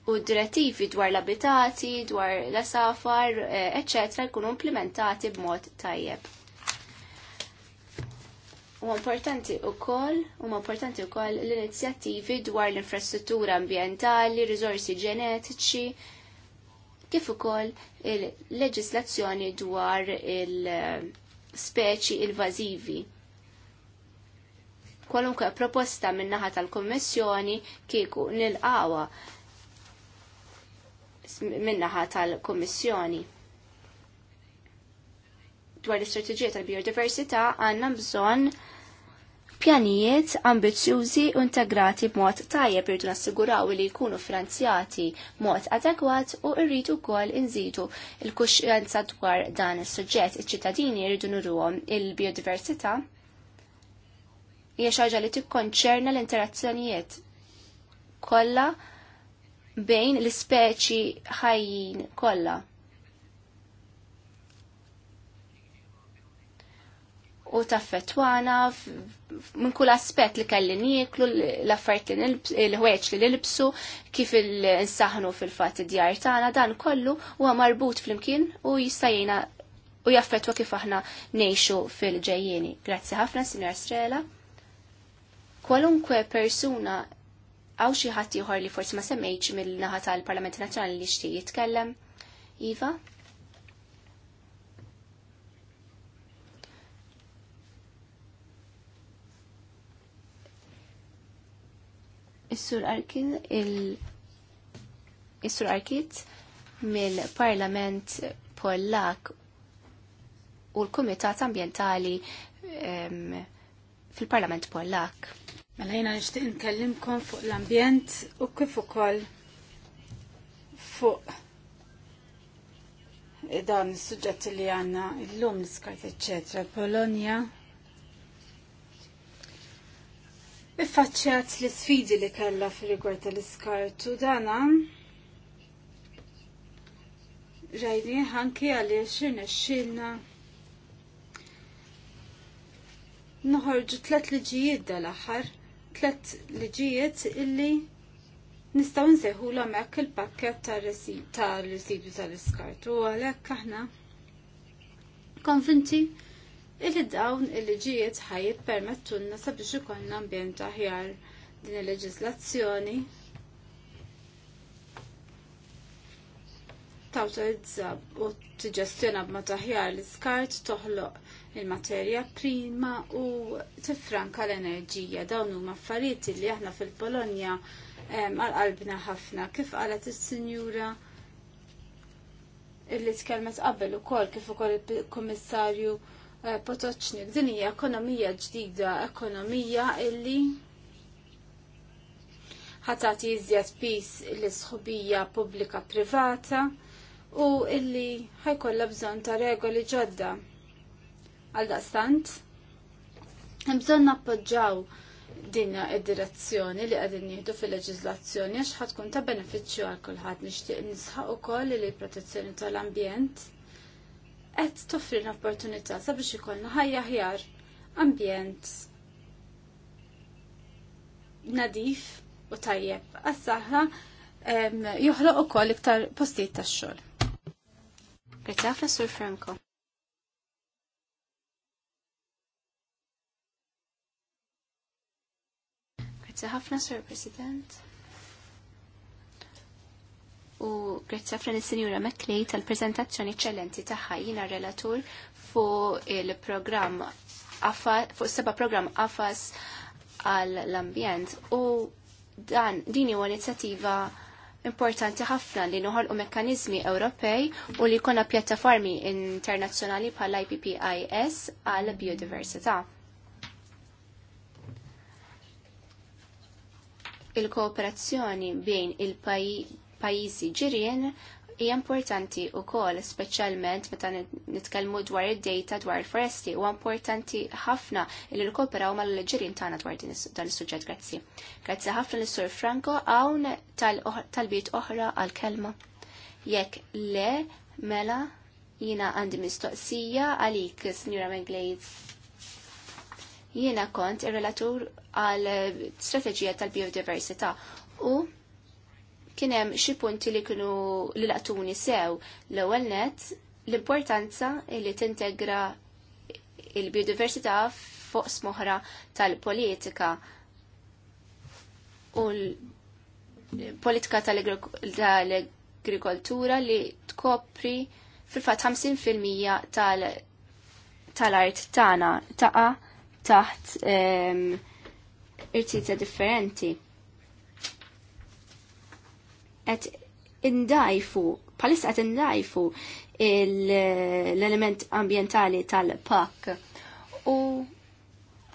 u direttivi dwar l-abitati, dwar l-safar, eccetera, eh, jkunu implementati b'mod tajjeb. U importanti u koll, u importanti u koll l-inizjattivi dwar l-infrastruttura ambientali, risorsi ġenetiċi, kif ukoll il-leġislazzjoni dwar il-speċi invazivi. Kwalunkwe proposta minnaħa tal-Kommissjoni kieku nil-qawa minnaħa tal-Kommissjoni. Dwar l-istrateġija tal-biodiversità għandna bżonn pjanijiet ambizjużi u integrati b'mod tajjeb irridu nassiguraw li jkunu finanzjati b'mod adekwat u rridu wkoll inżidu il-kuxjenza dwar dan is-suġġett. Iċ-ċittadini jridu nuruhom il-biodiversità hija xi ħaġa li tikkonċerna l-interazzjonijiet kollha bejn l-ispeċi ħajjin kollha. u taffetwana minn kull aspett li kelli nieklu, l-affart li l-ħweċ li nilbsu, kif il-insaħnu fil fatt id-djar tagħna dan kollu huwa marbut flimkien u jistajjina u jaffetwa kif aħna nejxu fil-ġejjeni. Grazzi ħafna, Sinjor Strela. Kwalunkwe persuna Għaw xi ħadd ieħor li forsi ma semmejx mill-naħa tal-Parlament Nazzjonali li xtieq jitkellem? Iva? Is-Sur Arkin il sur Arkit mill-Parlament Pollak u l-Kumitat Ambjentali fil-Parlament Pollak. Mela jina nishtiq nkellimkom fuq l-ambjent u kif ukoll fuq dan is-suġġett li għandna llum l-iskart eċetera. Polonja iffaċċjat l isfidi li kellha fir-rigward tal-iskart u dana rajni ħanki għaliex irnexxielna noħorġu tlet liġijiet dal-aħħar tlet liġijiet illi nistaw nseħu l hekk il-pakket tal residu tal-iskartu għalhekk aħna konvinti illi dawn il-liġijiet ħajib permettunna sabiex ikollna ambjent aħjar din il-leġislazzjoni tawtorizza u tiġestjona b'mod aħjar l-iskart toħloq il-materja prima u tifranka l-enerġija. Dawn huma affarijiet li aħna fil-Polonja għal-qalbna ħafna. Kif qalet is-sinjura illi tkellmet qabel ukoll kif ukoll il-Kummissarju eh, Potoċnik, din hija ekonomija ġdida, ekonomija illi ħatati jizjat pis l-sħubija pubblika privata u illi ħajkolla bżon ta' regoli ġodda. Għal daqstant, bżon nappoġġaw din id-direzzjoni li għadin jihdu fil-leġizlazzjoni għax ħatkun ta' beneficju għal kulħadd nixtieq nisħaq ukoll li l-protezzjoni tal-ambjent qed toffri l-opportunità sabiex ikollna ħajja ħjar ambjent nadif u tajjeb għas-saħħa joħloq ukoll iktar postijiet tax-xogħol. Grazie Sur Franco. Grazie ħafna, Sir President. U grazie ħafna l-Sinjura Mekli tal-prezentazzjoni eccellenti tagħha jiena relatur fuq il-programm fu seba' programm AFAS għall-ambjent u dan din huwa inizjattiva importanti ħafna li nħolqu mekkanizmi Ewropej u li jkollna pjattaformi internazzjonali bħal IPPIS għal biodiversità. il-kooperazzjoni bejn il-pajjiżi ġirien hija importanti wkoll speċjalment meta nitkellmu dwar id-dejta dwar il-foresti huwa importanti ħafna li nikkooperaw mal-ġirien tagħna dwar dan is-suġġett grazzi. Grazzi ħafna lis sur Franco hawn tal-bit oħra għal kelma. Jekk le mela jina għandi mistoqsija għalik, Sinjura Menglades jiena kont ir-relatur għal strateġija tal-biodiversità u kien hemm xi punti li kienu li laqtuni sew l-ewwel net l-importanza li tintegra il-biodiversità fuq smoħra tal-politika u l-politika tal-agrikoltura li tkopri fil-fat 50% tal- tal-art tana taqa taħt ehm, irtita differenti. Et indajfu, palissa et indajfu l-element ambientali tal-pak. U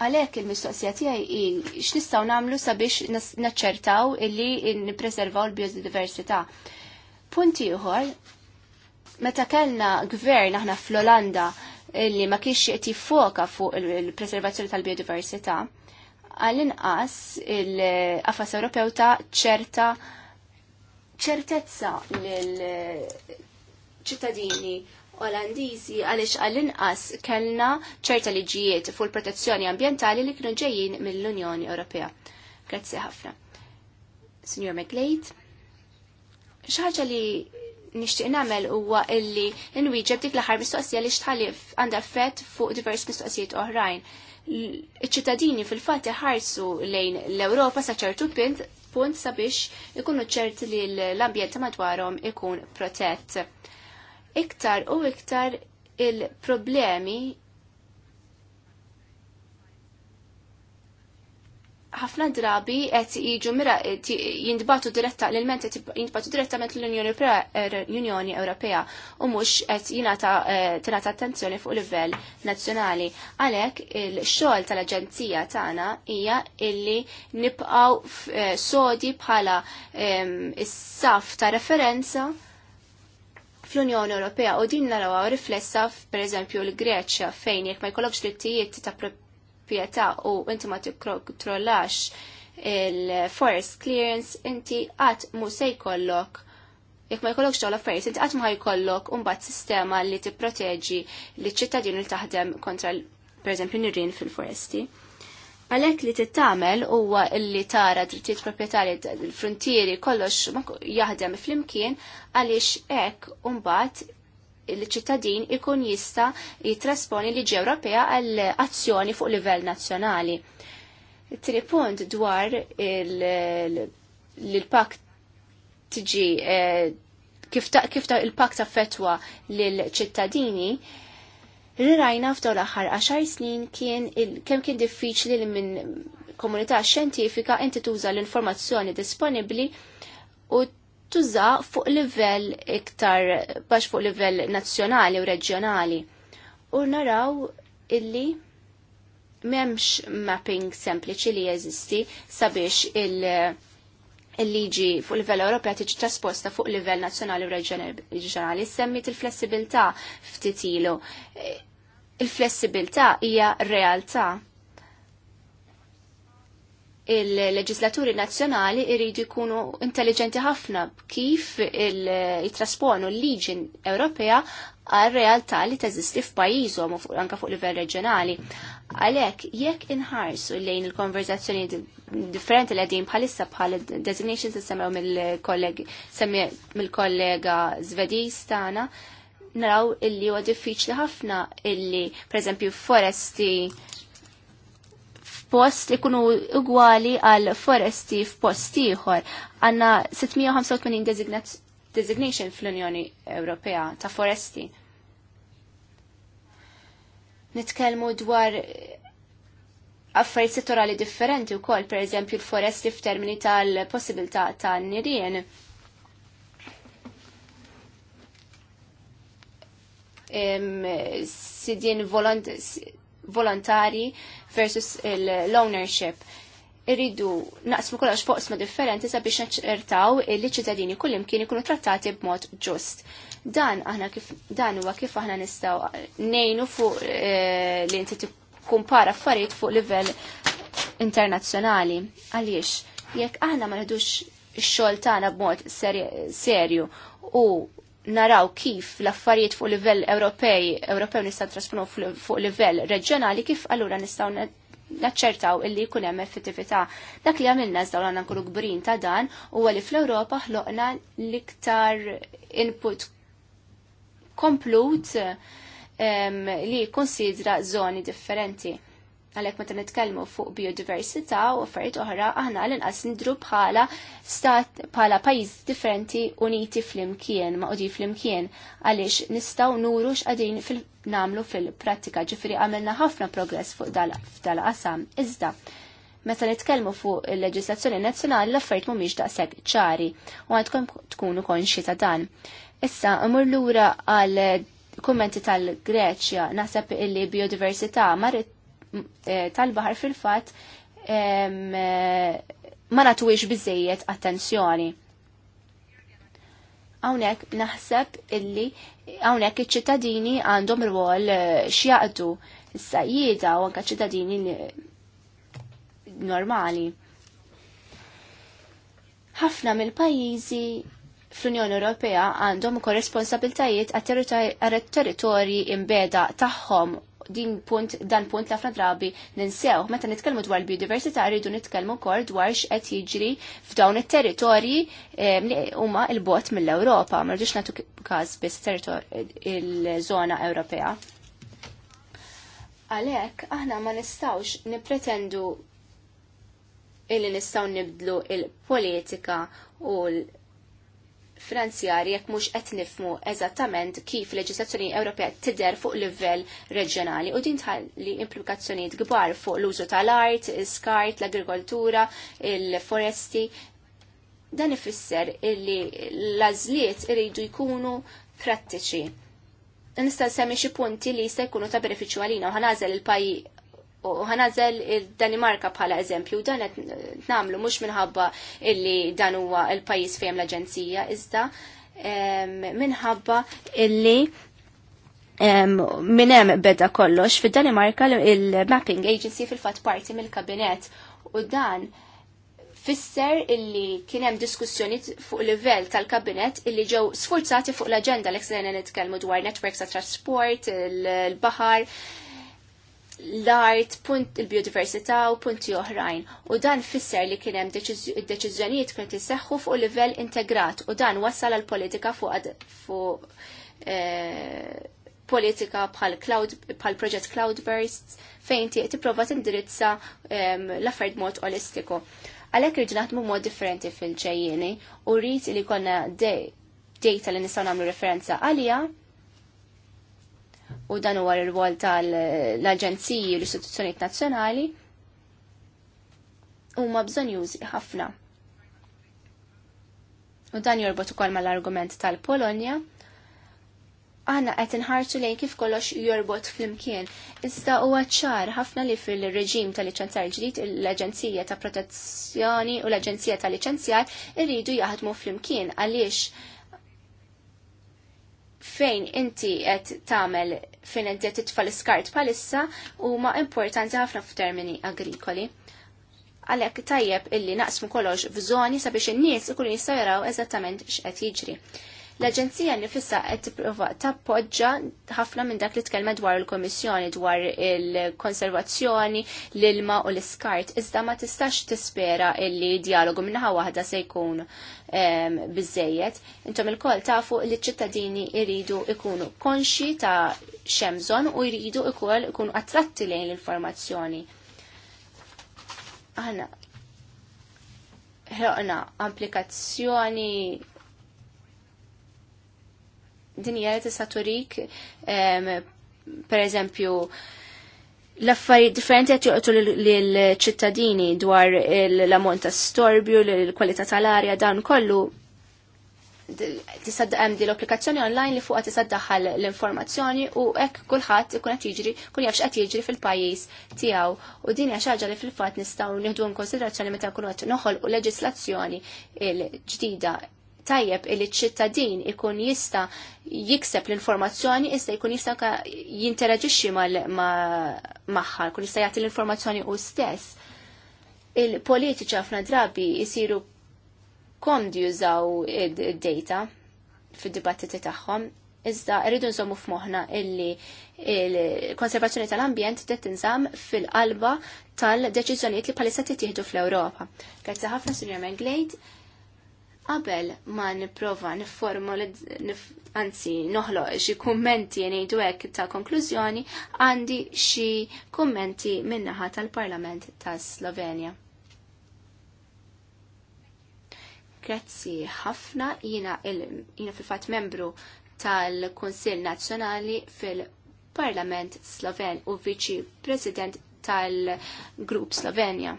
għalek il-mistoqsija tiegħi hi x'nistgħu nagħmlu sabiex naċċertaw illi n-preservaw l-biodiversità. Punti ieħor, meta kellna gvern aħna fl-Olanda li ma kienx qed jiffoka fuq il-preservazzjoni tal-biodiversità, għall-inqas il afas Ewropew ta' ċerta ċertezza lill-ċittadini Olandiżi għaliex għall-inqas kellna ċerta liġijiet fuq il-protezzjoni ambjentali li kienu ġejjin mill-Unjoni Ewropea. Grazzi ħafna. Signor McLeod, xaġa li nixtieq nagħmel huwa illi nwieġeb dik l-aħħar mistoqsija li xtħalif għandha effett fuq divers mistoqsijiet oħrajn. Iċ-ċittadini fil-fatt iħarsu lejn l-Ewropa sa ċertu punt punt sabiex ikunu ċert li l-ambjent madwarhom ikun protett. Iktar u iktar il-problemi ħafna drabi qed jiġu mira jintbatu diretta l-ilment qed jintbatu direttament l-Unjoni er- Ewropea u mhux qed jingħata eh, tingħata attenzjoni fuq livell nazzjonali. Għalhekk il-xogħol tal-Aġenzija tagħna hija illi nibqgħu eh, sodi bħala ehm, is-saf ta' referenza fl-Unjoni Ewropea u din narawha riflessa f'pereżempju l-Greċja fejn jekk ma jkollokx drittijiet ta' pieta u inti ma tikkontrollax il-forest clearance inti qatt mu se jkollok jekk ma jkollokx dawn l-affarijiet inti qatt ma jkollok imbagħad sistema li t-proteġi li ċittadini li taħdem kontra pereżempju nirien fil-foresti. Għalhekk li tittamel huwa li tara drittijiet proprjetarji l-frontieri kollox jaħdem flimkien għaliex hekk imbagħad il-ċittadin ikun jista jitrasponi liġi Ewropea għal azzjoni fuq livell nazzjonali. Tri punt dwar il-pak tġi eh, kif ta' il-pak ta' fetwa l ċittadini rirajna f'dawn l-aħħar 10 snin kien kemm kien diffiċli li minn komunità xjentifika inti tuża l-informazzjoni disponibbli u tuża fuq livell iktar bax fuq livell nazzjonali u reġjonali. U naraw illi memx mapping sempliċi li jeżisti sabiex il- il-liġi fuq livell Ewropea tiġi trasposta fuq livell nazzjonali u reġjonali semmit il-flessibilità ftit ilu. Il-flessibilità hija realtà il-leġislaturi nazzjonali irridu jkunu intelligenti ħafna kif jitrasponu l liġin Ewropea għal realtà li teżisti f'pajjiżhom u anke fuq livell reġjonali. Għalhekk jekk inħarsu lejn il-konverzazzjoni differenti li qegħdin bħalissa bħal designation li semmew mill mill-kollega Zvediż tagħna naraw illi huwa diffiċli ħafna illi pereżempju foresti Post ikunu ugwali għal foresti f'post ieħor. Għandna 685 designation fl-Unjoni Ewropea ta' foresti. Nitkellmu dwar affarijiet settorali differenti wkoll, pereżempju l-foresti f'termini tal-possibilità ta' nirien. Sidin volont volontari versus l-ownership. Irridu naqsmu kollox foqsma differenti sabiex naċċertaw li ċittadini kullimkien ikunu trattati b'mod ġust. Dan aħna kif dan huwa kif aħna nistgħu nejnu fuq eh, li inti tikkumpara affarijiet fuq livell internazzjonali. Għaliex jekk aħna ma nħedux ix-xogħol tagħna b'mod serju u naraw kif l-affarijiet fuq livell Ewropej, Ewropej nistgħu trasponu fuq livell reġjonali kif allura nistgħu naċċertaw illi jkun hemm effettività. Dak li għamilna żdaw għandna nkunu kburin ta' dan huwa li fl-Ewropa ħloqna l-iktar input komplut um, li konsidra zoni differenti. Għalhekk meta nitkellmu fuq biodiversità u offert oħra aħna l-inqas nidru bħala stat bħala pajjiż differenti uniti flimkien, maqudi flimkien għaliex nistgħu nuru x'qegħdin fil-namlu fil-prattika ġifiri għamilna ħafna progress fuq dal-qasam. Iżda, meta nitkellmu fuq il-leġislazzjoni nazzjonali l-affarijiet mhumiex daqshekk ċari u għandkom tkunu konxi ta' dan. Issa imur lura għal kummenti tal-Greċja naħseb illi biodiversità marit Eh, tal bahar fil-fatt eh, ma natwix bizzejiet attenzjoni. Hawnhekk naħseb illi għawnek iċ-ċittadini għandhom rwol eh, x'jaqdu s sajjida u għanka ċittadini normali. Ħafna mill-pajjiżi fl-Unjoni Ewropea għandhom korresponsabiltajiet għat territorji imbeda tagħhom din punt, dan punt la drabi ninsew. Meta nitkellmu dwar il-biodiversità rridu nitkellmu wkoll dwar x'qed jiġri f'dawn it-territorji li huma l-bot mill-Ewropa. Ma rridux nagħtu każ biss il-żona Ewropea. Għalhekk aħna ma nistgħux nippretendu illi nistgħu nibdlu il-politika u l finanzjari jekk mhux qed nifmu eżattament kif leġislazzjoni Ewropea tidher fuq livell reġjonali u din tħalli implikazzjonijiet kbar fuq l-użu tal-art, iskart, l-agrikoltura, il-foresti. Dan ifisser illi l-għażliet iridu jkunu prattiċi. Nista' semmi xi punti li jista' jkunu ta' benefiċċju għalina u ħanażel il-pajjiż u ħanażel il-Danimarka bħala eżempju, dan qed namlu mhux minħabba illi dan huwa l-pajjiż fejn l-aġenzija, iżda minħabba illi minn hemm beda kollox, fid-Danimarka il-Mapping Agency fil-fatt parti mill-kabinet u dan fisser illi kien hemm diskussjoni fuq livell tal-kabinet illi ġew sfurzati fuq l-aġenda l-ek nitkellmu dwar networks ta' trasport, il-baħar, il baħar l-art, punt il-biodiversità u punti oħrajn. U dan fisser li kienem deċiżjonijiet kien tisseħħu fuq livell integrat u dan wassal għal politika fuq fu, eh, politika bħal cloud bħal project Cloudburst fejn ti tipprova tindirizza ehm, l-affarijiet mod olistiku. Għalhekk irġi naħdmu mod differenti fil-ġejjieni u rrid li konna data li nistgħu nagħmlu referenza għalija u dan huwa r-rwol tal-aġenziji u l-istituzzjonijiet nazzjonali huma bżonn jużi ħafna. U dan jorbot ukoll mal-argument tal-Polonja. Aħna qed inħarsu lejn kif kollox jorbot flimkien. Iżda huwa ċar ħafna li fil-reġim tal-liċenzjar ġdid l-Aġenzija ta' Protezzjoni u l-Aġenzija tal-Liċenzjar irridu jaħdmu flimkien għaliex fejn inti qed tagħmel fejn qed titfa' l-iskart bħalissa huma importanti ħafna f'termini agrikoli. Għalhekk tajjeb illi naqsmu kollox f'żoni sabiex in-nies ikunu jistgħu jaraw eżattament x'qed jiġri. L-Aġenzija nifissa qed tipprova tappoġġa ħafna minn dak li tkellma dwar il-Kommissjoni dwar il-konservazzjoni, l-ilma u l-iskart, iżda ma tistax tispera illi dialogu minnaħa waħda se jkun biżejjed. Intom il-koll tafu li ċittadini jridu ikunu konxi ta' xemżon u jridu ikoll ikunu attratti lejn l-informazzjoni. Aħna ħloqna applikazzjoni dinja tista' turik per eżempju l-affarijiet differenti qed joqtu lill-ċittadini dwar l-ammont ta' storbju, l-kwalità tal-arja dan kollu tista' hemm din l-applikazzjoni online li fuqha tista' daħħal l-informazzjoni u hekk kulħadd ikun qed jiġri kun jafx qed jiġri fil-pajjiż tiegħu u din hija xi ħaġa li fil-fatt nistgħu nieħdu konsiderazzjoni meta jkunu qed noħolqu leġislazzjoni l-ġdida tajjeb il ċittadin ikun jista jikseb l-informazzjoni issa jkun jista jinteraġixxi maħħar, kun jista jagħti l-informazzjoni u stess. Il-politiċi ħafna drabi jisiru komdi jużaw id-data fid-dibattiti tagħhom, iżda rridu nżommu f'moħħna illi il-konservazzjoni tal-ambjent qed tinżamm fil-qalba tal-deċiżjonijiet li palissa titieħdu fl-Ewropa. Grazzi ħafna Sinjor Menglade. Qabel ma nipprova niformuliz anzi noħloq xi kummenti jgħidu hekk ta' konklużjoni għandi xi kummenti min-naħa tal-Parlament ta' Slovenja. Grazzi ħafna jiena jiena fil-fatt membru tal-Kunsill Nazzjonali fil-Parlament Sloven u viċi President tal-Grupp Slovenja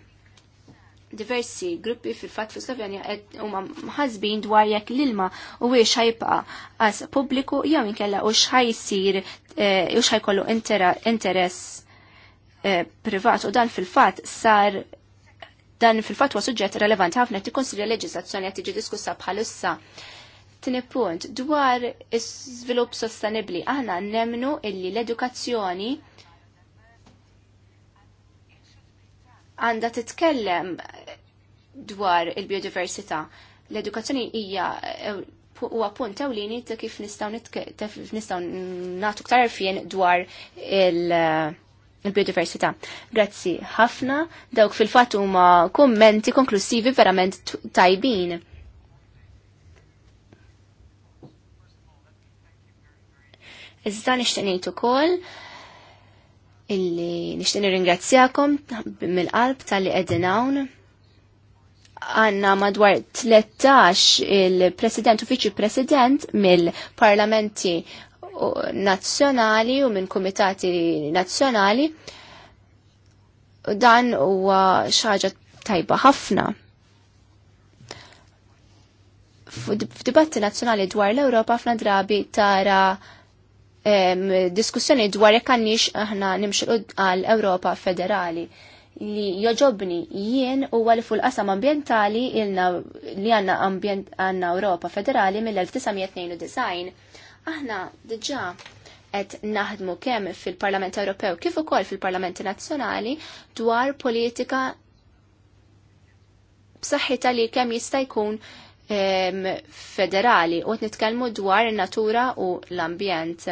diversi gruppi fil-fat fi Slovenja huma mħazbin dwar jekk l-ilma u wiex ħajbqa għas pubbliku jew inkella u x'ħajsir eh, u x'ħajkollu interess eh, privat u dan fil-fat sar dan fil-fat huwa suġġett relevanti ħafna tikkonsidra leġiżlazzjoni qed tiġi diskussa bħalissa. Tini punt, dwar is sostenibli, aħna nemnu illi l-edukazzjoni għanda titkellem dwar il-biodiversità. L-edukazzjoni hija huwa punt ewlieni ta' kif nistgħu nistgħu nagħtu ktar fien dwar il-biodiversità. Grazzi ħafna dawk fil-fatt huma kummenti konklusivi verament tajbin. Iżda nixtieq ngħid ukoll illi nixtieq nirringrazzjakom mill-qalb tal-li qegħdin hawn għanna madwar 13 il-President u Viċi President mill-Parlamenti nazzjonali u minn komitati nazzjonali dan huwa xaġa tajba ħafna. F'dibatti nazzjonali dwar l-Ewropa ħafna drabi tara diskussjoni dwar jekk għandix aħna nimxu għal Ewropa federali li joġobni jien u għal l qasam ambientali ilna li għanna ambient għanna Europa Federali mill-1992. Aħna diġa qed naħdmu kemm fil-Parlament Ewropew kif ukoll fil-Parlamenti Nazzjonali dwar politika b'saħħitha li kemm jista' jkun ehm, federali u qed nitkellmu dwar in-natura u l-ambjent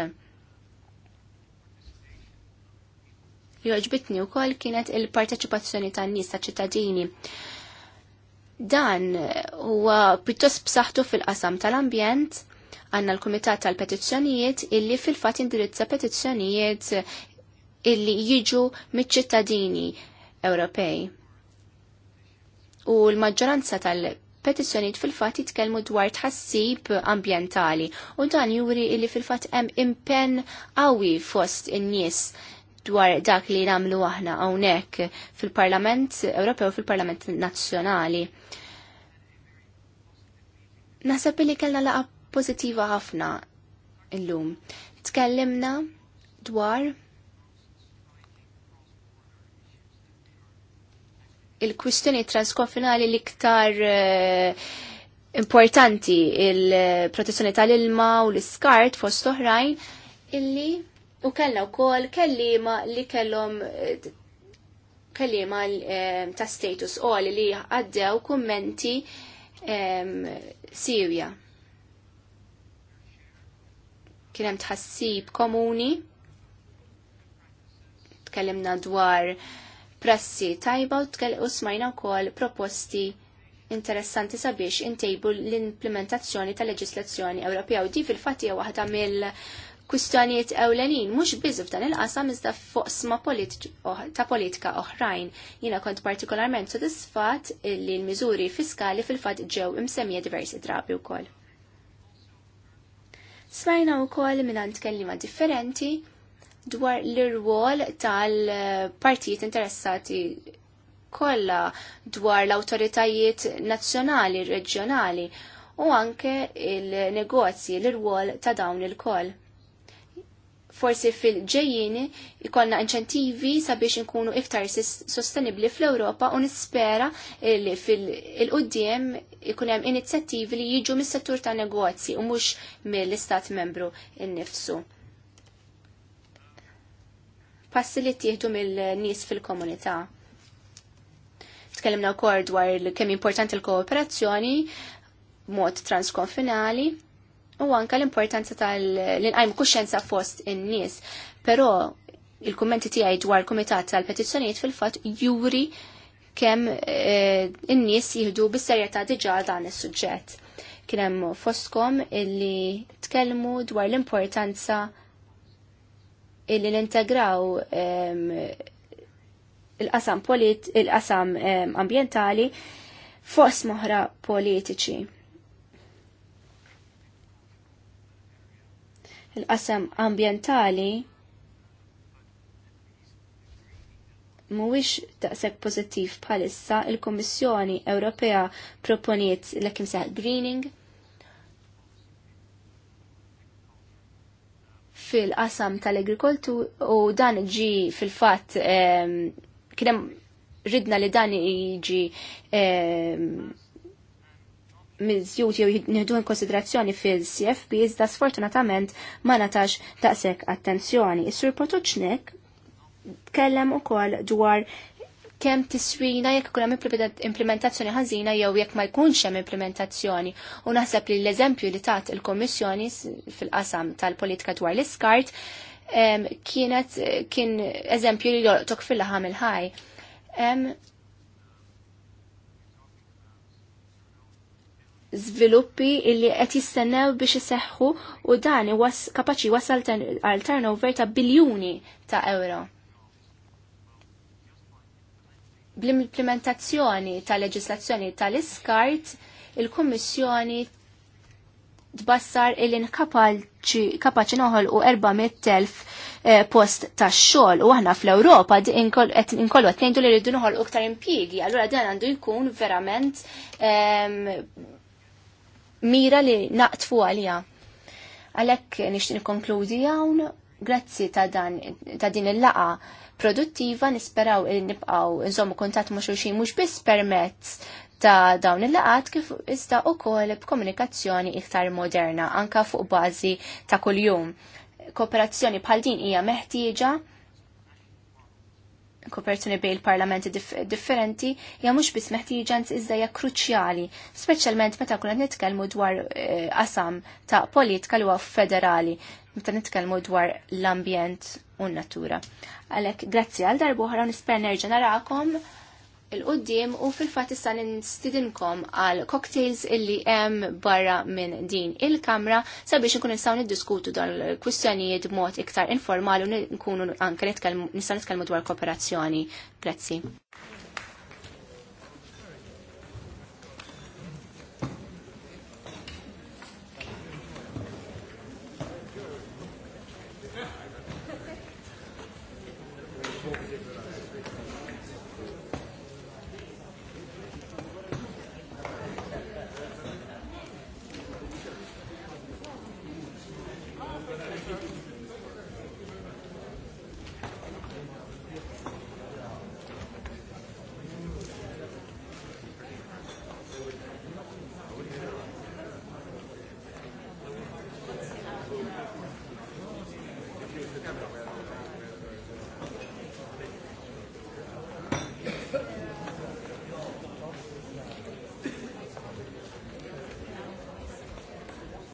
joġbitni wkoll kienet il-parteċipazzjoni tan-nies ta' ċittadini. Dan huwa pjuttost b'saħħtu fil-qasam tal-ambjent, għanna l-Kumitat tal-Petizzjonijiet illi fil-fat indirizza petizzjonijiet illi jiġu mit-ċittadini Ewropej. U l-maġġoranza tal- petizzjonijiet fil-fat jitkellmu dwar tħassib ambientali u dan juri illi fil-fat hemm impenn qawwi fost in-nies dwar dak li namlu aħna hawnhekk fil-Parlament Ewropew u fil-Parlament Nazzjonali. Naħseb li kellna laqa pożittiva ħafna illum. Tkellimna dwar il-kwistjoni transkonfinali l-iktar eh, importanti il-protezzjoni tal-ilma u l-iskart fost oħrajn illi U kellna wkoll kellima li kellhom kellima eh, ta' status qoli li għaddew kummenti Sirja. Kien hemm tħassib komuni. Tkellimna dwar prassi tajba u smajna wkoll proposti interessanti sabiex intejbu l-implementazzjoni tal leġislazzjoni Ewropea u di fil-fatt hija waħda mill kwistjonijiet ewlenin, mhux biżu f'dan il-qasam iżda foqsma oh, ta' politika oħrajn. Jiena kont partikolarment sodisfat li l-miżuri fiskali fil-fatt ġew imsemmija diversi drabi wkoll. Smajna wkoll mingħand kellima differenti dwar l-irwol tal-partijiet interessati kollha dwar l-awtoritajiet nazzjonali, reġjonali u anke il-negozji l-irwol ta' dawn il-koll forsi fil-ġejjini ikonna inċentivi sabiex nkunu iktar sostenibli fl-Ewropa u nispera li fil-qoddim ikun hemm inizjattivi li jiġu mis-settur ta' negozji u mhux mill-istat membru innifsu. Passi li tieħdu mill-nies fil-komunità. Tkellimna wkoll dwar kemm importanti l-kooperazzjoni b'mod transkonfinali u anka l-importanza tal inqajm kuxenza fost in-nies. Però il-kummenti tiegħi dwar kumitat tal-petizzjonijiet fil-fatt juri kemm eh, in-nies jieħdu bis-serjetà diġà dan is-suġġett. Kien hemm fostkom illi tkellmu dwar l-importanza illi l-integraw ehm, il-qasam polit, il-qasam ehm, ambjentali fost moħra politiċi il-qasam ambientali mhuwiex taqseb pozittiv bħalissa il-Kummissjoni Ewropea proponiet l-ekim seħ greening fil-qasam tal-agrikoltu u dan ġi fil-fatt kien hemm ridna li dan jiġi miżjut jew nieħdu konsiderazzjoni fil-CFP iżda sfortunatament ma natax daqshekk attenzjoni. Is-Sur Potoċnik tkellem ukoll dwar kemm tiswina jekk ikun hemm implementazzjoni ħażina jew jekk ma jkunx hemm implementazzjoni. U naħseb li l-eżempju li tat il-Kommissjoni fil-qasam tal-politika dwar l-iskart kienet kien eżempju li joqtok fil-laħam il-ħaj żviluppi illi qed jistennew biex iseħħu u dan was kapaċi wasal għal turnover ta' biljuni ta' euro. Bl-implementazzjoni ta' leġislazzjoni tal-iskart, il-Kummissjoni tbassar il kapaċi noħol u 400.000 post ta' xol u aħna fl-Europa inkollu għatnejdu li rridu noħol ktar impiegi, għallura dan għandu jkun verament ehm, mira li naqtfu għalija. Għalhekk nixtieq nikkonkludi hawn grazzi ta' dan ta' din il-laqa produttiva nisperaw il nibqaw nżommu kuntatt ma' xulxin mhux biss permezz ta' dawn il-laqat kif iżda wkoll b'komunikazzjoni iktar moderna anka fuq bażi ta' kuljum. Kooperazzjoni bħal din hija meħtieġa kopertuni bej il-parlamenti dif differenti hija mhux biss meħtieġa izda hija kruċjali, speċjalment meta kuna nitkellmu dwar eh, qasam ta' politika li huwa federali, meta nitkellmu dwar l-ambjent u n-natura. Għalhekk grazzi għal darbu oħra nisper nerġa' narakom il-qoddim u fil-fat issa nistidinkom għal cocktails illi hemm barra minn din il-kamra sabiex nkun nistgħu niddiskutu dan il-kwistjonijiet b'mod iktar informali u nkunu anke nistgħu nitkellmu dwar kooperazzjoni. Grazzi.